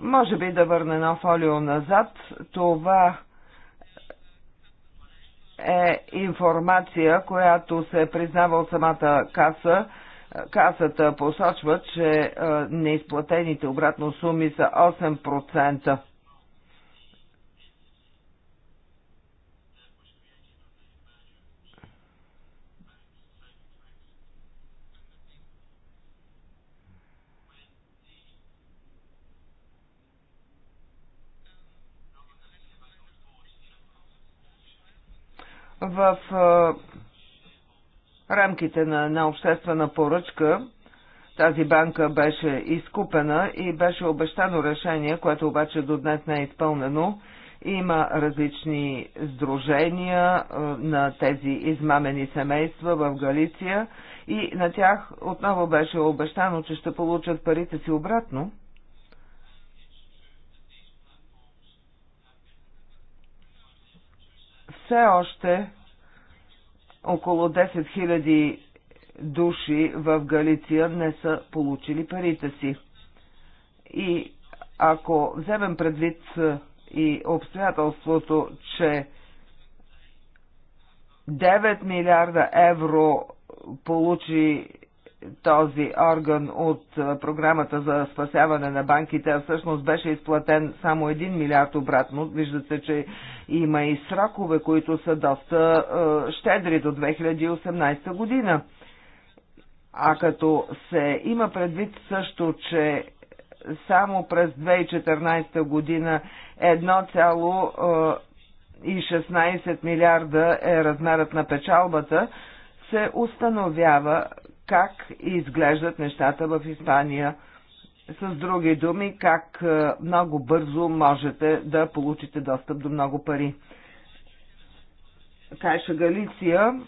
Може би да върне едно фолио назад. Това е информация, която се признава от самата каса. Касата посочва, че е, неизплатените обратно суми са 8%. в рамките на една обществена поръчка. Тази банка беше изкупена и беше обещано решение, което обаче до днес не е изпълнено. Има различни сдружения на тези измамени семейства в Галиция и на тях отново беше обещано, че ще получат парите си обратно. все още около 10 000 души в Галиция не са получили парите си. И ако вземем предвид и обстоятелството, че 9 милиарда евро получи този орган от програмата за спасяване на банките, а всъщност беше изплатен само 1 милиард обратно. Виждате, че има и срокове, които са доста е, щедри до 2018 година. А като се има предвид също, че само през 2014 година 1,16 милиарда е размерът на печалбата, се установява как изглеждат нещата в Испания. С други думи, как е, много бързо можете да получите достъп до много пари. Кайша Галиция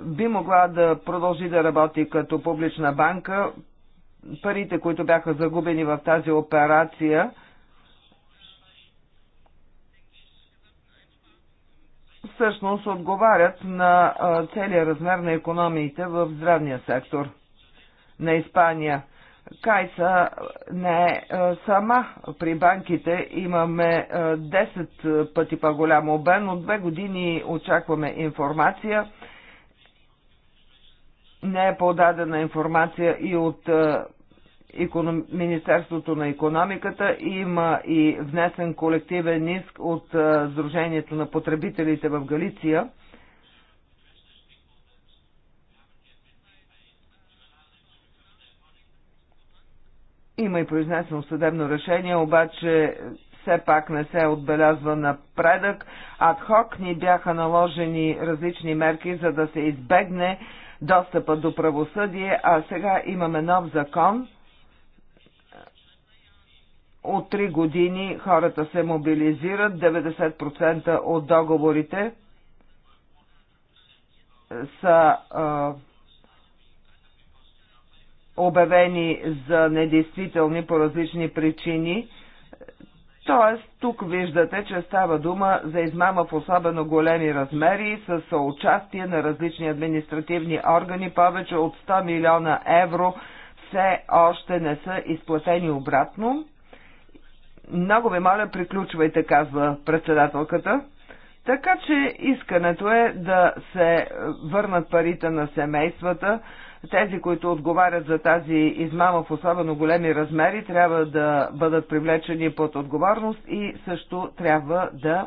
би могла да продължи да работи като публична банка. Парите, които бяха загубени в тази операция, всъщност отговарят на целия размер на економиите в здравния сектор на Испания. Кайса не е сама. При банките имаме 10 пъти по-голям обем. От две години очакваме информация. Не е подадена информация и от Министерството на економиката. Има и внесен колективен иск от Сдружението на потребителите в Галиция. Има и произнесено съдебно решение, обаче все пак не се отбелязва напредък. Адхок ни бяха наложени различни мерки, за да се избегне достъпа до правосъдие, а сега имаме нов закон – от три години хората се мобилизират, 90% от договорите са а, обявени за недействителни по различни причини. Тоест, тук виждате, че става дума за измама в особено големи размери с съучастие на различни административни органи. Повече от 100 милиона евро все още не са изплатени обратно. Много ви моля, приключвайте, казва председателката. Така че искането е да се върнат парите на семействата. Тези, които отговарят за тази измама в особено големи размери, трябва да бъдат привлечени под отговорност и също трябва да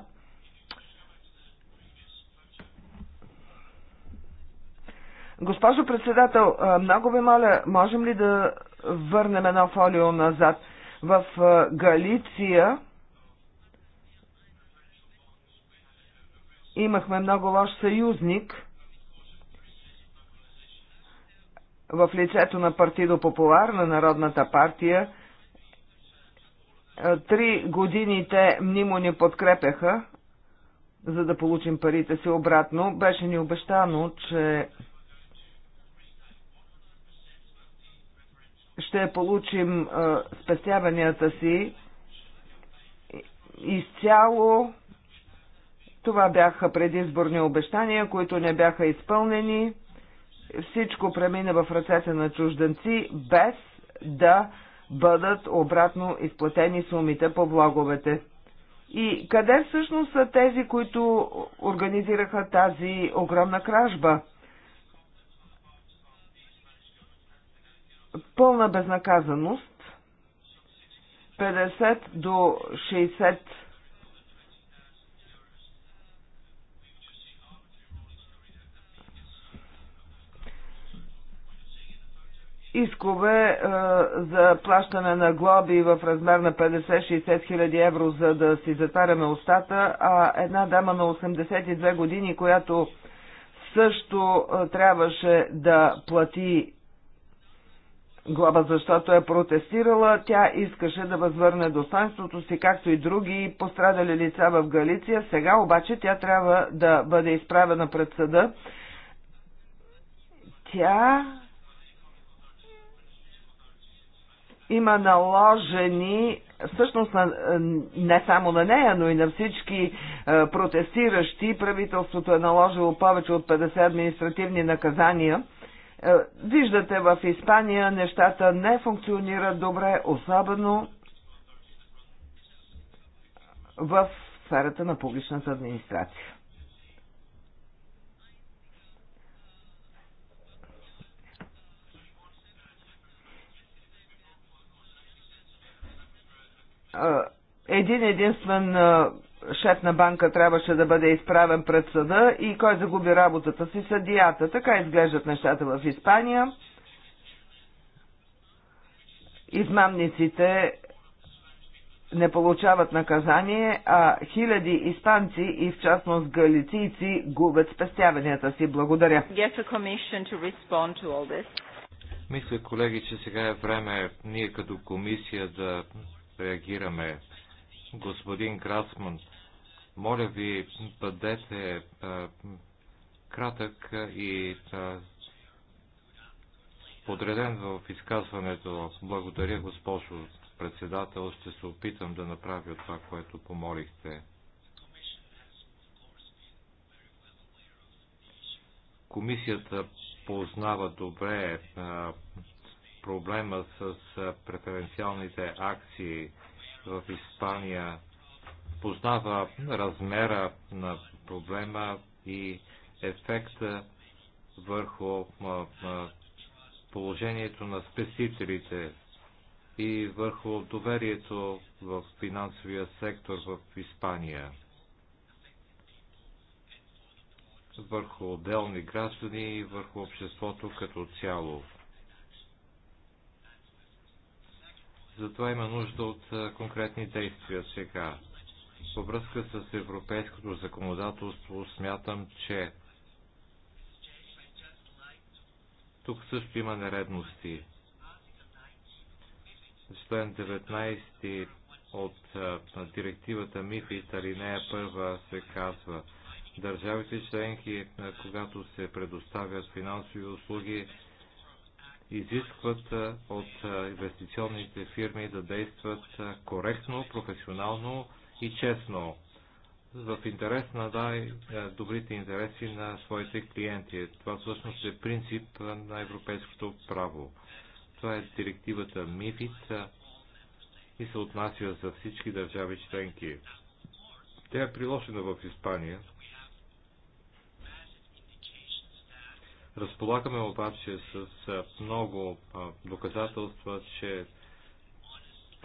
Госпожо председател, много ви моля, можем ли да върнем едно фолио назад? В Галиция имахме много лош съюзник в лицето на Партидо Популар, на Народната партия. Три години те мнимо ни подкрепяха, за да получим парите си обратно. Беше ни обещано, че ще получим спестяванията си изцяло. Това бяха предизборни обещания, които не бяха изпълнени. Всичко премина в ръцете на чужденци, без да бъдат обратно изплатени сумите по влоговете. И къде всъщност са тези, които организираха тази огромна кражба? пълна безнаказаност 50 до 60 искове е, за плащане на глоби в размер на 50-60 хиляди евро, за да си затаряме устата, а една дама на 82 години, която също е, трябваше да плати глава, защото е протестирала. Тя искаше да възвърне достоинството си, както и други пострадали лица в Галиция. Сега обаче тя трябва да бъде изправена пред съда. Тя има наложени всъщност не само на нея, но и на всички е, протестиращи, правителството е наложило повече от 50 административни наказания – е, виждате в Испания нещата не функционират добре, особено в сферата на публичната администрация. Е, Един единствен е, шеф на банка трябваше да бъде изправен пред съда и кой загуби работата си съдията. Така изглеждат нещата в Испания. Измамниците не получават наказание, а хиляди испанци и в частност галицийци губят спестяванията си. Благодаря. Мисля, колеги, че сега е време ние като комисия да реагираме. Господин Грасман, моля ви, бъдете кратък и подреден в изказването. Благодаря, госпожо председател. Ще се опитам да направя това, което помолихте. Комисията познава добре а, проблема с а, преференциалните акции в Испания познава размера на проблема и ефекта върху положението на спесителите и върху доверието в финансовия сектор в Испания, върху отделни граждани и върху обществото като цяло. Затова има нужда от конкретни действия сега. Във връзка с европейското законодателство смятам, че тук също има нередности. Член 19 от директивата МИФИТ, алинея първа се казва Държавите членки, когато се предоставят финансови услуги, изискват от инвестиционните фирми да действат коректно, професионално, и честно в интерес на дай е, добрите интереси на своите клиенти. Това всъщност е принцип е, на европейското право. Това е директивата МИФИТ е, и се отнася за всички държави членки. Тя е приложена в Испания. Разполагаме обаче с много доказателства, че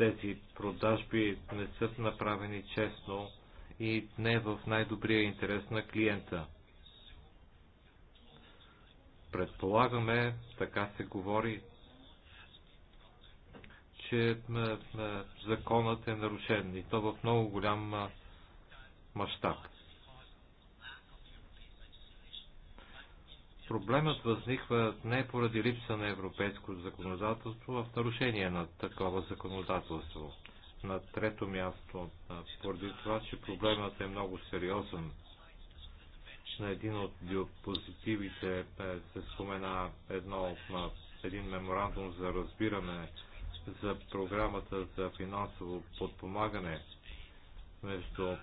тези продажби не са направени честно и не в най-добрия интерес на клиента. Предполагаме, така се говори, че законът е нарушен и то в много голям мащаб. Проблемът възниква не поради липса на европейско законодателство, а в нарушение на такова законодателство. На трето място, поради това, че проблемът е много сериозен, на един от диопозитивите е, се спомена едно от един меморандум за разбиране за програмата за финансово подпомагане между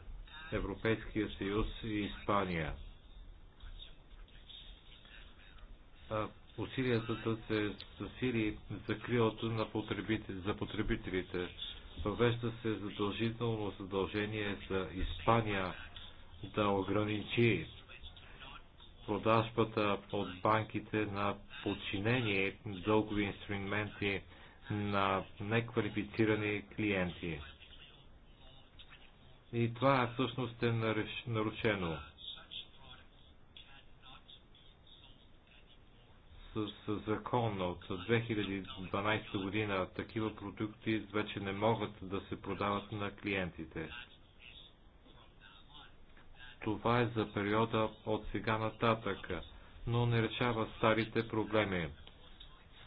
Европейския съюз и Испания – усилията да се засили закрилото на потребите, за потребителите. Въвежда се задължително задължение за Испания да ограничи продажбата от банките на подчинени дългови инструменти на неквалифицирани клиенти. И това всъщност е нарушено. с закон от 2012 година такива продукти вече не могат да се продават на клиентите. Това е за периода от сега нататък, но не решава старите проблеми.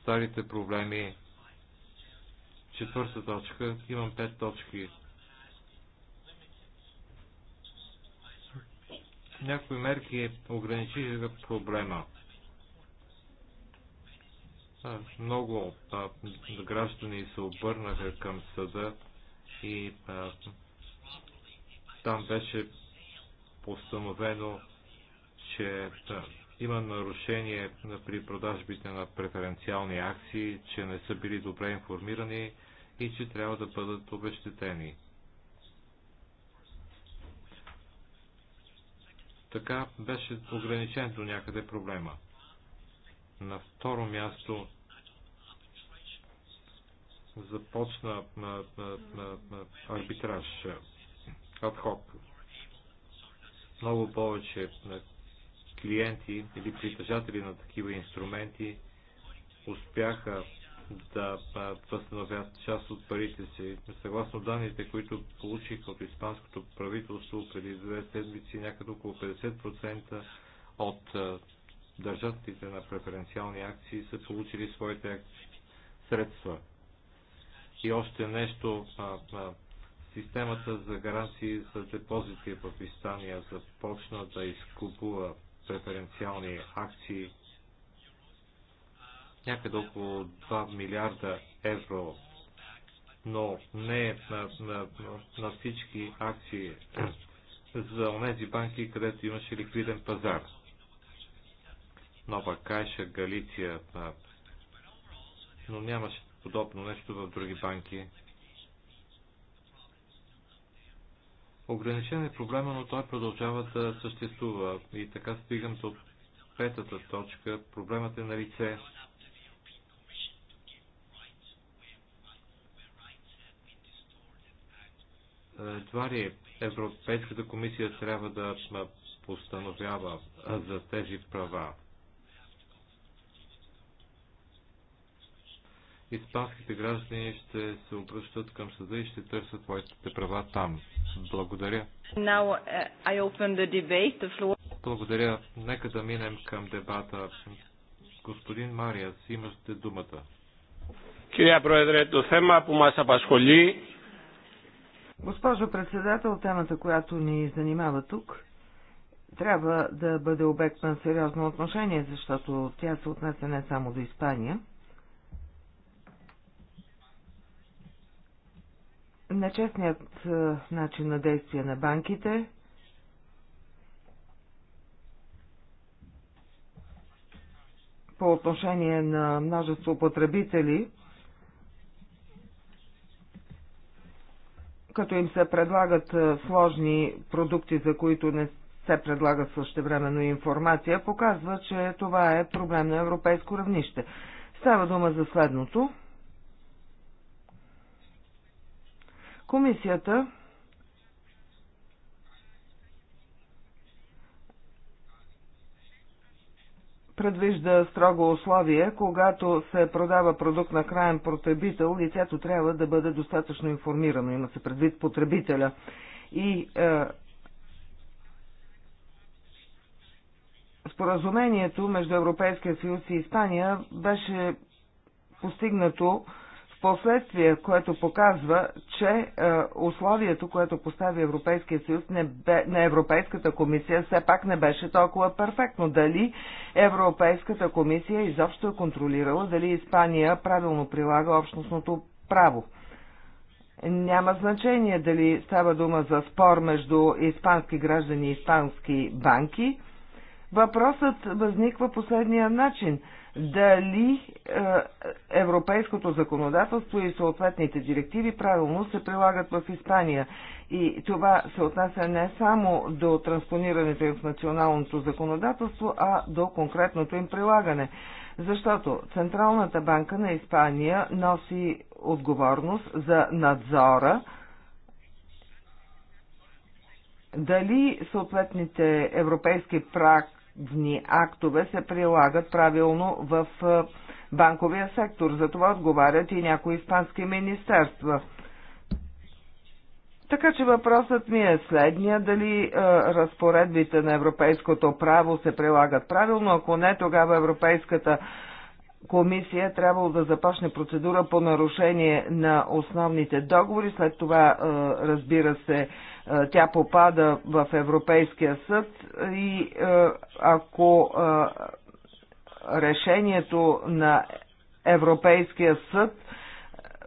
Старите проблеми. Четвърта точка. Имам пет точки. Някои мерки ограничиха проблема. Много граждани се обърнаха към съда и там беше постановено, че има нарушение при продажбите на преференциални акции, че не са били добре информирани и че трябва да бъдат обещетени. Така беше ограничен до някъде проблема. На второ място започна на, на, на, на арбитраж адхок. Много повече на клиенти или притежатели на такива инструменти успяха да възстановят част от парите си. Съгласно данните, които получих от испанското правителство преди две седмици, някъде около 50% от държателите на преференциални акции са получили своите средства. И още нещо, а, а, системата за гаранции за депозити в Испания започна да изкупува преференциални акции някъде около 2 милиарда евро, но не на, на, на всички акции за онези банки, където имаше ликвиден пазар. Нова Кайша, Галиция, но нямаше подобно нещо в други банки. Ограничен е проблема, но той продължава да съществува. И така стигам до петата точка. Проблемът е на лице. Едва ли Европейската комисия трябва да постановява за тези права? испанските граждани ще се обръщат към съда и ще търсят своите права там. Благодаря. Now, uh, I open the debate. The floor... Благодаря. Нека да минем към дебата. Господин Мариас, имате думата. Кирия Проедре, το θέμα по маса пасхоли. Госпожо председател, темата, която ни занимава тук, трябва да бъде обект на сериозно отношение, защото тя се отнася не само до Испания, нечестният е, начин на действие на банките по отношение на множество потребители, като им се предлагат е, сложни продукти, за които не се предлага същевременно информация, показва, че това е проблем на европейско равнище. Става дума за следното. Комисията предвижда строго условие, когато се продава продукт на крайен потребител, лицето трябва да бъде достатъчно информирано, има се предвид потребителя. И е, споразумението между Европейския съюз и Испания беше постигнато последствие, което показва, че е, условието, което постави Европейския съюз не бе, на Европейската комисия, все пак не беше толкова перфектно. Дали Европейската комисия изобщо е контролирала, дали Испания правилно прилага общностното право. Няма значение дали става дума за спор между испански граждани и испански банки. Въпросът възниква последния начин – дали е, европейското законодателство и съответните директиви правилно се прилагат в Испания. И това се отнася не само до транспонирането им в националното законодателство, а до конкретното им прилагане. Защото Централната банка на Испания носи отговорност за надзора, дали съответните европейски прак Дни актове се прилагат правилно в банковия сектор. За това отговарят и някои испански министерства. Така че въпросът ми е следния, дали е, разпоредбите на европейското право се прилагат правилно, ако не, тогава Европейската комисия трябва да започне процедура по нарушение на основните договори, след това, е, разбира се, е, тя попада в Европейския съд и е, ако е, решението на Европейския съд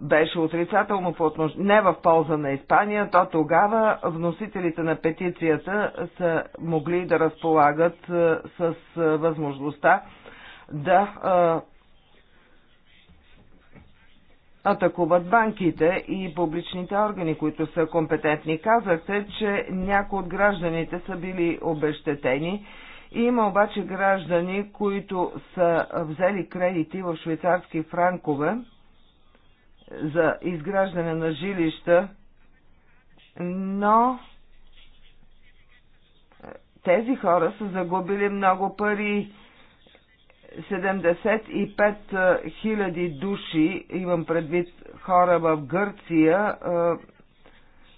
беше отрицателно по отнош... не в полза на Испания, то тогава вносителите на петицията са могли да разполагат с възможността да атакуват банките и публичните органи, които са компетентни. Казахте, че някои от гражданите са били обещетени. Има обаче граждани, които са взели кредити в швейцарски франкове за изграждане на жилища, но тези хора са загубили много пари 75 000 души, имам предвид хора в Гърция,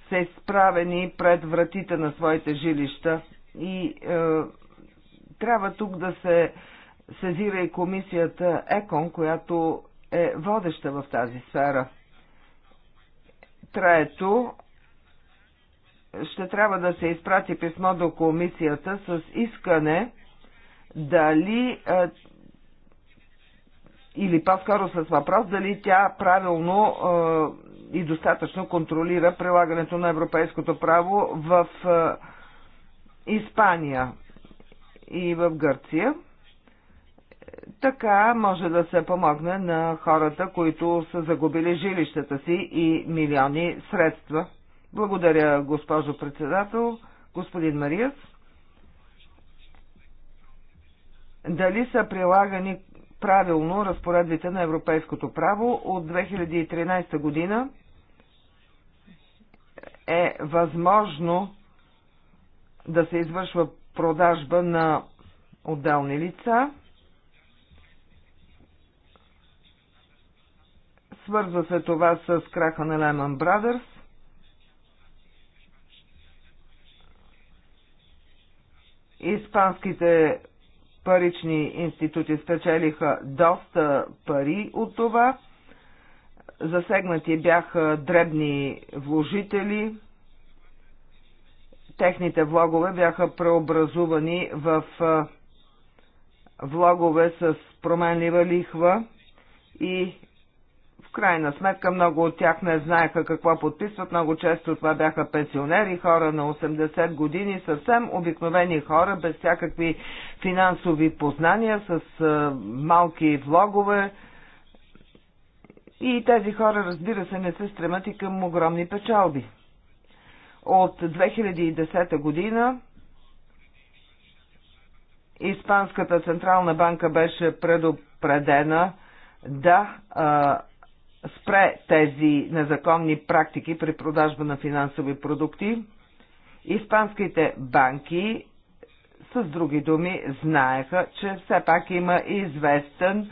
са изправени пред вратите на своите жилища и трябва тук да се сезира и комисията ЕКОН, която е водеща в тази сфера. Трето, ще трябва да се изпрати писмо до комисията с искане дали или по-скоро с въпрос дали тя правилно и достатъчно контролира прилагането на европейското право в Испания и в Гърция. Така може да се помогне на хората, които са загубили жилищата си и милиони средства. Благодаря, госпожо председател, господин Мариас. Дали са прилагани правилно разпоредбите на европейското право от 2013 година е възможно да се извършва продажба на отделни лица. Свързва се това с краха на Lehman Brothers. Испанските парични институти спечелиха доста пари от това. Засегнати бяха дребни вложители. Техните влогове бяха преобразувани в влогове с променлива лихва и крайна сметка много от тях не знаеха какво подписват. Много често това бяха пенсионери, хора на 80 години, съвсем обикновени хора, без всякакви финансови познания, с а, малки влогове. И тези хора, разбира се, не се стремат и към огромни печалби. От 2010 година Испанската централна банка беше предупредена да а, спре тези незаконни практики при продажба на финансови продукти. Испанските банки, с други думи, знаеха, че все пак има известен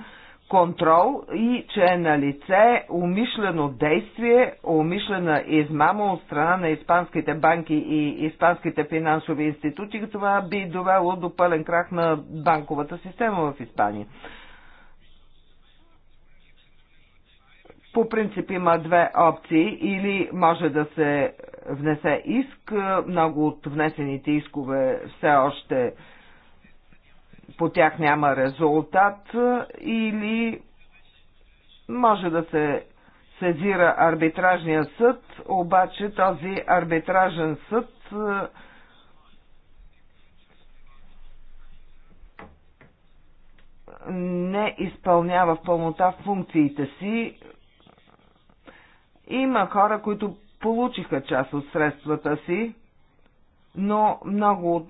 контрол и че е на лице умишлено действие, умишлена измама от страна на испанските банки и испанските финансови институти. Това би довело до пълен крах на банковата система в Испания. По принцип има две опции. Или може да се внесе иск. Много от внесените искове все още по тях няма резултат. Или може да се сезира арбитражния съд, обаче този арбитражен съд не изпълнява в пълнота функциите си има хора, които получиха част от средствата си, но много от,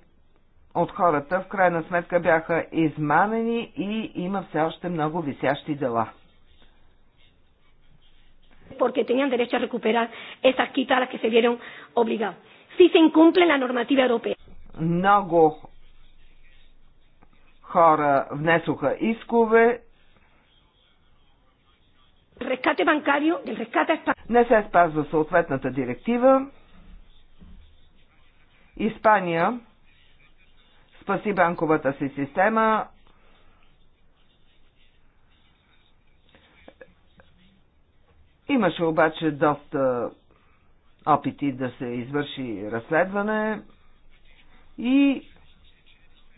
от хората в крайна сметка бяха измамени и има все още много висящи дела. Porque tenían derecho a recuperar esas quitas a las que se vieron obligados. Si se incumple la normativa europea. Много хора внесоха искове rescate bancario, del rescate Не се спазва съответната директива. Испания спаси банковата си система. Имаше обаче доста опити да се извърши разследване и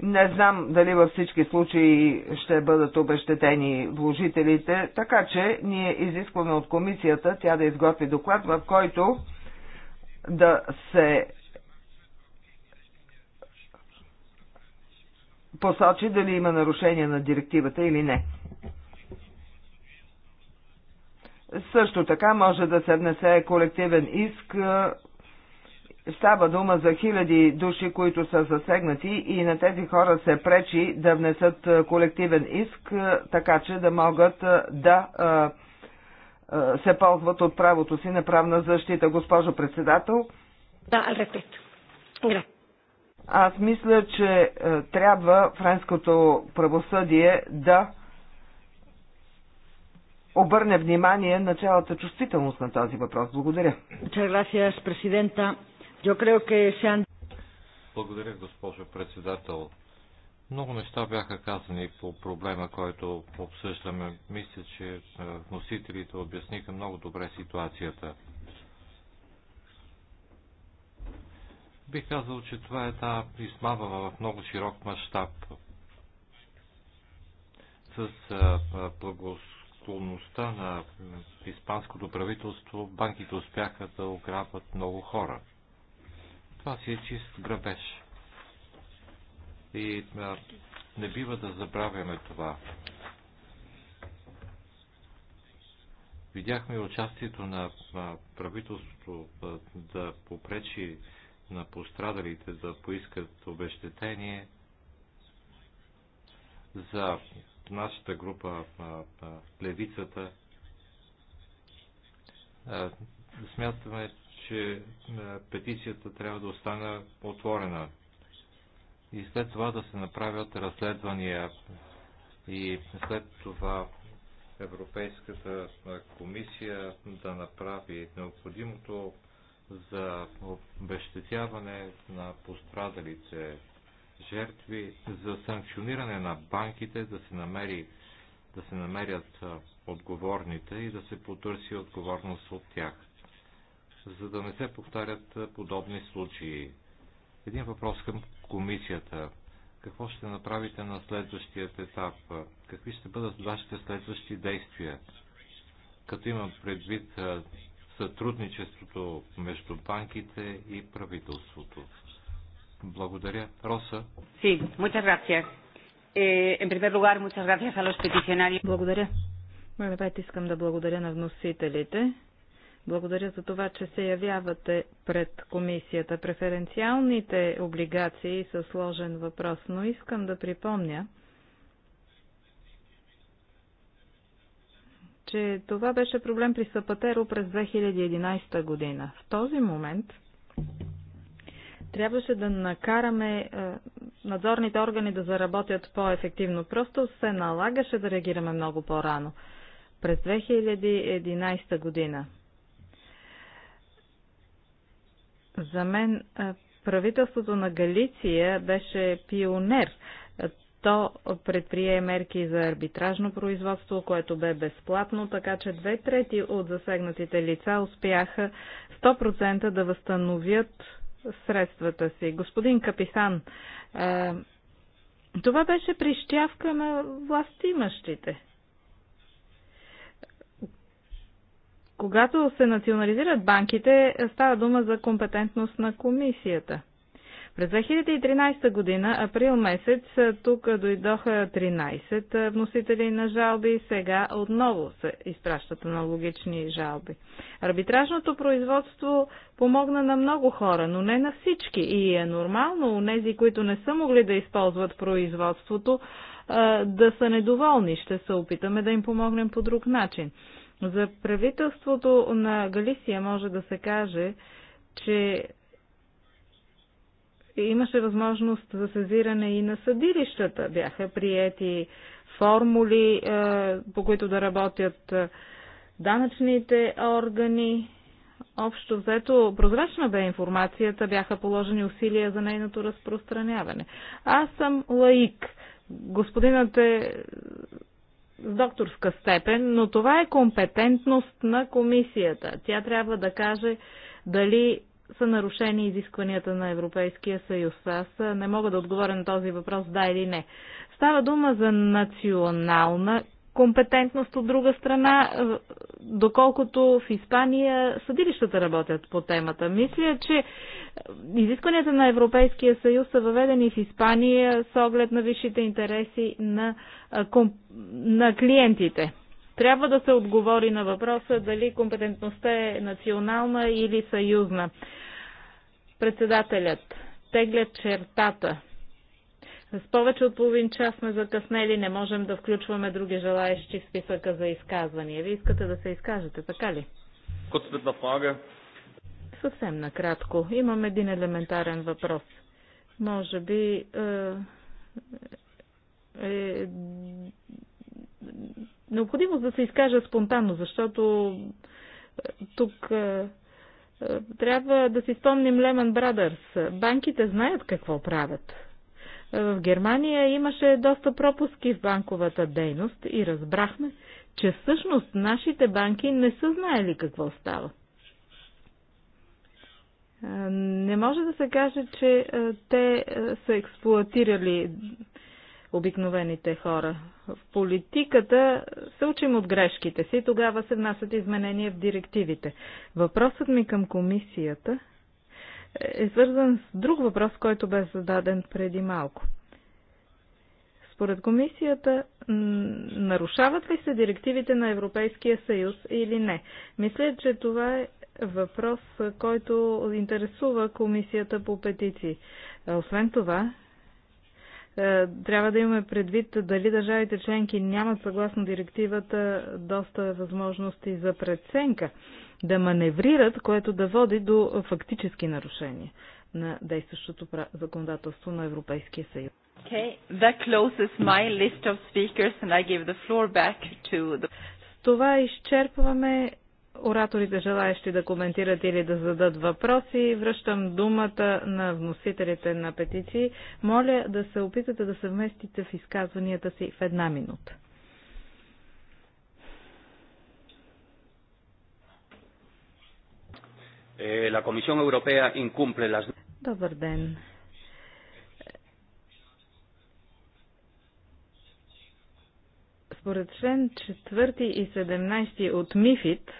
не знам дали във всички случаи ще бъдат обещетени вложителите, така че ние изискваме от комисията тя да изготви доклад, в който да се посочи дали има нарушение на директивата или не. Също така може да се внесе колективен иск Става дума за хиляди души, които са засегнати и на тези хора се пречи да внесат колективен иск, така че да могат да се ползват от правото си на правна защита. Госпожо председател. Да, репето. Аз мисля, че трябва френското правосъдие да обърне внимание на цялата чувствителност на този въпрос. Благодаря. Благодаря, президента. Yo creo que se han... Благодаря, госпожо председател. Много неща бяха казани по проблема, който обсъждаме. Мисля, че е, вносителите обясниха много добре ситуацията. Бих казал, че това е една измама в много широк мащаб. С е, е, благосклонността на испанското правителство банките успяха да ограбват много хора. Това си е чист грабеж. И не бива да забравяме това. Видяхме участието на правителството да попречи на пострадалите да поискат обещетение за нашата група левицата. Смятаме, че е, петицията трябва да остане отворена и след това да се направят разследвания и след това Европейската е, комисия да направи необходимото за обещетяване на пострадалите жертви, за санкциониране на банките, да се, намери, да се намерят е, отговорните и да се потърси отговорност от тях за да не се повтарят подобни случаи. Един въпрос към комисията. Какво ще направите на следващия етап? Какви ще бъдат вашите следващи действия? Като имам предвид сътрудничеството между банките и правителството. Благодаря. Роса. Sí, muchas gracias. Eh, en primer lugar, muchas gracias a los peticionarios. Благодаря. Най-напред искам да благодаря на вносителите благодаря за това, че се явявате пред комисията. Преференциалните облигации са сложен въпрос, но искам да припомня, че това беше проблем при Сапатеро през 2011 година. В този момент трябваше да накараме е, надзорните органи да заработят по-ефективно. Просто се налагаше да реагираме много по-рано. През 2011 година За мен е, правителството на Галиция беше пионер. То предприе мерки за арбитражно производство, което бе безплатно, така че две трети от засегнатите лица успяха 100% да възстановят средствата си. Господин Каписан, е, това беше прищявка на властимащите. Когато се национализират банките, става дума за компетентност на комисията. През 2013 година, април месец, тук дойдоха 13 вносители на жалби, сега отново се изпращат аналогични жалби. Арбитражното производство помогна на много хора, но не на всички и е нормално у нези, които не са могли да използват производството, да са недоволни. Ще се опитаме да им помогнем по друг начин. За правителството на Галисия може да се каже, че имаше възможност за сезиране и на съдилищата. Бяха приети формули, е, по които да работят е, данъчните органи. Общо взето, прозрачна бе информацията, бяха положени усилия за нейното разпространяване. Аз съм лаик. Господинът е с докторска степен, но това е компетентност на комисията. Тя трябва да каже дали са нарушени изискванията на Европейския съюз. Аз не мога да отговоря на този въпрос да или не. Става дума за национална компетентност от друга страна, доколкото в Испания съдилищата работят по темата. Мисля, че изискванията на Европейския съюз са въведени в Испания с оглед на висшите интереси на, на клиентите. Трябва да се отговори на въпроса дали компетентността е национална или съюзна. Председателят тегля чертата с повече от половин час сме закъснели, не можем да включваме други желаещи в списъка за изказвания. Вие искате да се изкажете, така ли? Съвсем накратко. Имам един елементарен въпрос. Може би е, е, необходимост да се изкажа спонтанно, защото е, тук е, е, трябва да си спомним Леман Брадърс. Банките знаят какво правят в Германия имаше доста пропуски в банковата дейност и разбрахме, че всъщност нашите банки не са знаели какво става. Не може да се каже, че те са експлуатирали обикновените хора. В политиката се учим от грешките си, тогава се внасят изменения в директивите. Въпросът ми към комисията е свързан с друг въпрос, който бе зададен преди малко. Според комисията, нарушават ли се директивите на Европейския съюз или не? Мисля, че това е въпрос, който интересува комисията по петиции. Освен това, е, трябва да имаме предвид дали държавите членки нямат съгласно директивата доста възможности за преценка да маневрират, което да води до фактически нарушения на действащото законодателство на Европейския съюз. Okay, that closes my list of speakers and I give the floor back to the... С това изчерпваме ораторите, желаящи да коментират или да зададат въпроси. Връщам думата на вносителите на петиции. Моля да се опитате да съвместите в изказванията си в една минута. Eh, la Comisión Europea incumple las... Добър ден. Според член 4 и 17 от МИФИТ,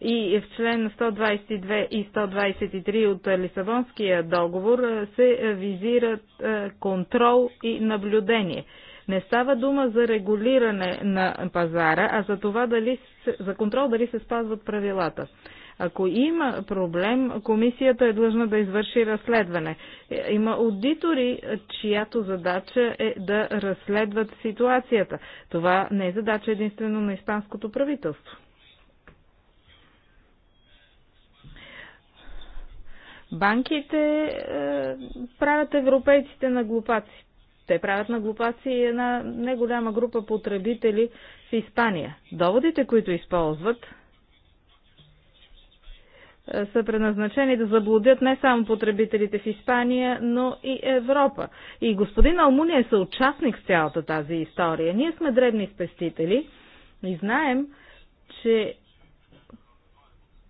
и в член 122 и 123 от Лисабонския договор се визират е, контрол и наблюдение. Не става дума за регулиране на пазара, а за това дали за контрол дали се спазват правилата. Ако има проблем, комисията е длъжна да извърши разследване. Е, има аудитори, чиято задача е да разследват ситуацията. Това не е задача единствено на испанското правителство. Банките е, правят европейците на глупаци. Те правят на глупаци една неголяма група потребители в Испания. Доводите, които използват, е, са предназначени да заблудят не само потребителите в Испания, но и Европа. И господин Алмуния е съучастник в цялата тази история. Ние сме дребни спестители и знаем, че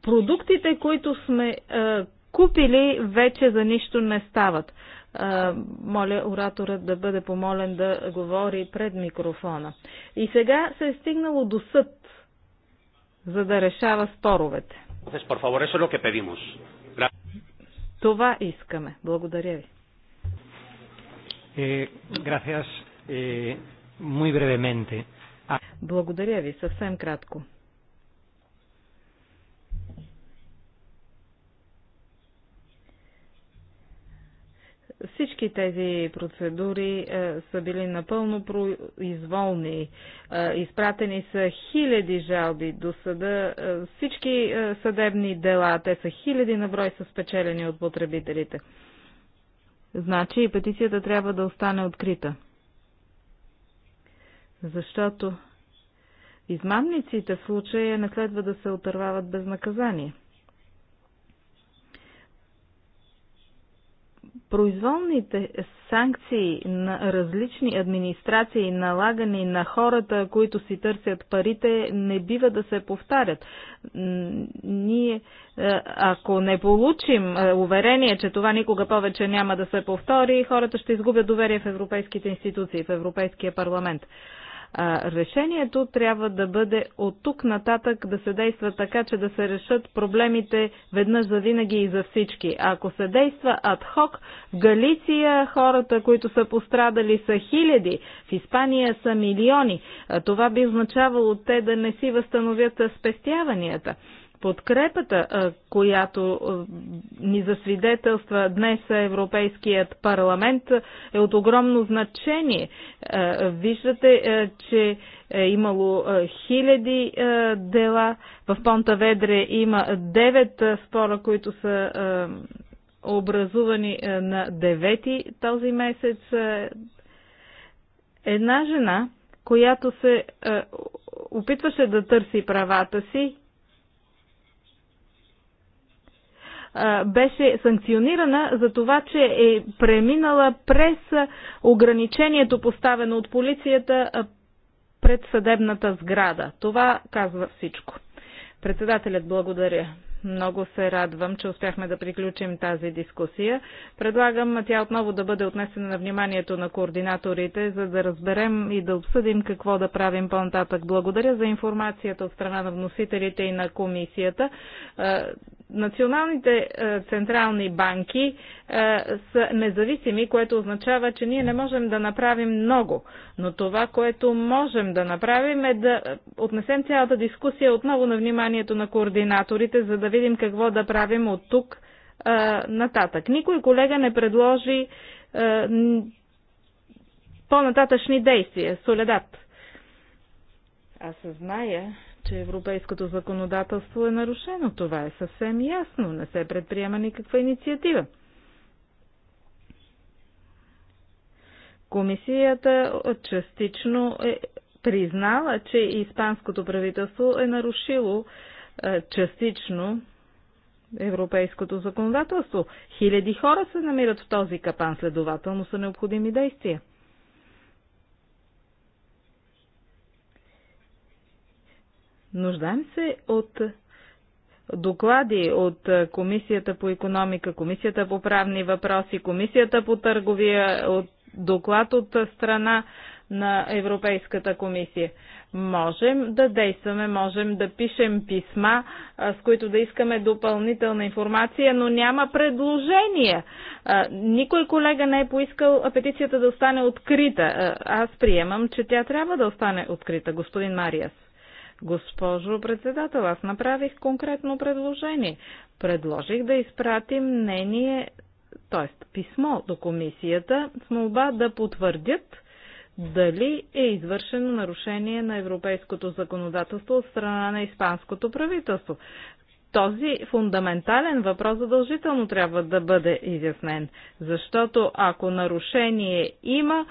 продуктите, които сме е, купили, вече за нищо не стават моля ораторът да бъде помолен да говори пред микрофона. И сега се е стигнало до съд, за да решава споровете. Това искаме. Благодаря ви. Eh, eh, Благодаря ви, съвсем кратко. Всички тези процедури е, са били напълно произволни. Е, изпратени са хиляди жалби до съда. Е, всички е, съдебни дела, те са хиляди на брой, са спечелени от потребителите. Значи и петицията трябва да остане открита. Защото измамниците в случая не следва да се отървават без наказание. произволните санкции на различни администрации, налагани на хората, които си търсят парите, не бива да се повтарят. Ние, е, ако не получим е, уверение, че това никога повече няма да се повтори, хората ще изгубят доверие в европейските институции, в Европейския парламент. А, решението трябва да бъде от тук нататък да се действа така, че да се решат проблемите веднъж за винаги и за всички. А ако се действа адхок, в Галиция хората, които са пострадали са хиляди, в Испания са милиони. А, това би означавало те да не си възстановят спестяванията подкрепата, която ни засвидетелства днес Европейският парламент, е от огромно значение. Виждате, че е имало хиляди дела. В Понта Ведре има девет спора, които са образувани на девети този месец. Една жена, която се опитваше да търси правата си, беше санкционирана за това, че е преминала през ограничението поставено от полицията пред съдебната сграда. Това казва всичко. Председателят благодаря. Много се радвам, че успяхме да приключим тази дискусия. Предлагам тя отново да бъде отнесена на вниманието на координаторите, за да разберем и да обсъдим какво да правим по-нататък. Благодаря за информацията от страна на вносителите и на комисията. Националните централни банки са независими, което означава, че ние не можем да направим много. Но това, което можем да направим е да отнесем цялата дискусия отново на вниманието на координаторите, за да видим какво да правим от тук а, нататък. Никой колега не предложи а, по-нататъчни действия. Соледат. Аз зная, че европейското законодателство е нарушено. Това е съвсем ясно. Не се предприема никаква инициатива. Комисията частично е признала, че испанското правителство е нарушило е, частично европейското законодателство. Хиляди хора се намират в този капан, следователно са необходими действия. Нуждаем се от доклади от Комисията по економика, Комисията по правни въпроси, Комисията по търговия, от доклад от страна на Европейската комисия. Можем да действаме, можем да пишем писма, с които да искаме допълнителна информация, но няма предложения. Никой колега не е поискал петицията да остане открита. Аз приемам, че тя трябва да остане открита, господин Мариас. Госпожо председател, аз направих конкретно предложение. Предложих да изпратим мнение, т.е. писмо до комисията с молба да потвърдят дали е извършено нарушение на европейското законодателство от страна на испанското правителство. Този фундаментален въпрос задължително трябва да бъде изяснен, защото ако нарушение има,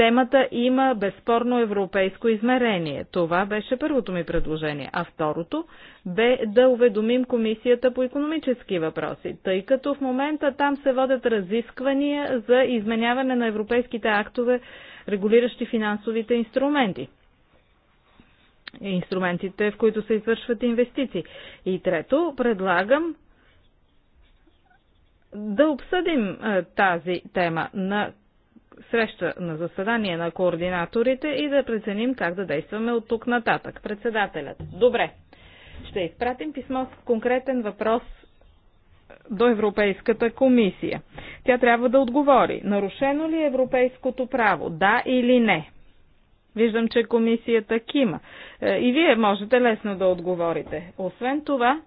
темата има безспорно европейско измерение. Това беше първото ми предложение. А второто бе да уведомим Комисията по економически въпроси, тъй като в момента там се водят разисквания за изменяване на европейските актове, регулиращи финансовите инструменти инструментите, в които се извършват инвестиции. И трето, предлагам да обсъдим е, тази тема на среща на заседание на координаторите и да преценим как да действаме от тук нататък. Председателят. Добре. Ще изпратим писмо с конкретен въпрос до Европейската комисия. Тя трябва да отговори. Нарушено ли е европейското право? Да или не? Виждам, че комисията кима. Е, и вие можете лесно да отговорите. Освен това,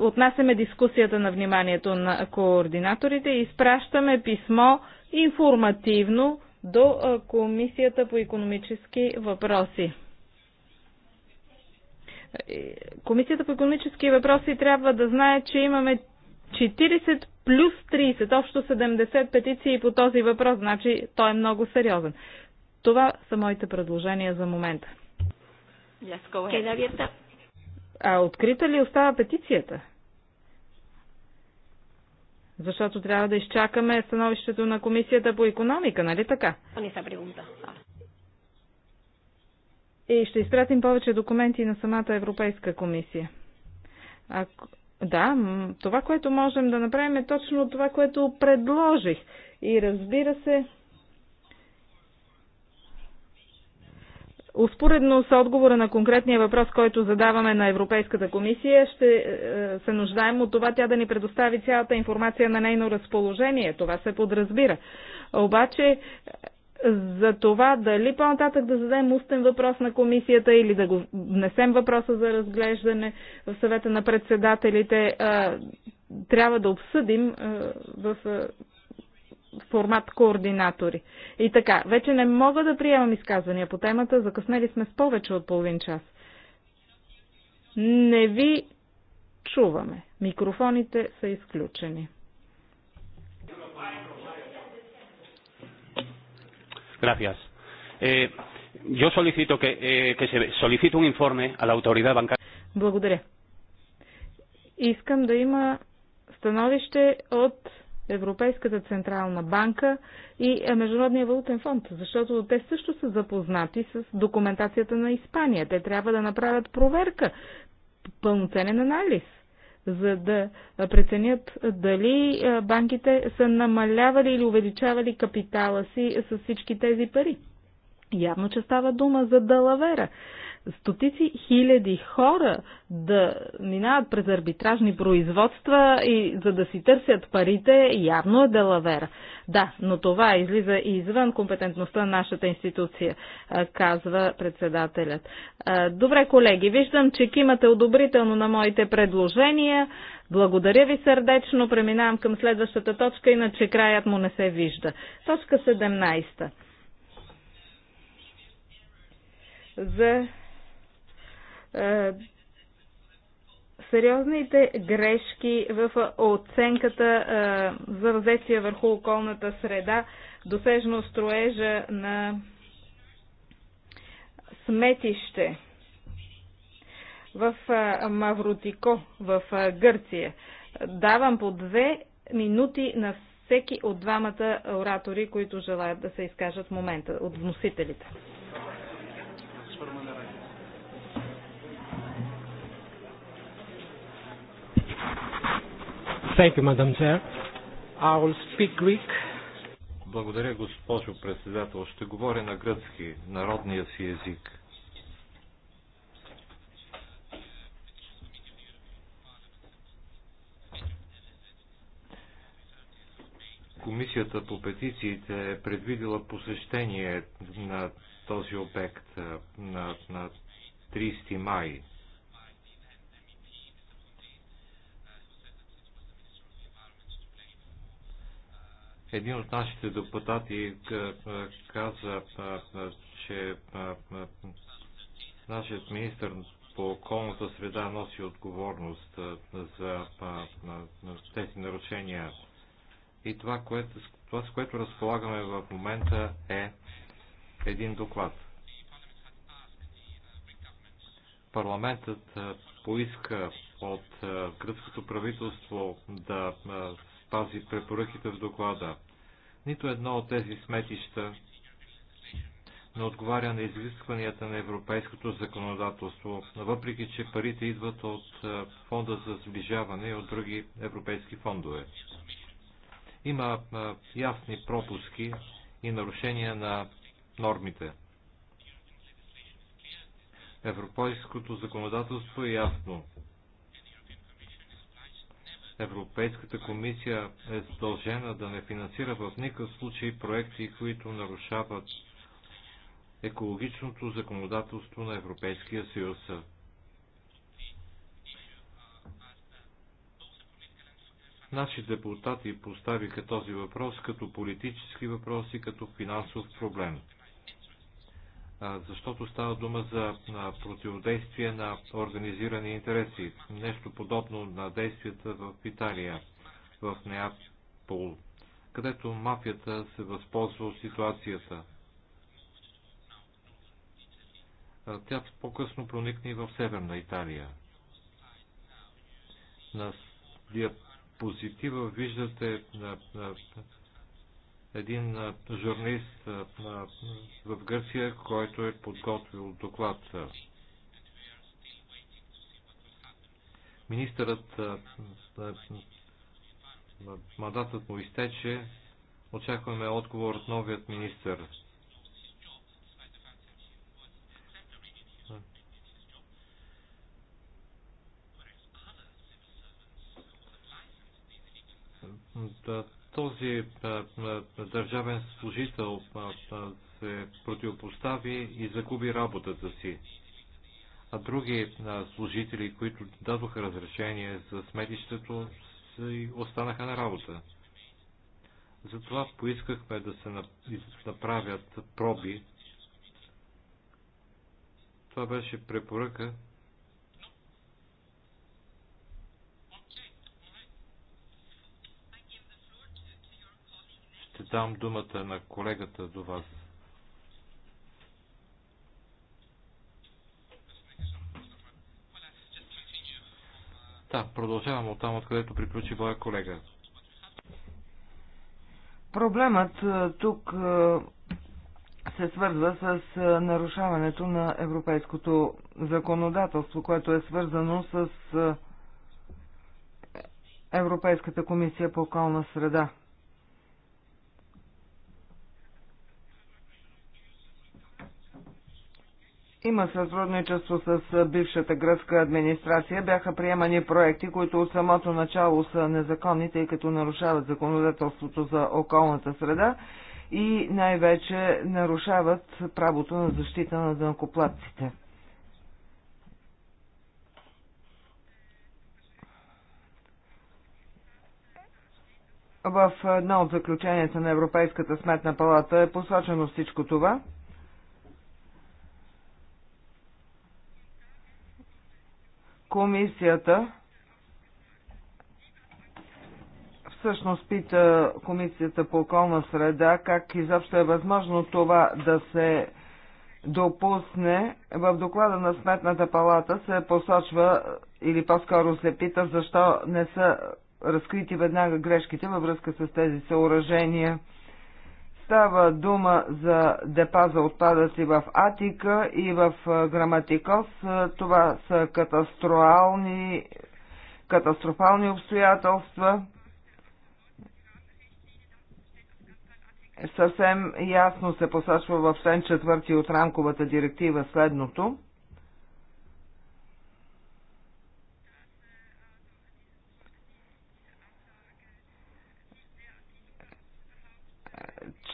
отнасяме дискусията на вниманието на координаторите и изпращаме писмо информативно до Комисията по економически въпроси. Комисията по економически въпроси трябва да знае, че имаме 40 плюс 30, общо 70 петиции по този въпрос, значи той е много сериозен. Това са моите предложения за момента. Yes, go ahead. А открита ли остава петицията? Защото трябва да изчакаме становището на комисията по економика, нали така? И ще изпратим повече документи на самата Европейска комисия. Ако... Да, това, което можем да направим е точно това, което предложих. И разбира се, Успоредно с отговора на конкретния въпрос, който задаваме на Европейската комисия, ще е, се нуждаем от това тя да ни предостави цялата информация на нейно разположение. Това се подразбира. Обаче е, за това дали по-нататък да зададем устен въпрос на комисията или да го внесем въпроса за разглеждане в съвета на председателите, е, трябва да обсъдим в формат координатори. И така, вече не мога да приемам изказвания по темата, закъснели сме с повече от половин час. Не ви чуваме. Микрофоните са изключени. Gracias. Eh, yo solicito que, eh, que se solicite un informe a la autoridad bancaria. Благодаря. Искам да има становище от Европейската централна банка и е, Международния валутен фонд, защото те също са запознати с документацията на Испания. Те трябва да направят проверка, пълноценен анализ за да е, преценят дали е, банките са намалявали или увеличавали капитала си с всички тези пари. Явно, че става дума за далавера стотици хиляди хора да минават през арбитражни производства и за да си търсят парите, явно е делавера. Да, но това излиза и извън компетентността на нашата институция, казва председателят. Добре, колеги, виждам, че кимате одобрително на моите предложения. Благодаря ви сърдечно. Преминавам към следващата точка, иначе краят му не се вижда. Точка 17 за е, сериозните грешки в оценката е, за въздействие върху околната среда, досежно строежа на сметище в е, Мавротико, в Гърция. Давам по две минути на всеки от двамата оратори, които желаят да се изкажат в момента, от вносителите. Thank you, Madam Chair. I will speak Greek. Благодаря, госпожо председател. Ще говоря на гръцки, народния си език. Комисията по петициите е предвидила посещение на този обект на, на 30 май Един от нашите депутати каза, че нашият министр по околната среда носи отговорност за тези нарушения. И това, което, това с което разполагаме в момента е един доклад. Парламентът поиска от гръцкото правителство да спази препоръките в доклада. Нито едно от тези сметища не отговаря на изискванията на европейското законодателство, въпреки че парите идват от фонда за сближаване и от други европейски фондове. Има ясни пропуски и нарушения на нормите. Европейското законодателство е ясно. Европейската комисия е задължена да не финансира в никакъв случай проекти, които нарушават екологичното законодателство на Европейския съюз. Наши депутати поставиха този въпрос като политически въпрос и като финансов проблем защото става дума за противодействие на организирани интереси. Нещо подобно на действията в Италия, в Неапол, където мафията се възползва от ситуацията. Тя по-късно проникне в Северна Италия. На диапозитива виждате на, на, един журналист в Гърция, който е подготвил доклад. Министърът мандатът му изтече. Очакваме отговор от новият министър. Да, този е, е, държавен служител е, се противопостави и загуби работата си. А други служители, които дадоха разрешение за сметището, останаха на работа. Затова поискахме да се направят проби. Това беше препоръка ще дам думата на колегата до вас. Да, продължавам от там, откъдето приключи моя колега. Проблемът тук се свързва с нарушаването на европейското законодателство, което е свързано с Европейската комисия по околна среда. Има сътрудничество с бившата гръцка администрация. Бяха приемани проекти, които от самото начало са незаконни, тъй като нарушават законодателството за околната среда и най-вече нарушават правото на защита на дънкоплатците. В едно от заключенията на Европейската сметна палата е посочено всичко това – Комисията всъщност пита Комисията по околна среда как изобщо е възможно това да се допусне. В доклада на Сметната палата се посочва или по-скоро се пита защо не са разкрити веднага грешките във връзка с тези съоръжения. Става дума за депа за отпадъци в Атика и в Граматикос. Това са катастрофални, катастрофални обстоятелства. Съвсем ясно се посочва в член 4 от рамковата директива следното –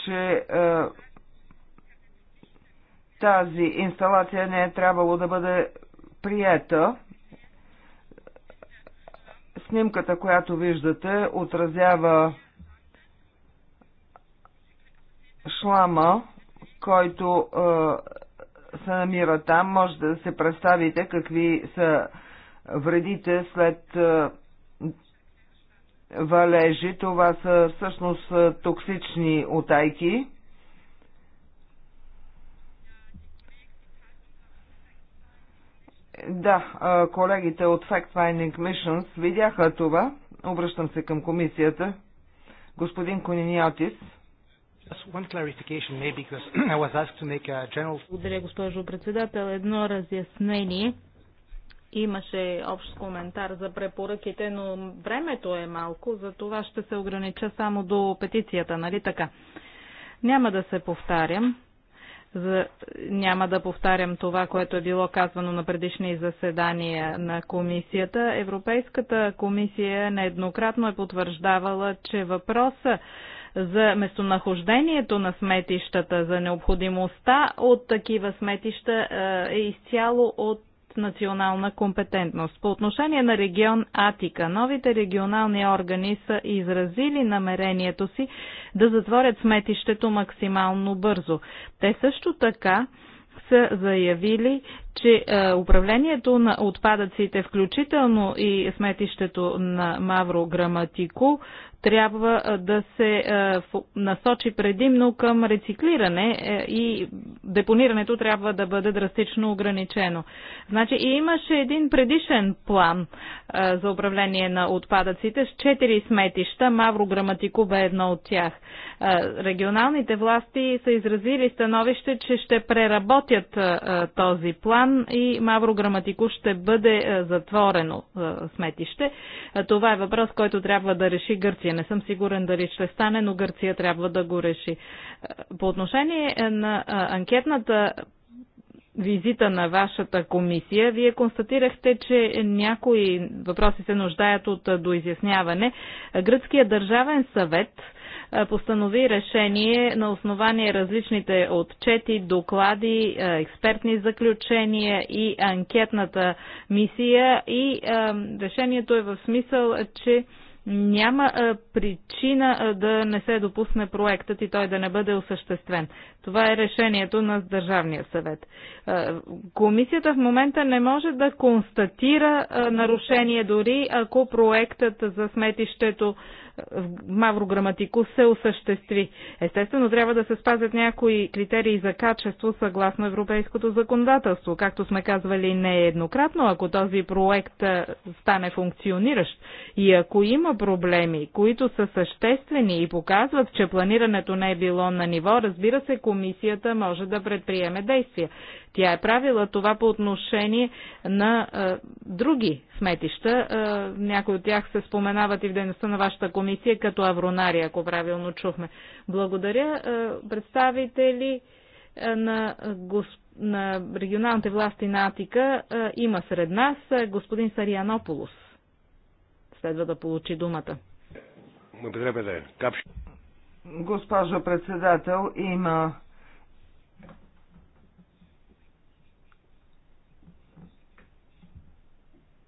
че е, тази инсталация не е трябвало да бъде приета. Снимката, която виждате, отразява шлама, който е, се намира там. Може да се представите какви са вредите след е, валежи. Това са всъщност токсични отайки. Да, колегите от Fact Finding Missions видяха това. Обръщам се към комисията. Господин Кониниотис. Благодаря, госпожо председател. Едно разяснение Имаше общ коментар за препоръките, но времето е малко, за това ще се огранича само до петицията, нали така? Няма да се повтарям. За... Няма да повтарям това, което е било казвано на предишни заседания на комисията. Европейската комисия нееднократно е потвърждавала, че въпроса за местонахождението на сметищата, за необходимостта от такива сметища е, е изцяло от национална компетентност. По отношение на регион Атика, новите регионални органи са изразили намерението си да затворят сметището максимално бързо. Те също така са заявили, че е, управлението на отпадъците, включително и сметището на Мавро Граматико, трябва да се насочи предимно към рециклиране е, и депонирането трябва да бъде драстично ограничено. Значи и имаше един предишен план за управление на отпадъците с четири сметища, Мавро Граматико бе едно от тях. Регионалните власти са изразили становище, че ще преработят този план и Мавро Граматико ще бъде затворено сметище. Това е въпрос, който трябва да реши Гърция. Не съм сигурен дали ще стане, но Гърция трябва да го реши. Е, по отношение е, на е, анкетната визита на вашата комисия, вие констатирахте, че някои въпроси се нуждаят от доизясняване. Гръцкият държавен съвет постанови решение на основание различните отчети, доклади, експертни заключения и анкетната мисия и решението е в смисъл, че няма а, причина а, да не се допусне проектът и той да не бъде осъществен. Това е решението на Държавния съвет. А, комисията в момента не може да констатира а, нарушение дори ако проектът за сметището Мавро Граматико се осъществи. Естествено, трябва да се спазят някои критерии за качество съгласно европейското законодателство. Както сме казвали нееднократно, ако този проект стане функциониращ и ако има проблеми, които са съществени и показват, че планирането не е било на ниво, разбира се, комисията може да предприеме действия. Тя е правила това по отношение на а, други сметища. А, някои от тях се споменават и в дейността на вашата комисия като Авронари, ако правилно чухме. Благодаря. А, представители на, госп... на регионалните власти на Атика а, има сред нас господин Сарианополус. Следва да получи думата. Благодаря, Госпожо председател, има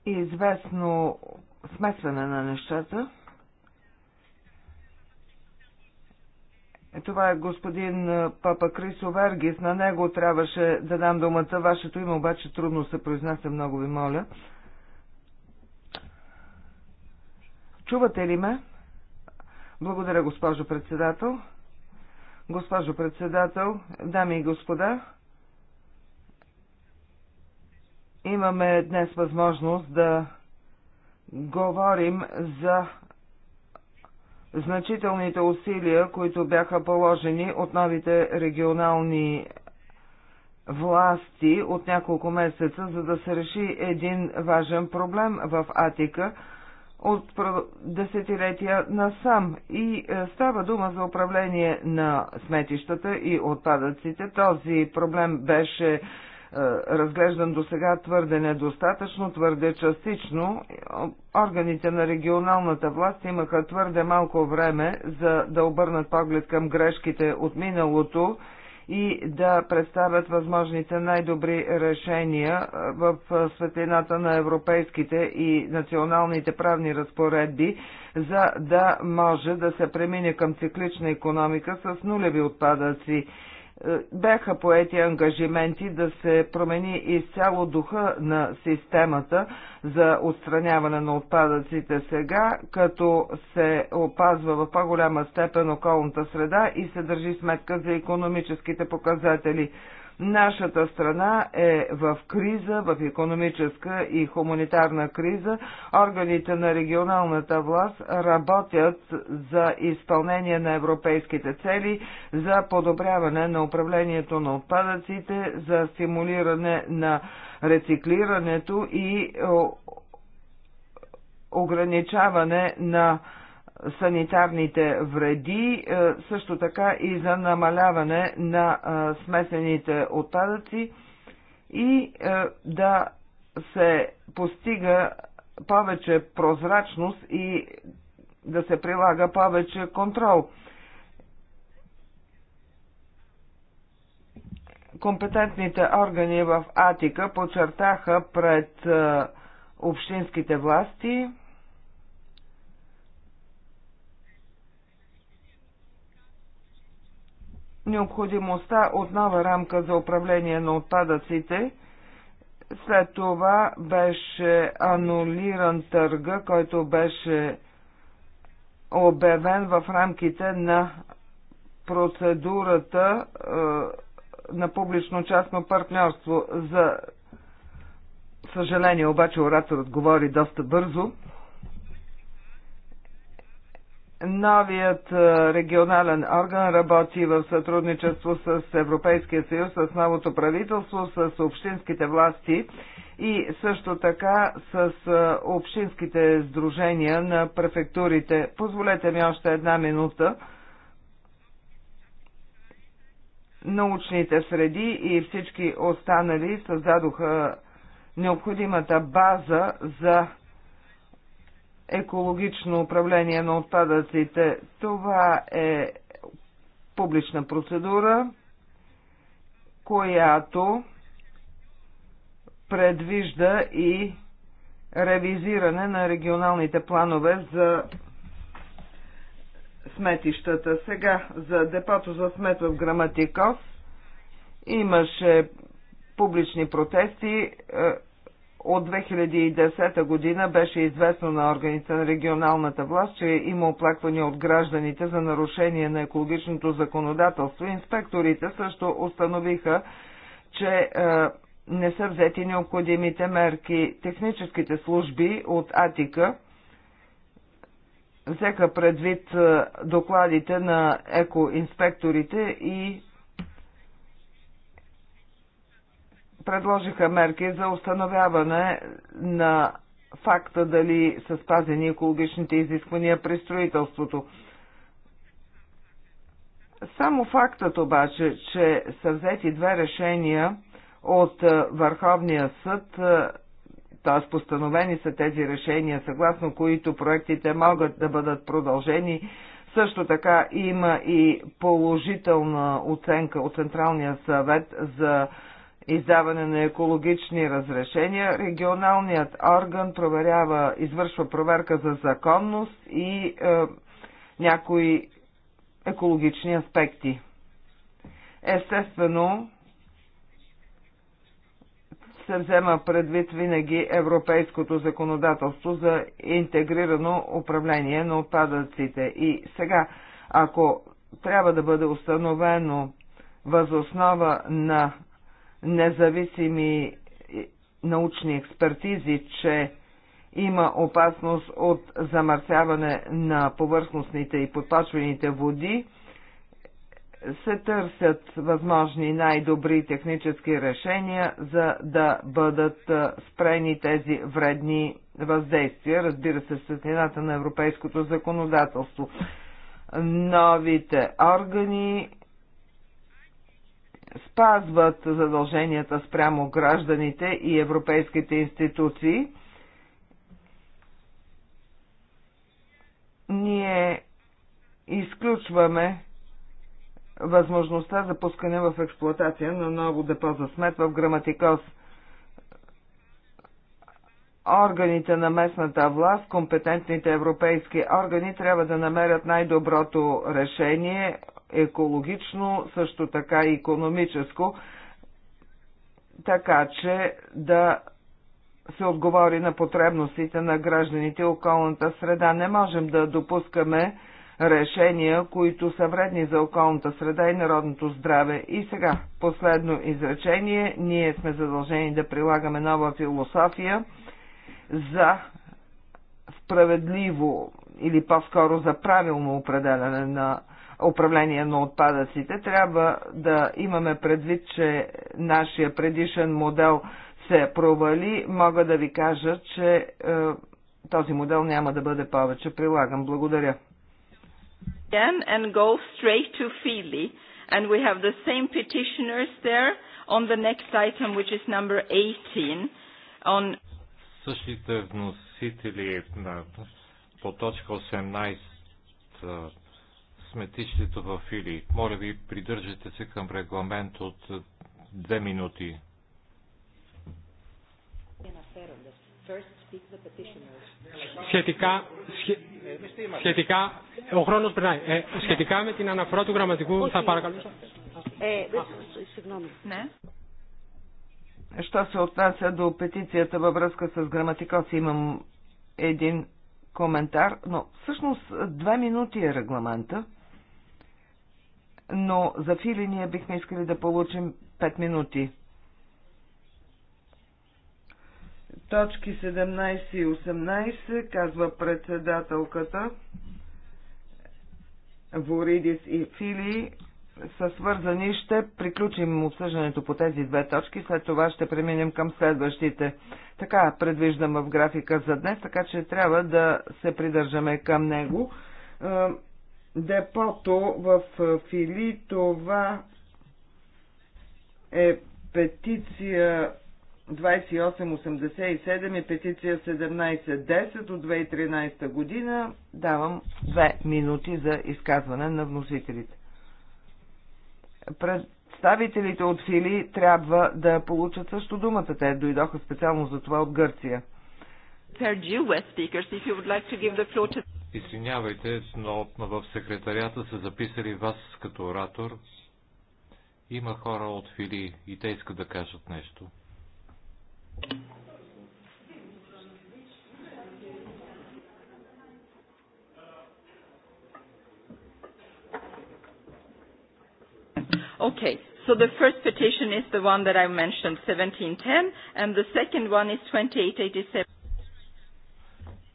и известно смесване на нещата. Това е господин Папа Крисо Вергис. На него трябваше да дам думата. Вашето име обаче трудно се произнася, много ви моля. Чувате ли ме? Благодаря, госпожо председател. Госпожо председател, дами и господа, имаме днес възможност да говорим за значителните усилия, които бяха положени от новите регионални власти от няколко месеца, за да се реши един важен проблем в Атика от десетилетия насам. И е, става дума за управление на сметищата и отпадъците. Този проблем беше е, разглеждан до сега твърде недостатъчно, твърде частично. Органите на регионалната власт имаха твърде малко време за да обърнат поглед към грешките от миналото и да представят възможните най-добри решения е, в светлината на европейските и националните правни разпоредби, за да може да се премине към циклична економика с нулеви отпадъци. Е, бяха поети ангажименти да се промени изцяло духа на системата за отстраняване на отпадъците сега, като се опазва в по-голяма степен околната среда и се държи сметка за економическите показатели. Нашата страна е в криза, в економическа и хуманитарна криза. Органите на регионалната власт работят за изпълнение на европейските цели, за подобряване на управлението на отпадъците, за стимулиране на рециклирането и ограничаване на санитарните вреди, е, също така и за намаляване на е, смесените отпадъци и е, да се постига повече прозрачност и да се прилага повече контрол. Компетентните органи в Атика подчертаха пред общинските власти, необходимостта от нова рамка за управление на отпадъците. След това беше анулиран търга, който беше обявен в рамките на процедурата е, на публично-частно партньорство. За съжаление, обаче ораторът говори доста бързо. Новият регионален орган работи в сътрудничество с Европейския съюз, с новото правителство, с общинските власти и също така с общинските сдружения на префектурите. Позволете ми още една минута. Научните среди и всички останали създадоха необходимата база за екологично управление на отпадъците. Това е публична процедура, която предвижда и ревизиране на регионалните планове за сметищата. Сега за депото за смет в Граматикос имаше публични протести е, от 2010 година беше известно на органите на регионалната власт, че има оплаквания от гражданите за нарушение на екологичното законодателство. Инспекторите също установиха, че е, не са взети необходимите мерки. Техническите служби от Атика взеха предвид е, докладите на екоинспекторите и предложиха мерки за установяване на факта дали са спазени екологичните изисквания при строителството. Само фактът обаче, че са взети две решения от Върховния съд, т.е. постановени са тези решения, съгласно които проектите могат да бъдат продължени, също така има и положителна оценка от Централния съвет за издаване на екологични разрешения, регионалният орган проверява, извършва проверка за законност и е, някои екологични аспекти. Естествено, се взема предвид винаги европейското законодателство за интегрирано управление на отпадъците. И сега, ако трябва да бъде установено възоснова на независими научни експертизи, че има опасност от замърсяване на повърхностните и подпочвените води, се търсят възможни най-добри технически решения, за да бъдат спрени тези вредни въздействия, разбира се, светлината на европейското законодателство. Новите органи спазват задълженията спрямо гражданите и европейските институции. Ние изключваме възможността за пускане в експлоатация на ново депо за смет в Граматикос. Органите на местната власт, компетентните европейски органи трябва да намерят най-доброто решение екологично, също така и економическо, така че да се отговори на потребностите на гражданите и околната среда. Не можем да допускаме решения, които са вредни за околната среда и народното здраве. И сега, последно изречение, ние сме задължени да прилагаме нова философия за справедливо или по-скоро за правилно определяне на управление на отпадъците. Трябва да имаме предвид, че нашия предишен модел се провали. Мога да ви кажа, че е, този модел няма да бъде повече прилаган. Благодаря. And go straight to Feely. And we have the same petitioners there on the next item, which is number 18. On... Същите вносители на, по точка 18 сметището в Фили. Моля ви, придържате се към регламент от е, две минути. Σχετικά, σχετικά, ο χρόνος περνάει. Ε, σχετικά με την αναφορά του γραμματικού Όχι. θα παρακαλούσα. Ε, συγγνώμη. Ναι. Що се отнася до петицията във връзка с граматикоси, имам един коментар, но всъщност е, две минути е регламента но за Фили ние бихме искали да получим 5 минути. Точки 17 и 18, казва председателката, Воридис и Фили са свързани. Ще приключим обсъждането по тези две точки, след това ще преминем към следващите. Така предвиждам в графика за днес, така че трябва да се придържаме към него. Е, депото в е, Фили. Това е петиция 2887 и петиция 1710 от 2013 година. Давам две минути за изказване на вносителите. Представителите от Фили трябва да получат също думата. Те дойдоха специално за това от Гърция. Извинявайте, но в секретарията са записали вас като оратор. Има хора от Фили и те искат да кажат нещо. Okay, so the first petition is the one that I mentioned, 1710, and the second one is 2887.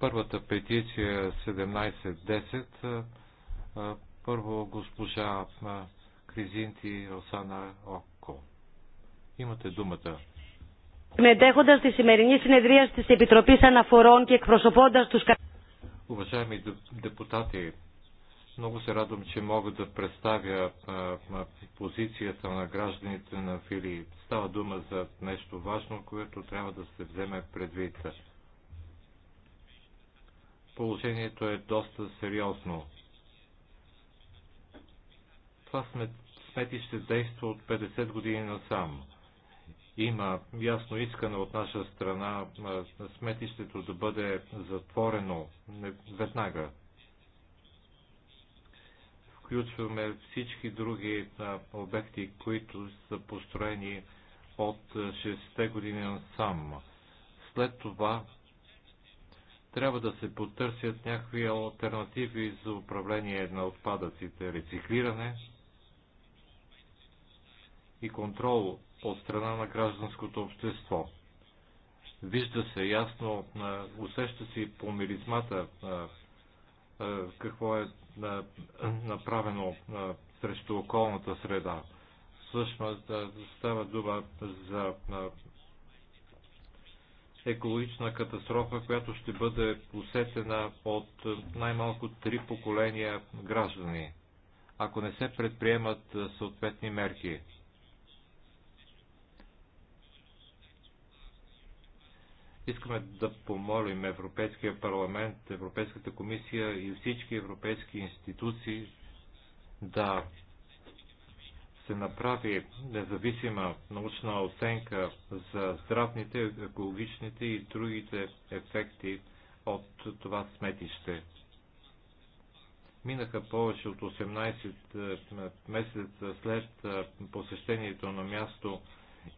Първата петиция 1710. Е първо госпожа Кризинти Осана Око. Имате думата. Μετέχοντας τη σημερινή συνεδρία της Επιτροπής Αναφορών και εκπροσωπώντας τους... Уважаеми депутати, много се радвам, че мога да представя позицията на гражданите на Филип. Става дума за нещо важно, което трябва да се вземе предвид положението е доста сериозно. Това сметище действа от 50 години насам. Има ясно искане от наша страна сметището да бъде затворено веднага. Включваме всички други обекти, които са построени от 60 те години насам. След това трябва да се потърсят някакви альтернативи за управление на отпадъците, рециклиране и контрол от страна на гражданското общество. Вижда се ясно, усеща си по миризмата какво е направено срещу околната среда. Всъщност става дума за екологична катастрофа, която ще бъде усетена от най-малко три поколения граждани, ако не се предприемат съответни мерки. Искаме да помолим Европейския парламент, Европейската комисия и всички европейски институции да се направи независима научна оценка за здравните, екологичните и другите ефекти от това сметище. Минаха повече от 18 е, месеца след е, посещението на място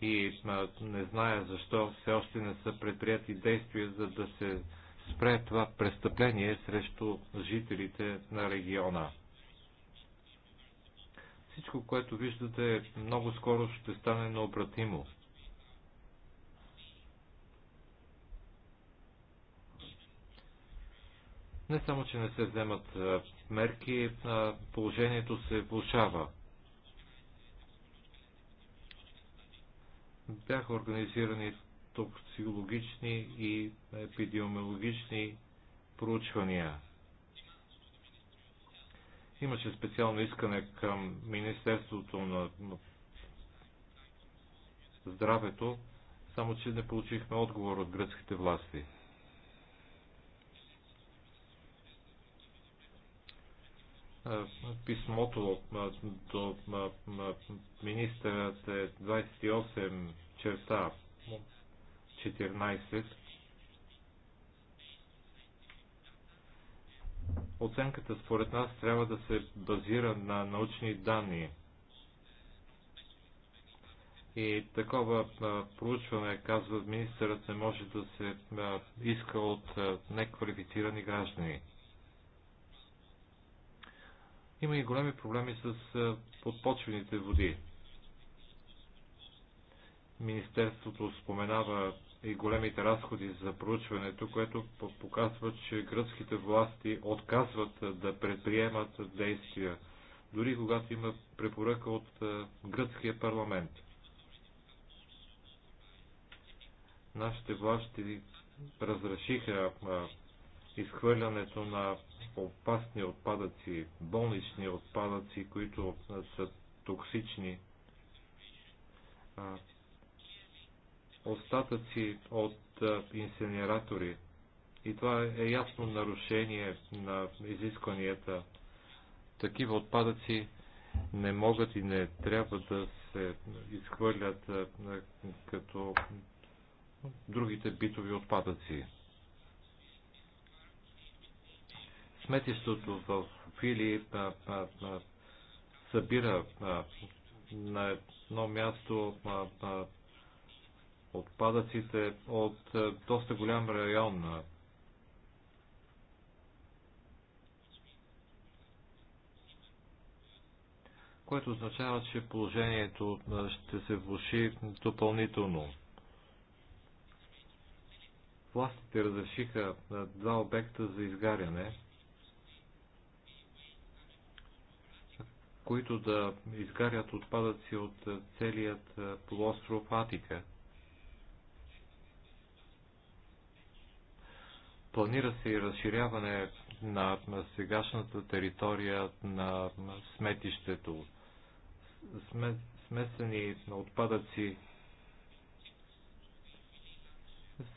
и е, не зная защо все още не са предприяти действия, за да се спре това престъпление срещу жителите на региона. Всичко, което виждате, много скоро ще стане необратимо. Не само, че не се вземат мерки, положението се влушава. Бяха организирани токсикологични и епидемиологични проучвания – Имаше специално искане към Министерството на здравето, само че не получихме отговор от гръцките власти. Писмото до министърът е 28 черта 14 Оценката според нас трябва да се базира на научни данни. И такова проучване, казва министърът, не може да се иска от неквалифицирани граждани. Има и големи проблеми с подпочвените води. Министерството споменава и големите разходи за проучването, което показва, че гръцките власти отказват да предприемат действия, дори когато има препоръка от гръцкия парламент. Нашите власти разрешиха изхвърлянето на опасни отпадъци, болнични отпадъци, които са токсични остатъци от инсинератори. И това е ясно нарушение на изискванията. Такива отпадъци не могат и не трябва да се изхвърлят като другите битови отпадъци. Сметището в Фили събира на едно място отпадъците от е, доста голям район. на, е. Което означава, че положението е, ще се влуши допълнително. Властите разрешиха два обекта за изгаряне, които да изгарят отпадъци от целият полуостров Атика – Планира се и разширяване на сегашната територия на сметището. Смесени на отпадъци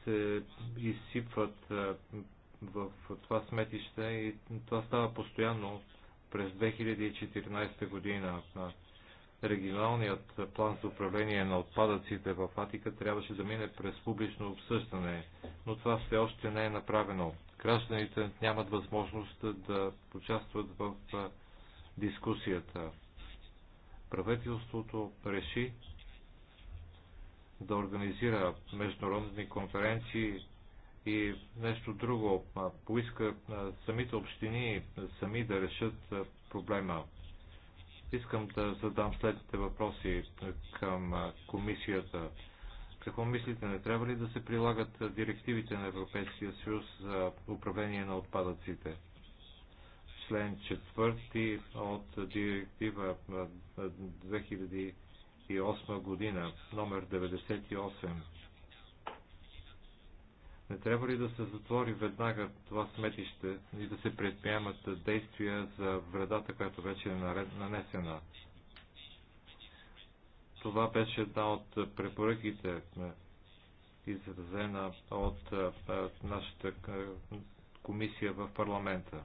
се изсипват в това сметище и това става постоянно през 2014 година регионалният план за управление на отпадъците в Атика трябваше да мине през публично обсъждане, но това все още не е направено. Гражданите нямат възможност да участват в дискусията. Правителството реши да организира международни конференции и нещо друго. Поиска самите общини сами да решат проблема Искам да задам следните въпроси към комисията. Какво мислите, не трябва ли да се прилагат директивите на Европейския съюз за управление на отпадъците? Член 4 от директива 2008 година, номер 98 не трябва ли да се затвори веднага това сметище и да се предприемат действия за вредата, която вече е нанесена? Това беше една от препоръките, е, изразена от е, е, нашата комисия в парламента.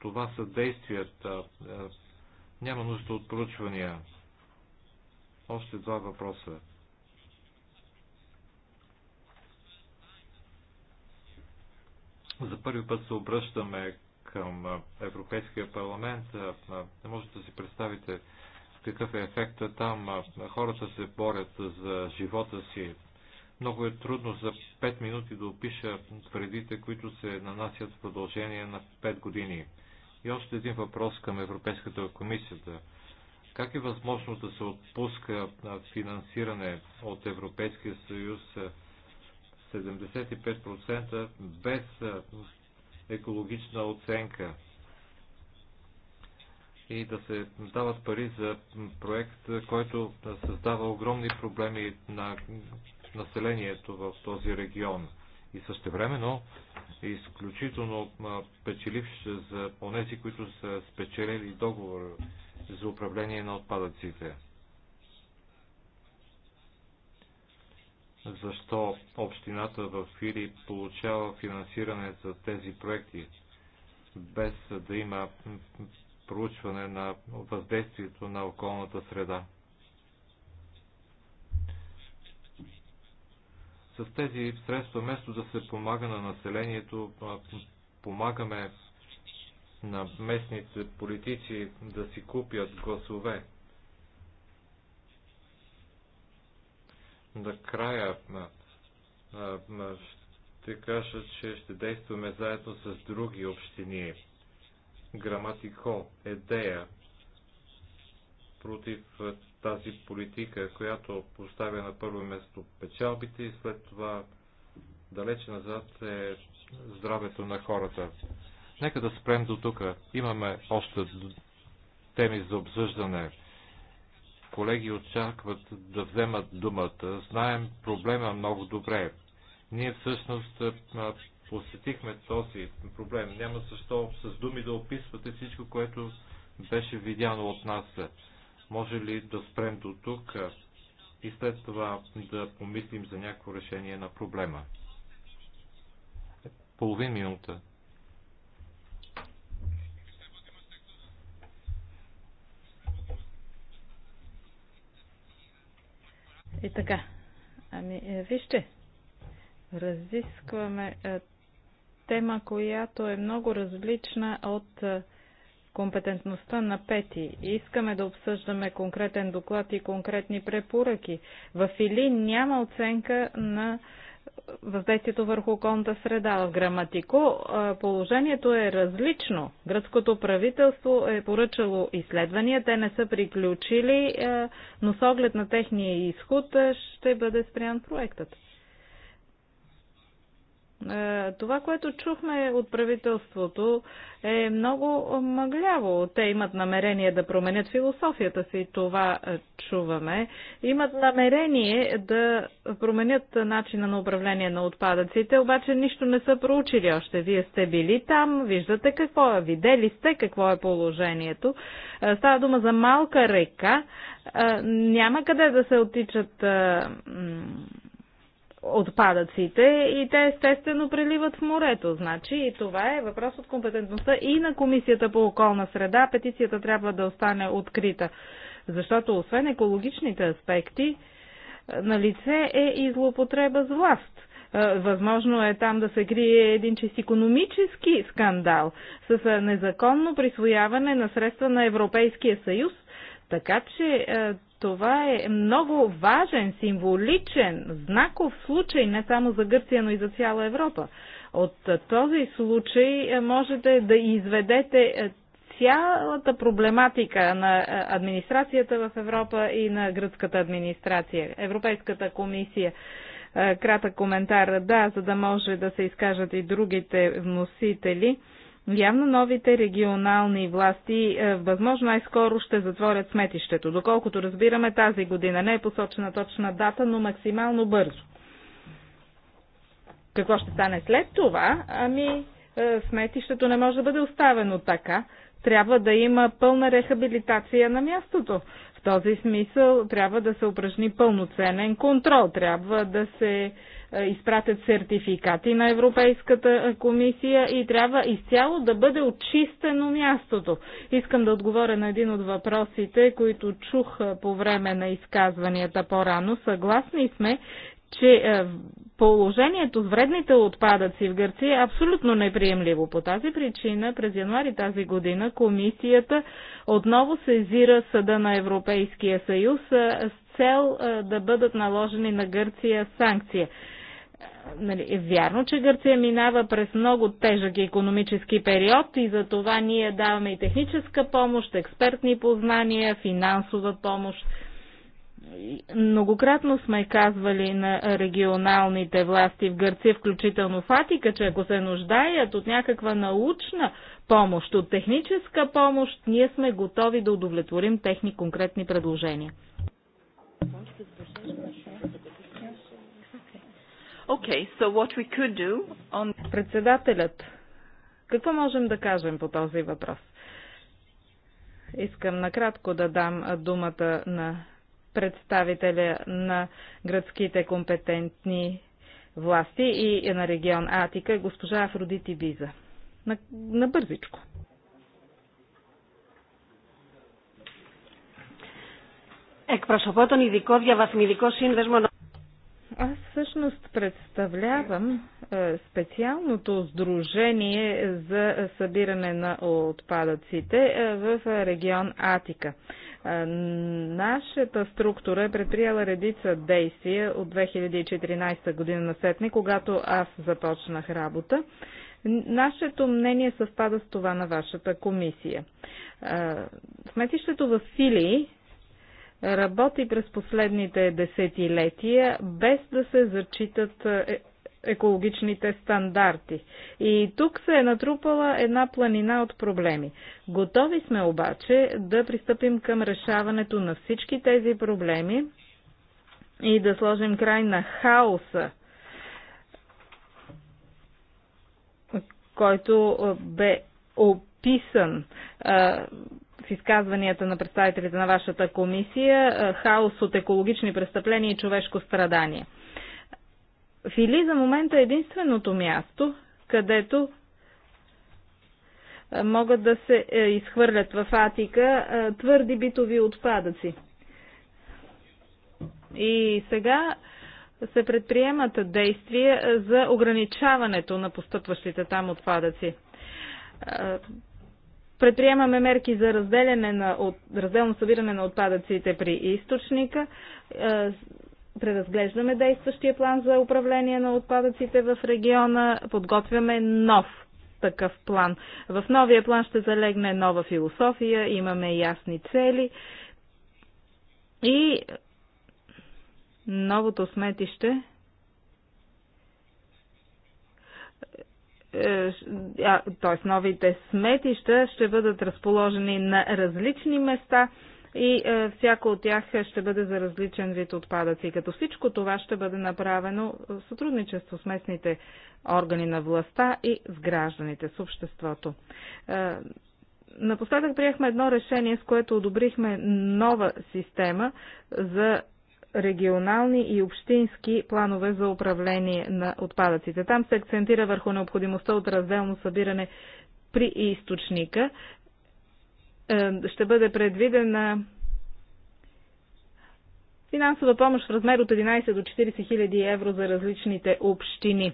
Това са действията. Няма нужда от проучвания. Още два въпроса. За първи път се обръщаме към Европейския парламент. Не можете да си представите какъв е ефектът там. Хората се борят за живота си. Много е трудно за 5 минути да опиша вредите, които се нанасят в продължение на 5 години. И още един въпрос към Европейската комисия. Как е възможно да се отпуска финансиране от Европейския съюз 75% без екологична оценка и да се дават пари за проект, който създава огромни проблеми на населението в този регион и същевременно е изключително печеливш за онези, които са спечелили договор за управление на отпадъците. защо общината в Фили получава финансиране за тези проекти, без да има проучване на въздействието на околната среда. С тези средства, вместо да се помага на населението, помагаме на местните политици да си купят гласове Накрая ще кажа, че ще действаме заедно с други общини. Граматико, Едея, против тази политика, която поставя на първо место печалбите и след това далече назад е здравето на хората. Нека да спрем до тук. Имаме още теми за обсъждане колеги очакват да вземат думата. Знаем проблема много добре. Ние всъщност посетихме този проблем. Няма защо с думи да описвате всичко, което беше видяно от нас. Може ли да спрем до тук и след това да помислим за някакво решение на проблема? Половин минута. И така, ами е, вижте, разискваме е, тема, която е много различна от е, компетентността на пети. Искаме да обсъждаме конкретен доклад и конкретни препоръки. В Или няма оценка на въздействието върху околната среда. В Граматико положението е различно. Гръцкото правителство е поръчало изследвания, те не са приключили, но с оглед на техния изход ще бъде спрян проектът. Е, това, което чухме от правителството е много мъгляво. Те имат намерение да променят философията си, това е, чуваме. Имат намерение да променят начина на управление на отпадъците, обаче нищо не са проучили още. Вие сте били там, виждате какво е, видели сте какво е положението. Е, става дума за малка река, няма къде да се отичат отпадъците и те естествено преливат в морето. Значи и това е въпрос от компетентността и на Комисията по околна среда. Петицията трябва да остане открита, защото освен екологичните аспекти, е, на лице е и злоупотреба с власт. Е, възможно е там да се крие един чист економически скандал с е, незаконно присвояване на средства на Европейския съюз, така че това е много важен, символичен, знаков случай не само за Гърция, но и за цяла Европа. От този случай е, можете да изведете е, цялата проблематика на е, администрацията в Европа и на гръцката администрация, Европейската комисия. Кратък коментар, да, за да може да се изкажат и другите вносители. Явно новите регионални власти е, възможно най-скоро ще затворят сметището. Доколкото разбираме тази година не е посочена точна дата, но максимално бързо. Какво ще стане след това? Ами, е, сметището не може да бъде оставено така. Трябва да има пълна рехабилитация на мястото. В този смисъл трябва да се упражни пълноценен контрол. Трябва да се е, изпратят сертификати на Европейската е, комисия и трябва изцяло да бъде очистено мястото. Искам да отговоря на един от въпросите, които чух е, по време на изказванията по-рано. Съгласни сме, че положението с вредните отпадъци в Гърция е абсолютно неприемливо. По тази причина през януари тази година комисията отново сезира Съда на Европейския съюз с цел да бъдат наложени на Гърция санкции нали, е вярно, че Гърция минава през много тежък економически период и за това ние даваме и техническа помощ, експертни познания, финансова помощ. Многократно сме казвали на регионалните власти в Гърция, включително в Атика, че ако се нуждаят от някаква научна помощ, от техническа помощ, ние сме готови да удовлетворим техни конкретни предложения. Okay, so what we could do on... Председателят, какво можем да кажем по този въпрос? Искам накратко да дам думата на представителя на градските компетентни власти и на регион Атика, госпожа Афродити Биза. На, на бързичко. Εκπροσωπώ τον ειδικό διαβαθμιδικό σύνδεσμο аз всъщност представлявам е, специалното сдружение за събиране на отпадъците е, в регион Атика. Е, нашата структура е предприела редица действия от 2014 година на сетне, когато аз започнах работа. Нашето мнение съвпада с това на вашата комисия. Сметището в Силии работи през последните десетилетия без да се зачитат е, екологичните стандарти. И тук се е натрупала една планина от проблеми. Готови сме обаче да пристъпим към решаването на всички тези проблеми и да сложим край на хаоса, който е, бе описан е, с изказванията на представителите на вашата комисия е, хаос от екологични престъпления и човешко страдание. Фили за момента е единственото място, където е, могат да се е, изхвърлят в Атика твърди битови отпадъци. И сега се предприемат действия за ограничаването на постъпващите там отпадъци. Предприемаме мерки за разделяне на, от, разделно събиране на отпадъците при източника. Е, преразглеждаме действащия план за управление на отпадъците в региона. Подготвяме нов такъв план. В новия план ще залегне нова философия, имаме ясни цели и новото сметище т.е. новите сметища ще бъдат разположени на различни места и е, всяко от тях ще бъде за различен вид отпадъци. Като всичко това ще бъде направено в сътрудничество с местните органи на властта и с гражданите, с обществото. Е, напоследък приехме едно решение, с което одобрихме нова система за регионални и общински планове за управление на отпадъците. Там се акцентира върху необходимостта от разделно събиране при източника. Е, ще бъде предвидена финансова помощ в размер от 11 до 40 хиляди евро за различните общини.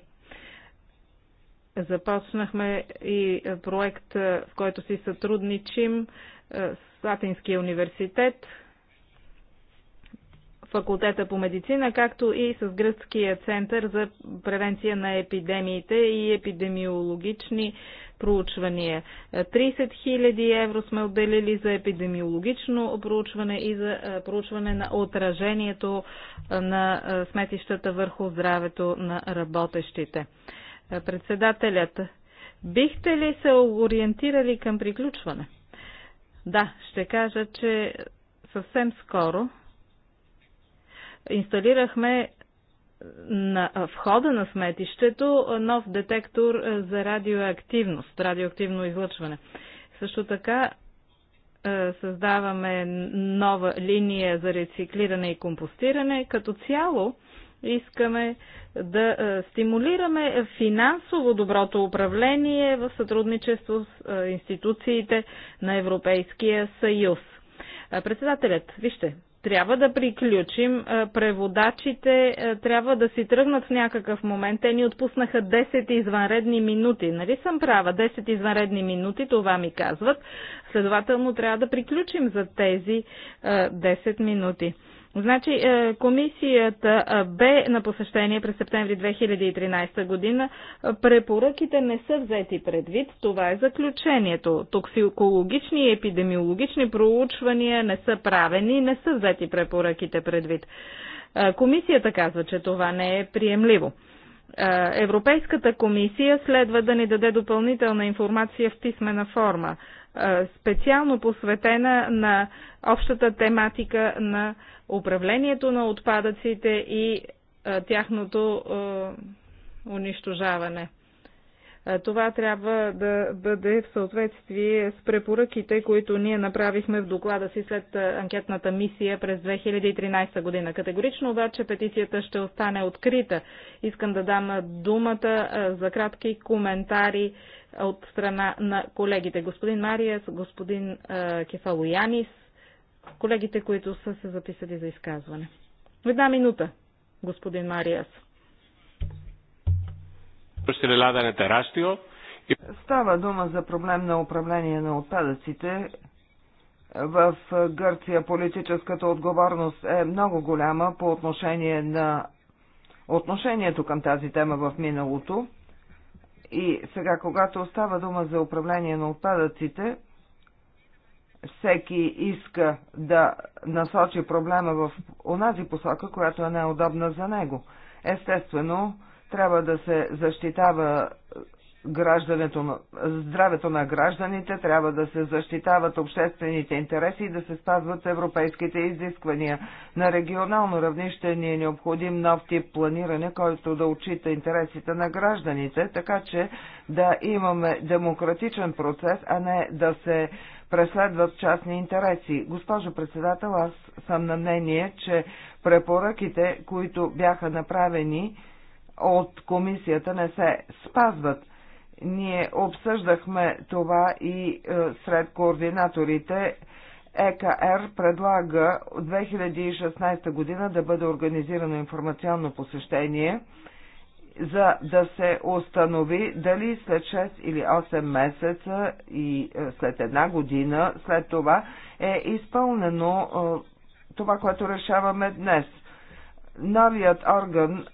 Започнахме и проект, в който си сътрудничим е, с Атинския университет, факултета по медицина, както и с Гръцкия център за превенция на епидемиите и епидемиологични проучвания. 30 000 евро сме отделили за епидемиологично проучване и за е, проучване на отражението е, на е, сметищата върху здравето на работещите. Председателят, бихте ли се ориентирали към приключване? Да, ще кажа, че съвсем скоро инсталирахме на входа на сметището нов детектор е, за радиоактивност, радиоактивно излъчване. Също така е, създаваме нова линия за рециклиране и компостиране. Като цяло искаме да е, стимулираме финансово доброто управление в сътрудничество с институциите на Европейския съюз. Председателят, вижте, трябва да приключим. Преводачите трябва да си тръгнат в някакъв момент. Те ни отпуснаха 10 извънредни минути. Нали съм права? 10 извънредни минути, това ми казват. Следователно трябва да приключим за тези 10 минути. Значи е, комисията е, бе на посещение през септември 2013 година. Препоръките не са взети предвид. Това е заключението. Токсикологични и епидемиологични проучвания не са правени, не са взети препоръките предвид. Е, комисията казва, че това не е приемливо. Европейската комисия следва да ни даде допълнителна информация в писмена форма специално посветена на общата тематика на управлението на отпадъците и тяхното унищожаване. Е, това трябва да бъде в съответствие с препоръките, които ние направихме в доклада си след е, анкетната мисия през 2013 година. Категорично обаче петицията ще остане открита. Искам да дам думата е, за кратки коментари от страна на колегите. Господин Мариес, господин Кефалоянис, колегите, които са се записали за изказване. В една минута, господин Мариас. Става дума за проблем на управление на отпадъците. В Гърция политическата отговорност е много голяма по отношение на отношението към тази тема в миналото. И сега, когато става дума за управление на отпадъците, всеки иска да насочи проблема в онази посока, която е най-удобна за него. Естествено, трябва да се защитава граждането, здравето на гражданите, трябва да се защитават обществените интереси и да се спазват европейските изисквания. На регионално равнище ни е необходим нов тип планиране, който да отчита интересите на гражданите, така че да имаме демократичен процес, а не да се преследват частни интереси. Госпожо председател, аз съм на мнение, че препоръките, които бяха направени, от комисията не се спазват. Ние обсъждахме това и е, сред координаторите. ЕКР предлага 2016 година да бъде организирано информационно посещение, за да се установи дали след 6 или 8 месеца и е, след една година след това е изпълнено е, това, което решаваме днес. Новият орган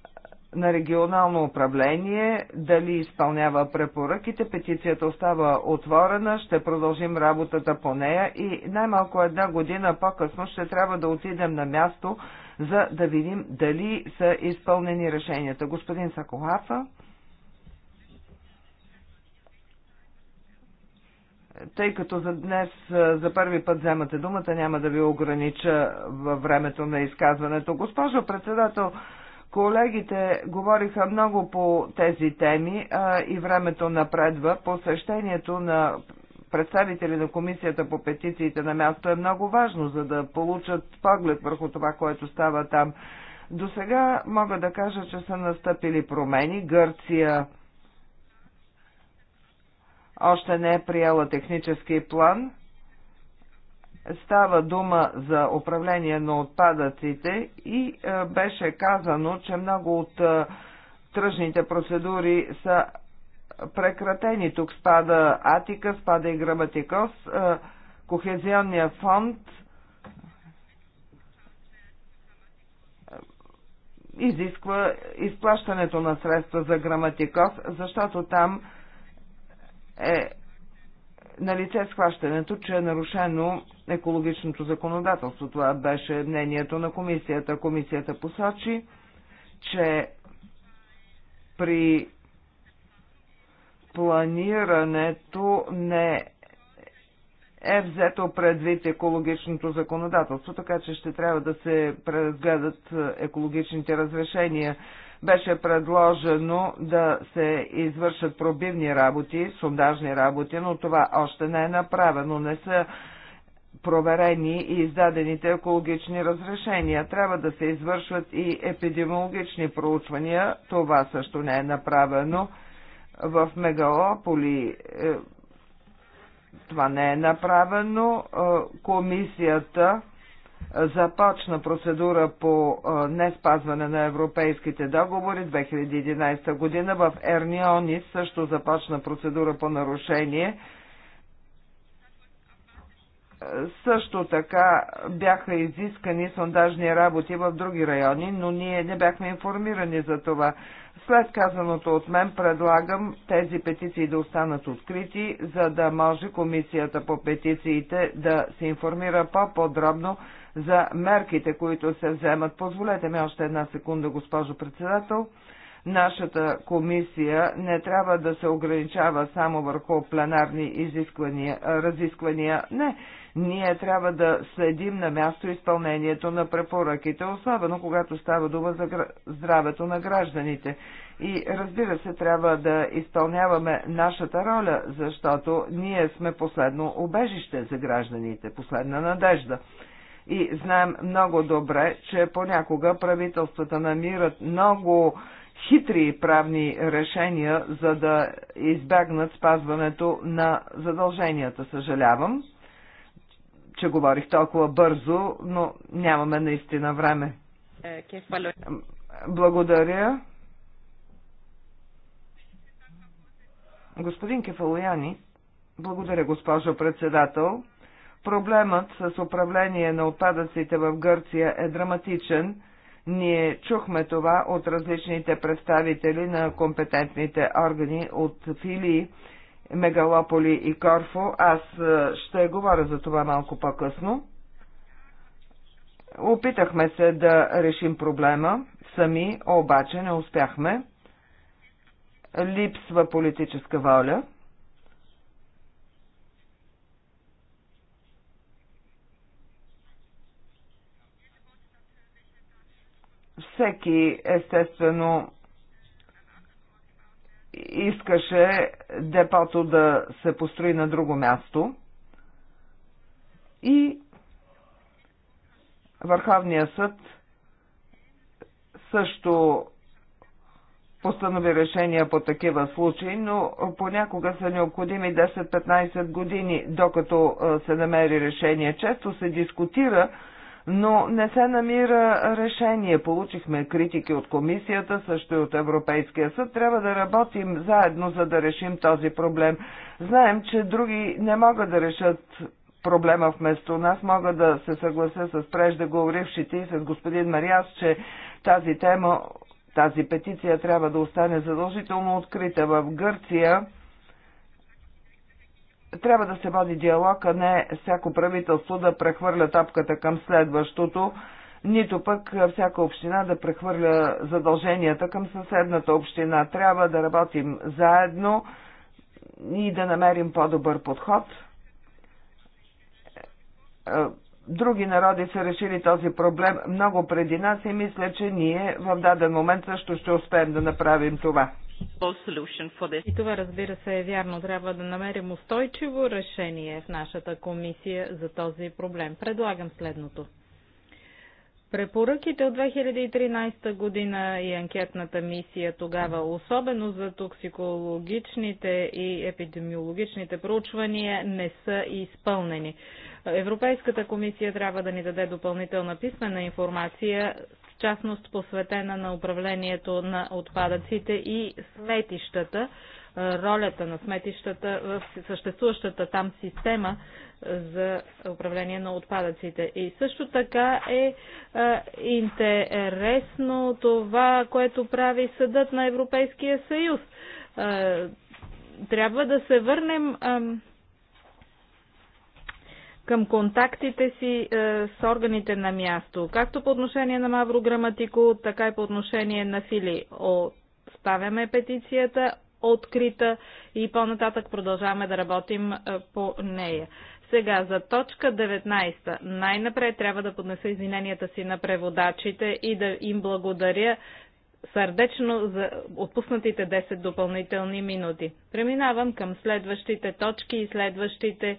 на регионално управление, дали изпълнява препоръките, петицията остава отворена, ще продължим работата по нея и най-малко една година по-късно ще трябва да отидем на място, за да видим дали са изпълнени решенията. Господин Сакохафа. тъй като за днес за първи път вземате думата, няма да ви огранича във времето на изказването. Госпожо председател, Колегите говориха много по тези теми а, и времето напредва. Посещението на представители на Комисията по петициите на място е много важно, за да получат поглед върху това, което става там. До сега мога да кажа, че са настъпили промени. Гърция още не е приела технически план Става дума за управление на отпадъците и е, беше казано, че много от е, тръжните процедури са прекратени. Тук спада Атика, спада и Граматикос, е, Кохезионния фонд, изисква изплащането на средства за граматиков, защото там е на лице схващането, че е нарушено екологичното законодателство. Това беше мнението на комисията. Комисията посочи, че при планирането не е взето предвид екологичното законодателство, така че ще трябва да се преразгледат екологичните разрешения. Беше предложено да се извършат пробивни работи, сондажни работи, но това още не е направено. Не са проверени и издадените екологични разрешения. Трябва да се извършват и епидемиологични проучвания. Това също не е направено. В Мегалополи е, това не е направено. Е, комисията е, започна процедура по не спазване на европейските договори 2011 година. В Ернионис също започна процедура по нарушение също така бяха изискани сондажни работи в други райони, но ние не бяхме информирани за това. След казаното от мен предлагам тези петиции да останат открити, за да може комисията по петициите да се информира по-подробно за мерките, които се вземат. Позволете ми още една секунда, госпожо председател. Нашата комисия не трябва да се ограничава само върху пленарни изисквания, разисквания. Не, ние трябва да следим на място изпълнението на препоръките, особено когато става дума за здравето на гражданите. И разбира се, трябва да изпълняваме нашата роля, защото ние сме последно обежище за гражданите, последна надежда. И знаем много добре, че понякога правителствата намират много хитри правни решения, за да избягнат спазването на задълженията. Съжалявам че говорих толкова бързо, но нямаме наистина време. Е, благодаря. Господин Кефалояни, благодаря, госпожо председател. Проблемът с управление на отпадъците в Гърция е драматичен. Ние чухме това от различните представители на компетентните органи от филии Мегалополи и Корфо. Аз е, ще говоря за това малко по-късно. Опитахме се да решим проблема, сами обаче не успяхме. Липсва политическа воля. Всеки, естествено, искаше депото да се построи на друго място и Върховния съд също постанови решения по такива случаи, но понякога са необходими 10-15 години, докато се намери решение. Често се дискутира но не се намира решение. Получихме критики от комисията, също и от Европейския съд. Трябва да работим заедно, за да решим този проблем. Знаем, че други не могат да решат проблема вместо нас. Мога да се съглася с преждеговорившите и с господин Мариас, че тази тема, тази петиция трябва да остане задължително открита в Гърция трябва да се води диалог, а не всяко правителство да прехвърля топката към следващото, нито пък всяка община да прехвърля задълженията към съседната община. Трябва да работим заедно и да намерим по-добър подход. Е, други народи са решили този проблем много преди нас и мисля, че ние в даден момент също ще успеем да направим това. И това разбира се е вярно. Трябва да намерим устойчиво решение в нашата комисия за този проблем. Предлагам следното. Препоръките от 2013 година и анкетната мисия тогава, особено за токсикологичните и епидемиологичните проучвания, не са изпълнени. Европейската комисия трябва да ни даде допълнителна писмена информация частност посветена на управлението на отпадъците и сметищата, ролята на сметищата в съществуващата там система за управление на отпадъците. И също така е интересно това, което прави Съдът на Европейския съюз. Трябва да се върнем към контактите си е, с органите на място, както по отношение на Мавро Граматико, така и по отношение на Фили. Оставяме петицията открита и по-нататък продължаваме да работим е, по нея. Сега за точка 19. Най-напред трябва да поднеса извиненията си на преводачите и да им благодаря сърдечно за отпуснатите 10 допълнителни минути. Преминавам към следващите точки и следващите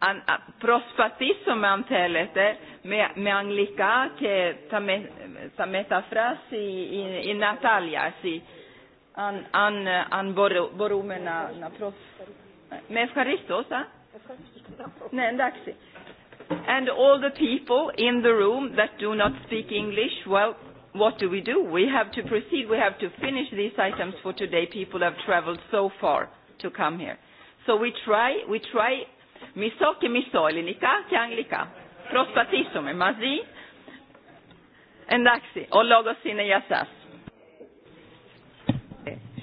an, a, prospatism αν me, me anglica αγγλικά ta me ta metafrasi in η, η An an αν, an αν μπορού, μπορούμε να, να προ... Με And all the people in the room that do not speak English, well, what do we do? We have to proceed. We have to finish these items for today. People have traveled so far to come here. So we try, we try μισό και μισό, ελληνικά και αγγλικά. Προσπαθήσουμε μαζί. Εντάξει, ο λόγος είναι για σας.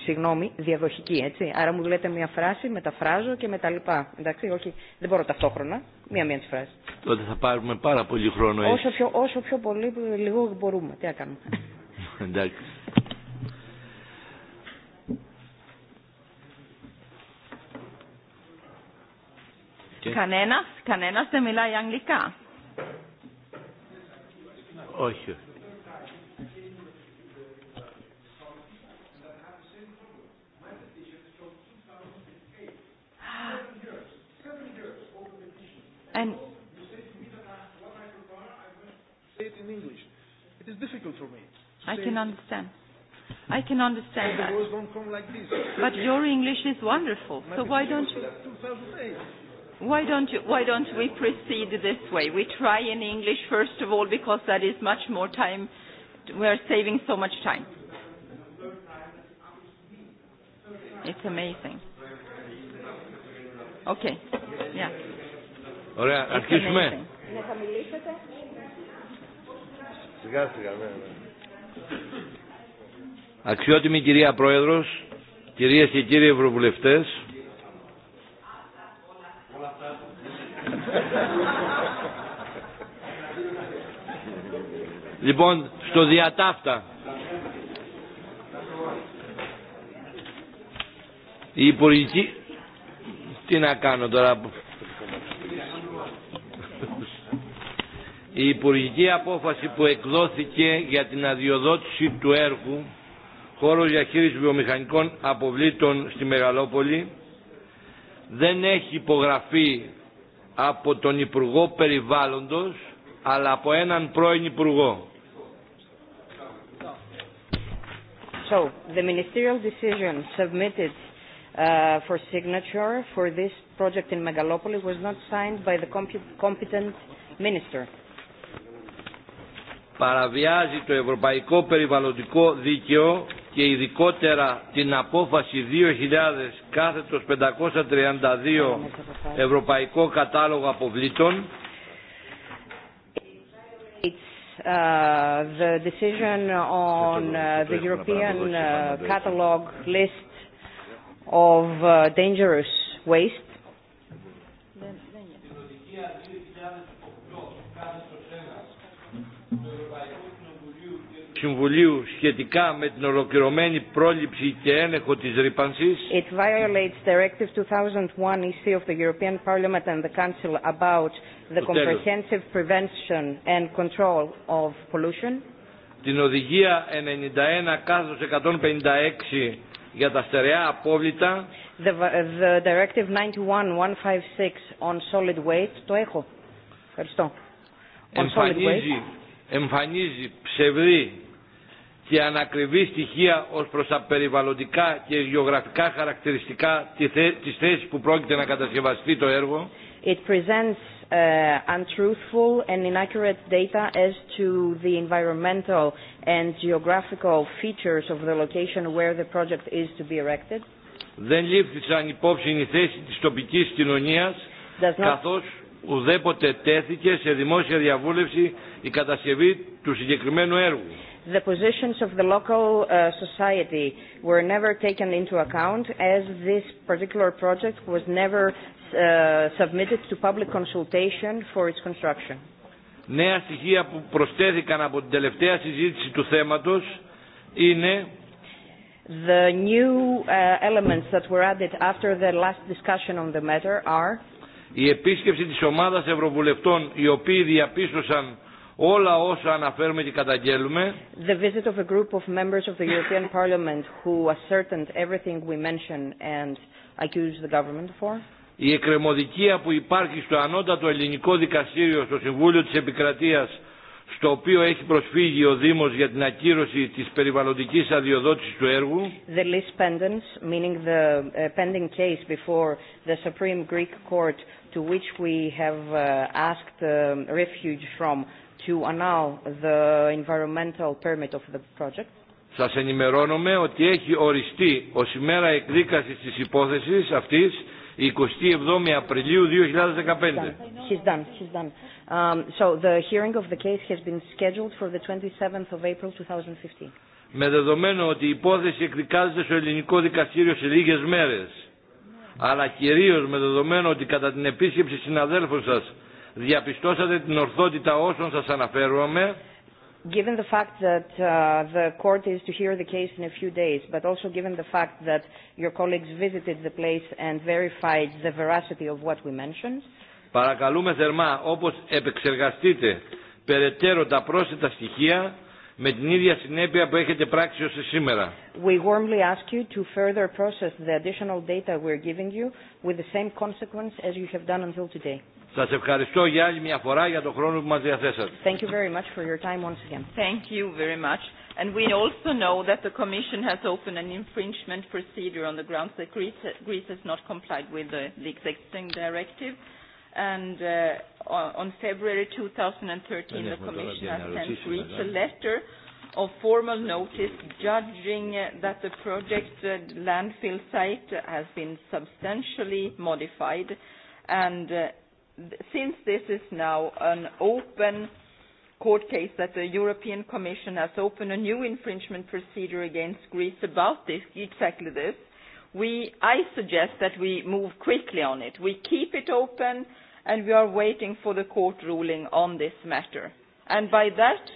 Συγγνώμη, διαδοχική, έτσι. Άρα μου λέτε μια φράση, μεταφράζω και μετά λοιπά. Εντάξει, όχι, δεν μπορώ ταυτόχρονα. Μία-μία τη φράση. Τότε θα πάρουμε πάρα πολύ χρόνο έτσι. Όσο πιο, όσο πιο πολύ, λίγο μπορούμε. Τι να κάνουμε. Εντάξει. Κανένας, κανένας δεν μιλάει αγγλικά. Όχι. And say it in English. It is difficult for me. I can understand. I can understand that. But your English is wonderful, so why don't you? Why don't, you, why don't we proceed this way? We try in English first of all because that is much more time. We are saving so much time. It's amazing. Okay. Yeah. Ωραία, αρχίσουμε. Να θα μιλήσετε. Σιγά σιγά, ναι, ναι. Αξιότιμη κυρία Πρόεδρος, κυρίες και κύριοι Ευρωβουλευτές, Λοιπόν, στο διατάφτα. Η υπουργική... Τι να κάνω τώρα... Η υπουργική απόφαση που εκδόθηκε για την αδειοδότηση του έργου χώρος διαχείρισης βιομηχανικών αποβλήτων στη Μεγαλόπολη δεν έχει υπογραφεί από τον Υπουργό Περιβάλλοντος αλλά από έναν πρώην Υπουργό. So, the ministerial decision submitted uh, for signature for this project in Megalopoli was not signed by the competent minister. Παραβιάζει το ευρωπαϊκό περιβαλλοντικό δίκαιο και ειδικότερα την απόφαση 2000 κάθετος 532 Ευρωπαϊκό Κατάλογο Αποβλήτων uh, the decision on uh, the European uh, catalog list of uh, dangerous waste Συμβουλίου σχετικά με την ολοκληρωμένη πρόληψη και έλεγχο της ρήπανσης. It violates Directive 2001 EC of the European Parliament and the Council about the comprehensive prevention and control of pollution. Την οδηγία 91 κάθος 156 για τα στερεά απόβλητα. The, the Directive 91-156 on solid waste. Το έχω. Ευχαριστώ. On solid waste. Εμφανίζει ψευδή και ανακριβή στοιχεία ως προς τα περιβαλλοντικά και γεωγραφικά χαρακτηριστικά της θέσης που πρόκειται να κατασκευαστεί το έργο. It presents uh, untruthful and inaccurate data as to the environmental and geographical features of the location where the project is to be erected. Δεν λήφθησαν υπόψη η θέση της τοπικής κοινωνίας, not... καθώς ουδέποτε τέθηκε σε δημόσια διαβούλευση η κατασκευή του συγκεκριμένου έργου. The positions of the local uh, society were never taken into account as this particular project was never uh, submitted to public consultation for its construction. Νέα στοιχεία που προσθέθηκαν από την τελευταία συζήτηση του θέματος είναι The new uh, elements that were added after the last discussion on the matter are η επίσκεψη της ομάδας ευρωβουλευτών οι οποίοι διαπίστωσαν όλα όσα αναφέρουμε και καταγγέλουμε The visit of a group of members of the European Parliament who ascertained everything we mention and accused the government for η εκκρεμωδικία που υπάρχει στο ανώτατο ελληνικό δικαστήριο στο Συμβούλιο της Επικρατείας στο οποίο έχει προσφύγει ο Δήμος για την ακύρωση της περιβαλλοντικής αδειοδότησης του έργου. The list pendants, meaning the pending case before the Supreme Greek Court to which we have asked refuge from to annul the environmental permit of the project. Σας ενημερώνουμε ότι έχει οριστεί ως ημέρα εκδίκασης της υπόθεσης αυτής 27 Απριλίου 2015. He's done. He's done. Um, so the hearing of the case has been scheduled for the 27th of April 2015. Με δεδομένο ότι η υπόθεση εκδικάζεται στο ελληνικό δικαστήριο σε λίγες μέρες, αλλά κυρίως με δεδομένο ότι κατά την επίσκεψη συναδέλφων σας διαπιστώσατε την ορθότητα όσων σας αναφέρομαι given the fact that uh, the court is to hear the case in a few days, but also given the fact that your colleagues visited the place and verified the veracity of what we mentioned. Παρακαλούμε θερμά, όπως επεξεργαστείτε περαιτέρω τα πρόσθετα στοιχεία, με την ίδια συνέπεια που έχετε πράξει ως σήμερα. We warmly ask you to further process the additional data we're giving you with the same consequence as you have done until today. Σας ευχαριστώ για άλλη μια φορά για τον χρόνο που μας διαθέσατε. Thank you very much for your time once again. Thank you very much. And we also know that the Commission has opened an infringement procedure on the grounds that Greece, Greece has not complied with the, the existing directive. And uh, on February 2013, the Commission has sent Greece a letter of formal notice judging that the project landfill site has been substantially modified and uh, since this is now an open court case that the European Commission has opened a new infringement procedure against Greece about this, exactly this, we, I suggest that we move quickly on it. We keep it open and we are waiting for the court ruling on this matter. And by that,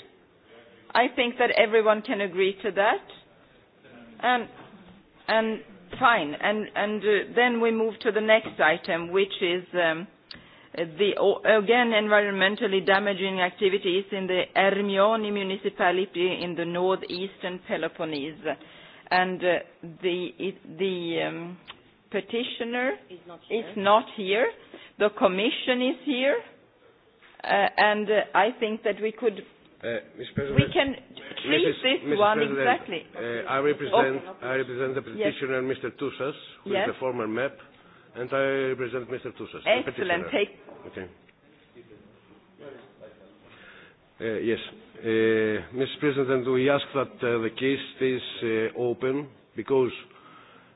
I think that everyone can agree to that. And, and fine. And, and uh, then we move to the next item, which is um, – the, again, environmentally damaging activities in the Ermioni municipality in the northeastern Peloponnese. And uh, the, it, the um, petitioner is not here. Is not here. The commission is here. Uh, and uh, I think that we could Uh, we can treat Mrs. this Mrs. one President, exactly. Uh, I, represent, okay. I represent the petitioner, yes. Mr. Toussas, who yes. is the former MEP and I present Mr. Tussas. Excellent. Take... Okay. Uh, yes. Uh, Mr. President, we ask that uh, the case stays uh, open because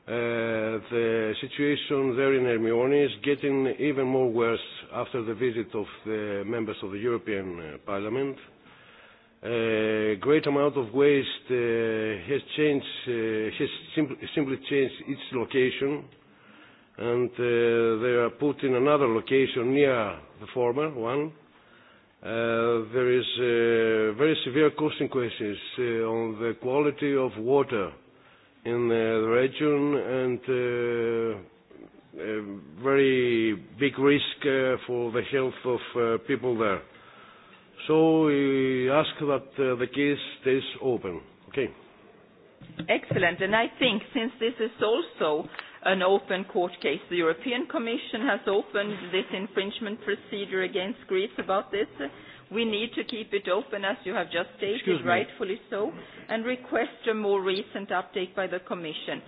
uh, the situation there in Hermione is getting even more worse after the visit of the members of the European uh, Parliament. A great amount of waste uh, has changed, uh, has simply changed its location and uh, they are put in another location near the former one. Uh, there is uh, very severe consequences uh, on the quality of water in uh, the region and uh, a very big risk uh, for the health of uh, people there. So we ask that uh, the case stays open. Okay. Excellent. And I think since this is also an open court case. The European Commission has opened this infringement procedure against Greece about this. We need to keep it open, as you have just stated, rightfully so, and request a more recent update by the Commission.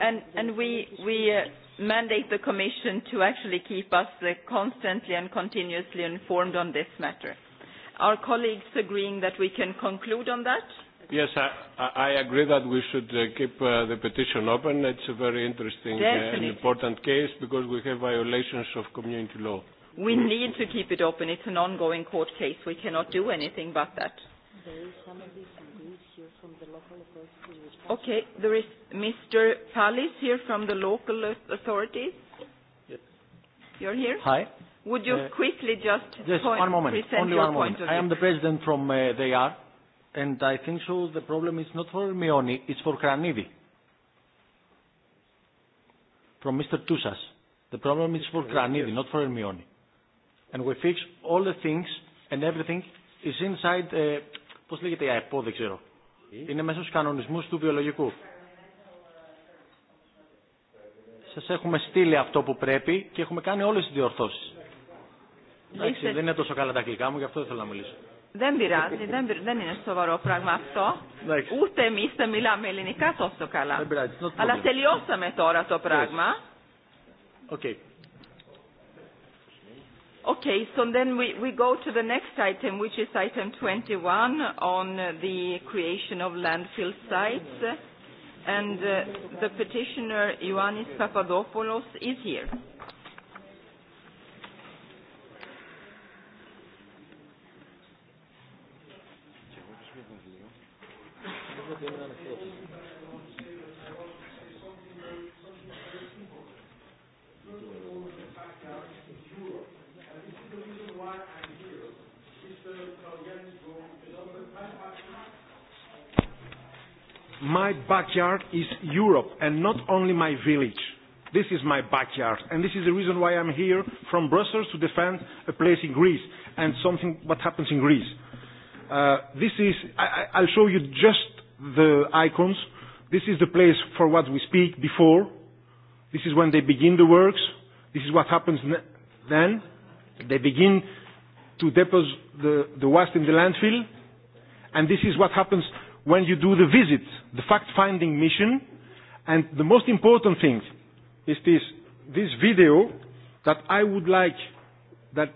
And, and we, we uh, mandate the Commission to actually keep us uh, constantly and continuously informed on this matter. Our colleagues agreeing that we can conclude on that? Yes, I, I agree that we should uh, keep uh, the petition open. It's a very interesting and important case because we have violations of community law. We need to keep it open. It's an ongoing court case. We cannot do anything but that. Okay, there is Mr. Pallis here from the local authorities. Yes. You're here? Hi. Would you uh, quickly just, just point, one moment, present Only your one point moment. of view? I am the president from uh, the AR and I think so the problem is not for Mioni, it's for Kranidi. From Mr. Tusas. The problem is for Kranidi, not for Mioni. And we fix all the things and everything is inside, Πώ πώς λέγεται η ΑΕΠΟ, δεν ξέρω. Είναι μέσα στους κανονισμούς του βιολογικού. Σας έχουμε στείλει αυτό που πρέπει και έχουμε κάνει όλες τις διορθώσεις. Εντάξει, δεν είναι τόσο καλά τα αγγλικά μου, γι' αυτό δεν θέλω να μιλήσω. Nem nem nem virázni, virázni, δεν πειράζει, δεν, πειράζει, δεν είναι σοβαρό πράγμα αυτό. Ούτε εμεί δεν μιλάμε ελληνικά τόσο li Αλλά τελειώσαμε τώρα το pragma. Okay. Okay, so then we, we go to the next item, which is item 21 on the creation of landfill sites. And uh, the petitioner, Ioannis Papadopoulos, is here. My backyard is Europe and not only my village. This is my backyard, and this is the reason why I'm here from Brussels to defend a place in Greece and something what happens in Greece. Uh, this is I, I'll show you just the icons. This is the place for what we speak before. This is when they begin the works. This is what happens then. They begin to deposit the, the waste in the landfill. And this is what happens when you do the visit, the fact-finding mission. And the most important thing is this, this video that I would like that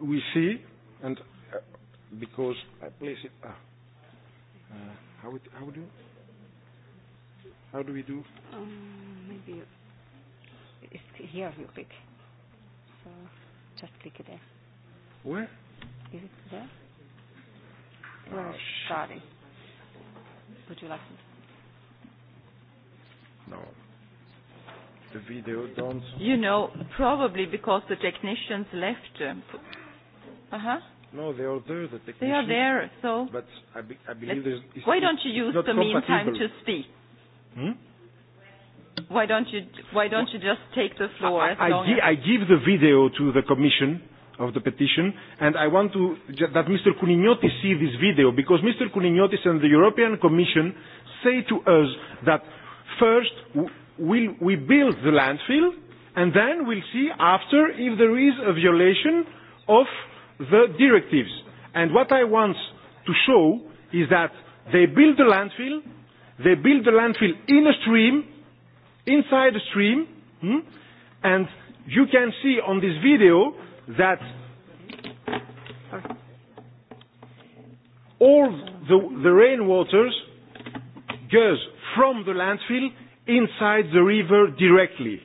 we see, and uh, because I place it. Uh, uh, How would how do how do we do? Um, maybe it's here you click. So just click it there. Where? Is it there? Where starting. Would you like to? No. The video don't. You know, probably because the technicians left. Uh huh. No, they are there. The technicians. They are there. So. But I, be, I believe there's. It's, why don't you use the meantime to speak? Hmm? Why don't you Why don't you just take the floor? I, as long I, as I give the video to the commission of the petition, and I want to that Mr. Kouniniotis see this video because Mr. Kouniniotis and the European Commission say to us that first we'll, we build the landfill, and then we'll see after if there is a violation of the directives. And what I want to show is that they build the landfill, they build the landfill in a stream, inside a stream, hmm? and you can see on this video that all the, the rainwaters goes from the landfill inside the river directly.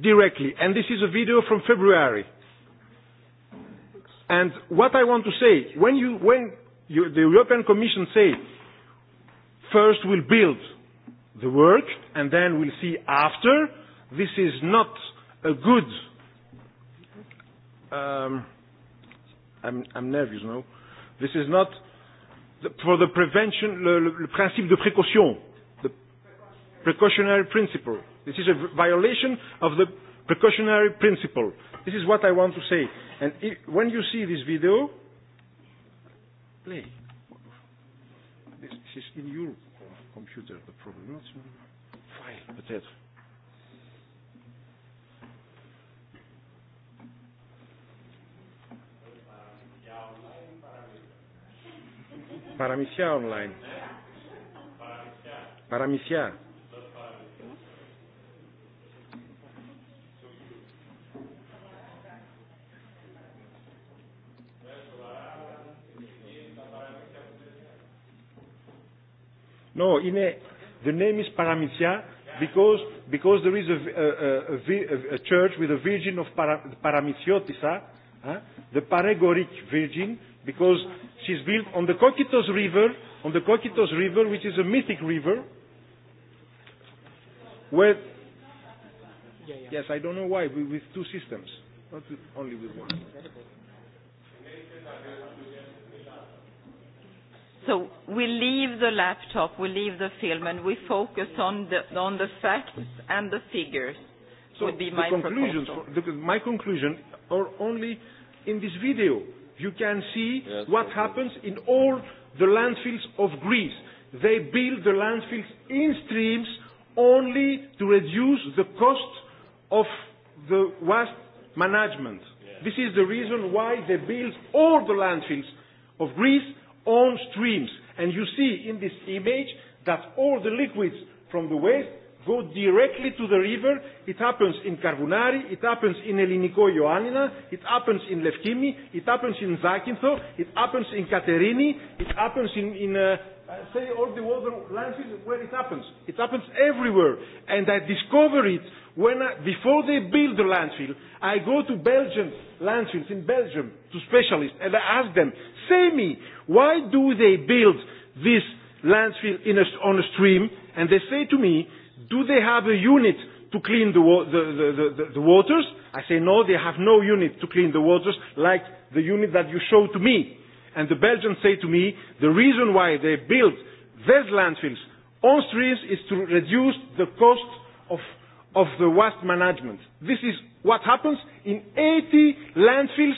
Directly. And this is a video from February. And what I want to say, when, you, when you, the European Commission say, first we'll build the work and then we'll see after, this is not a good, um, I'm, I'm nervous now, this is not the, for the prevention, le, le, le principe de précaution, the precautionary principle. This is a violation of the precautionary principle. This is what I want to say. And if, when you see this video, play. This, this is in your computer, the problem. Not file, but that. Paramisia online. Paramisia. No, a, the name is Paramithia because, because there is a, a, a, a church with a virgin of Para, Paramitiotisa, uh, the Paregoric virgin, because she's built on the Kokitos river, on the Kokitos river, which is a mythic river, where, yeah, yeah. yes, I don't know why, with, with two systems, not with, only with one. So we leave the laptop, we leave the film, and we focus on the, on the facts and the figures. So would be my the conclusions. For, the, my conclusion are only in this video. You can see yes, what happens in all the landfills of Greece. They build the landfills in streams only to reduce the cost of the waste management. This is the reason why they build all the landfills of Greece own streams. And you see in this image that all the liquids from the waste go directly to the river. It happens in Carbonari, it happens in Eliniko Ioannina, it happens in Lefkimi, it happens in Zakintho, it happens in Katerini, it happens in, in uh, say all the water landfills where it happens. It happens everywhere. And I discover it when I, before they build the landfill, I go to Belgian landfills in Belgium to specialists and I ask them, say me, why do they build this landfill in a, on a stream? And they say to me, do they have a unit to clean the, the, the, the, the waters? I say, no, they have no unit to clean the waters like the unit that you showed to me. And the Belgians say to me, the reason why they build these landfills on streams is to reduce the cost of, of the waste management. This is what happens in 80 landfills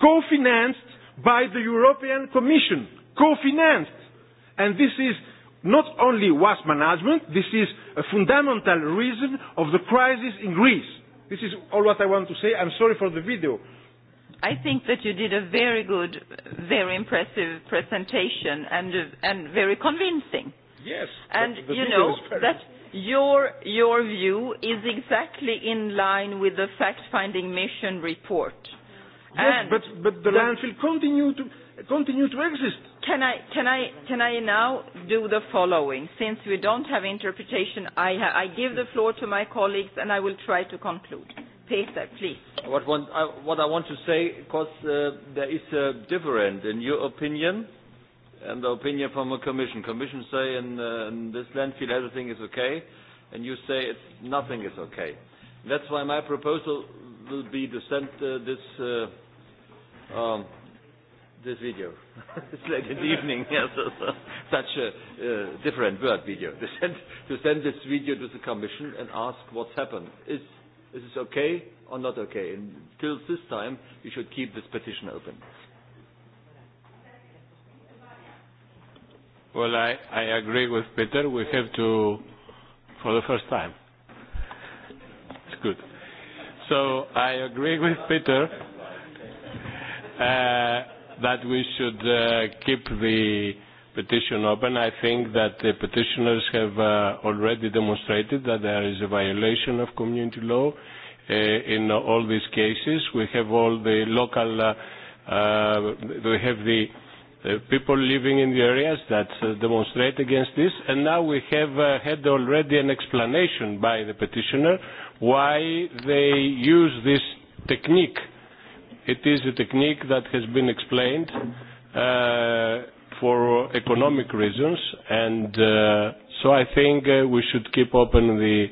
co-financed by the European Commission, co-financed. And this is not only waste management, this is a fundamental reason of the crisis in Greece. This is all what I want to say. I'm sorry for the video. I think that you did a very good, very impressive presentation and, and very convincing. Yes. And you know that your your view is exactly in line with the fact-finding mission report Yes, but, but the landfill continue to, continue to exist. Can I, can, I, can I now do the following? Since we don't have interpretation, I, ha- I give the floor to my colleagues and I will try to conclude. Peter, please. What, one, I, what I want to say, because uh, there is a difference in your opinion and the opinion from the Commission. Commission say in, uh, in this landfill everything is okay, and you say it's, nothing is okay. That's why my proposal will be to send uh, this uh, um, this video. it's late in the evening. Yes, such a uh, different word video. To send, to send this video to the Commission and ask what's happened. Is, is this okay or not okay? And till this time, we should keep this petition open. Well, I, I agree with Peter. We have to, for the first time. It's good. So I agree with Peter uh, that we should uh, keep the petition open. I think that the petitioners have uh, already demonstrated that there is a violation of community law uh, in all these cases. We have all the local, uh, uh, we have the uh, people living in the areas that uh, demonstrate against this. And now we have uh, had already an explanation by the petitioner why they use this technique It is a technique that has been explained uh, for economic reasons, and uh, so I think uh, we should keep open the,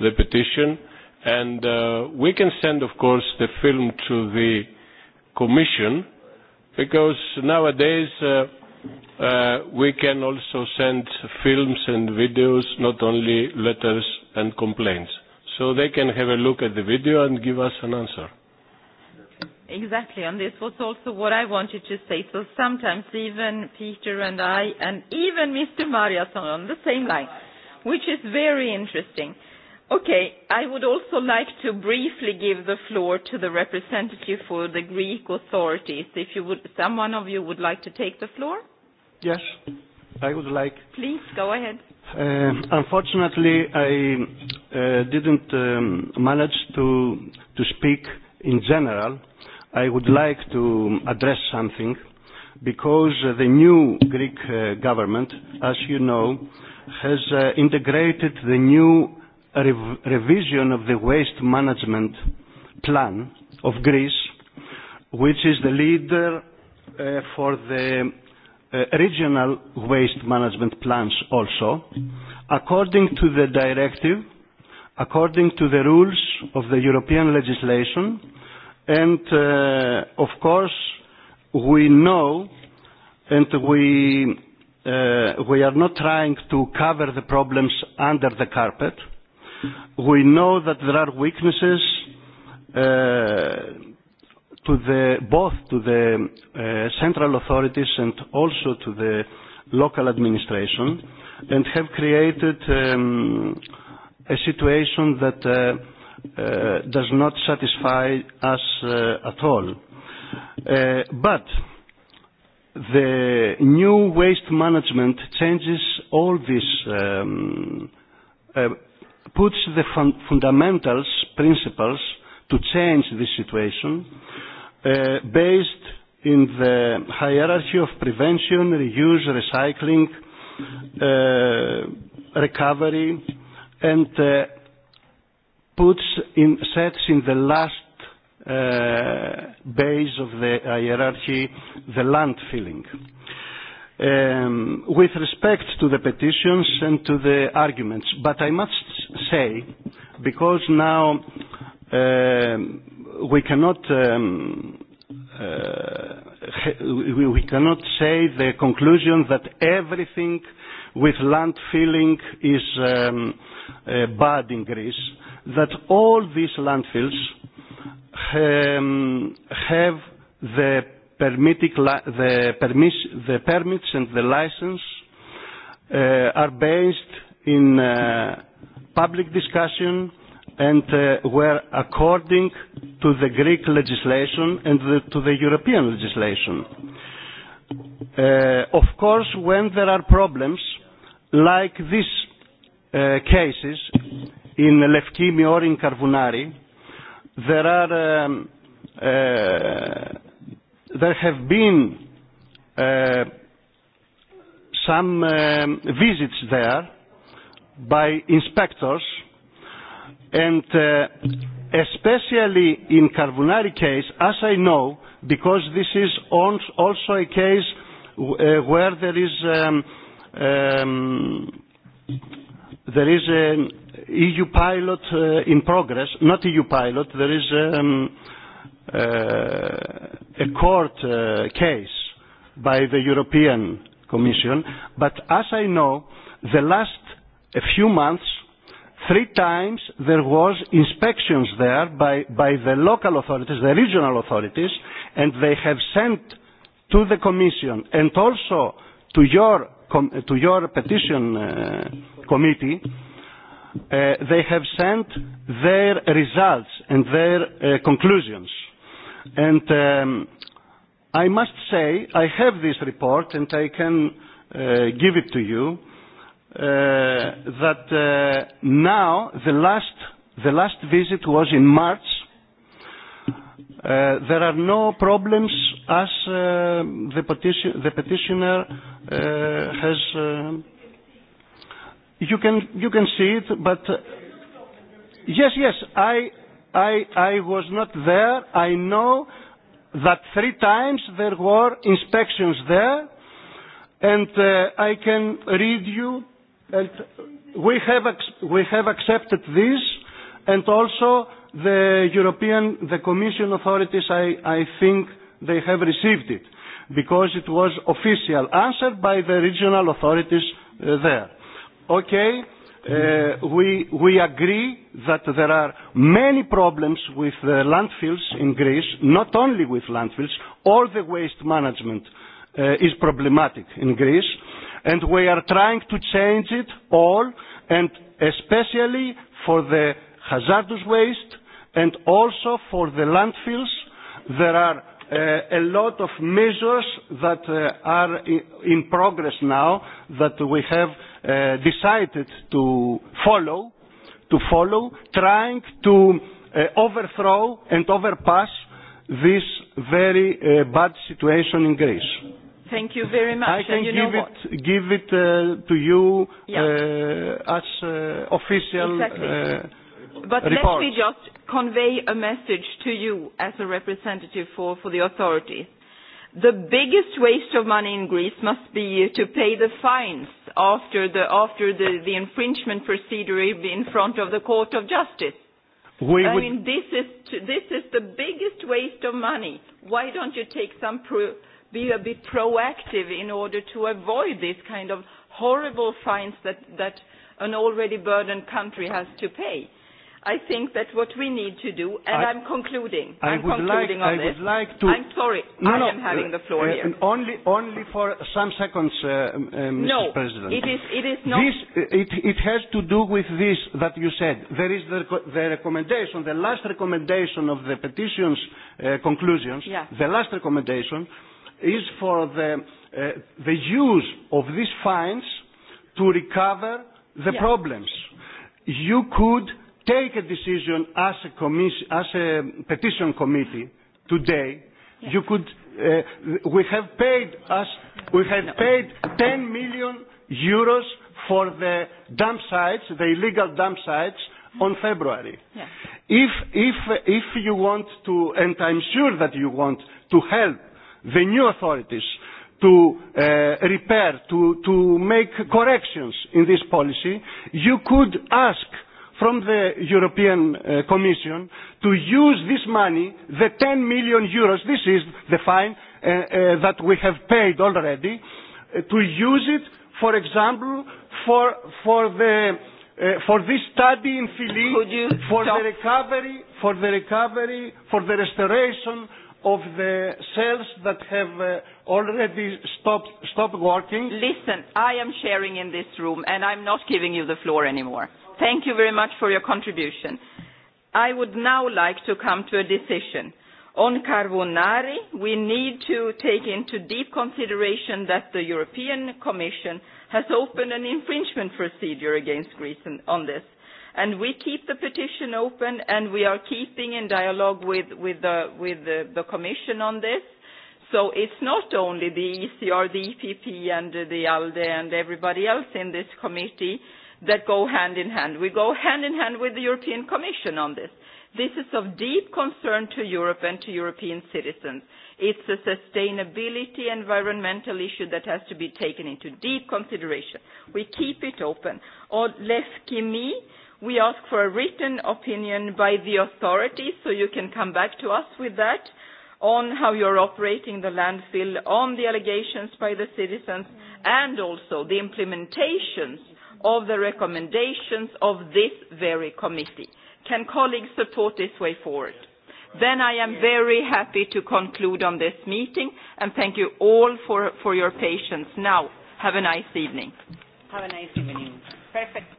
the petition. And uh, we can send, of course, the film to the Commission, because nowadays uh, uh, we can also send films and videos, not only letters and complaints. So they can have a look at the video and give us an answer. Exactly, and this was also what I wanted to say. So sometimes even Peter and I, and even Mr. Marias are on the same line, which is very interesting. Okay, I would also like to briefly give the floor to the representative for the Greek authorities. If you would, someone of you would like to take the floor? Yes, I would like. Please go ahead. Uh, unfortunately, I uh, didn't um, manage to to speak in general I would like to address something because the new Greek uh, government, as you know, has uh, integrated the new rev- revision of the waste management plan of Greece, which is the leader uh, for the uh, regional waste management plans also, according to the directive, according to the rules of the European legislation, And uh, of course, we know and we, uh, we are not trying to cover the problems under the carpet. We know that there are weaknesses uh, to the, both to the uh, central authorities and also to the local administration and have created um, a situation that uh, uh, does not satisfy us uh, at all. Uh, but the new waste management changes all this, um, uh, puts the fun fundamentals, principles to change this situation uh, based in the hierarchy of prevention, reuse, recycling, uh, recovery, and uh, puts in, sets in the last uh, base of the hierarchy the land filling. Um, with respect to the petitions and to the arguments, but I must say, because now uh, we cannot um, uh, we cannot say the conclusion that everything with land filling is um, uh, bad in Greece that all these landfills um, have the, li- the, permis the permits and the license uh, are based in uh, public discussion and uh, were according to the Greek legislation and the, to the European legislation. Uh, of course, when there are problems like these uh, cases, in Lefkimi or in Karvunari, there are um, uh, there have been uh, some um, visits there by inspectors, and uh, especially in Carbonari case, as I know, because this is on, also a case uh, where there is um, um, there is a EU pilot uh, in progress, not EU pilot, there is um, uh, a court uh, case by the European Commission, but as I know, the last a few months, three times there was inspections there by, by the local authorities, the regional authorities, and they have sent to the Commission and also to your, to your petition uh, committee they have sent their results and their uh, conclusions. And um, I must say, I have this report and I can uh, give it to you, uh, that uh, now the last, the last visit was in March. Uh, there are no problems as uh, the, petition, the petitioner uh, has uh, You can you can see it, but yes, yes, I I I was not there. I know that three times there were inspections there, and uh, I can read you. And we have we have accepted this, and also the European the Commission authorities. I I think they have received it because it was official answered by the regional authorities uh, there. Okay, uh, we, we agree that there are many problems with the landfills in Greece, not only with landfills, all the waste management uh, is problematic in Greece, and we are trying to change it all, and especially for the hazardous waste and also for the landfills, there are uh, a lot of measures that uh, are in progress now that we have uh, decided to follow, to follow, trying to uh, overthrow and overpass this very uh, bad situation in Greece. Thank you very much. I can and you give, know it, what? give it uh, to you yeah. uh, as uh, official. Exactly. Uh, But report. let me just convey a message to you as a representative for, for the authorities. The biggest waste of money in Greece must be to pay the fines after the, after the, the infringement procedure in front of the Court of Justice. We I would... mean, this is, this is the biggest waste of money. Why don't you take some pro, be a bit proactive in order to avoid this kind of horrible fines that, that an already burdened country has to pay? I think that what we need to do, and I, I'm concluding, I I'm would concluding like, on I this. Would like to, I'm sorry, no, I no, am having the floor uh, here. Only, only for some seconds, uh, uh, Mr. No, President. No, it is, it is not. This, it, it has to do with this that you said. There is the, the recommendation, the last recommendation of the petition's uh, conclusions. Yeah. The last recommendation is for the, uh, the use of these fines to recover the yeah. problems. You could take a decision as a, commission, as a petition committee today, you could, uh, we have paid us, we have paid 10 million euros for the dump sites, the illegal dump sites, on February. Yeah. If, if, if you want to, and I'm sure that you want to help the new authorities to uh, repair, to, to make corrections in this policy, you could ask from the European uh, Commission to use this money, the 10 million euros, this is the fine uh, uh, that we have paid already, uh, to use it, for example, for, for the uh, for this study in Philly, for the recovery, for the recovery, for the restoration of the cells that have uh, already stopped, stopped working. Listen, I am sharing in this room, and I'm not giving you the floor anymore. Thank you very much for your contribution. I would now like to come to a decision. On Carbonari, we need to take into deep consideration that the European Commission has opened an infringement procedure against Greece on this. And we keep the petition open, and we are keeping in dialogue with, with, the, with the, the Commission on this. So it's not only the ECR, the EPP, and the ALDE, and everybody else in this committee that go hand in hand. We go hand in hand with the European Commission on this. This is of deep concern to Europe and to European citizens. It's a sustainability environmental issue that has to be taken into deep consideration. We keep it open. On Lefkimi, we ask for a written opinion by the authorities, so you can come back to us with that on how you're operating the landfill, on the allegations by the citizens, and also the implementations of the recommendations of this very committee. Can colleagues support this way forward? Then I am very happy to conclude on this meeting, and thank you all for for your patience. Now, have a nice evening. Have a nice evening. Perfect.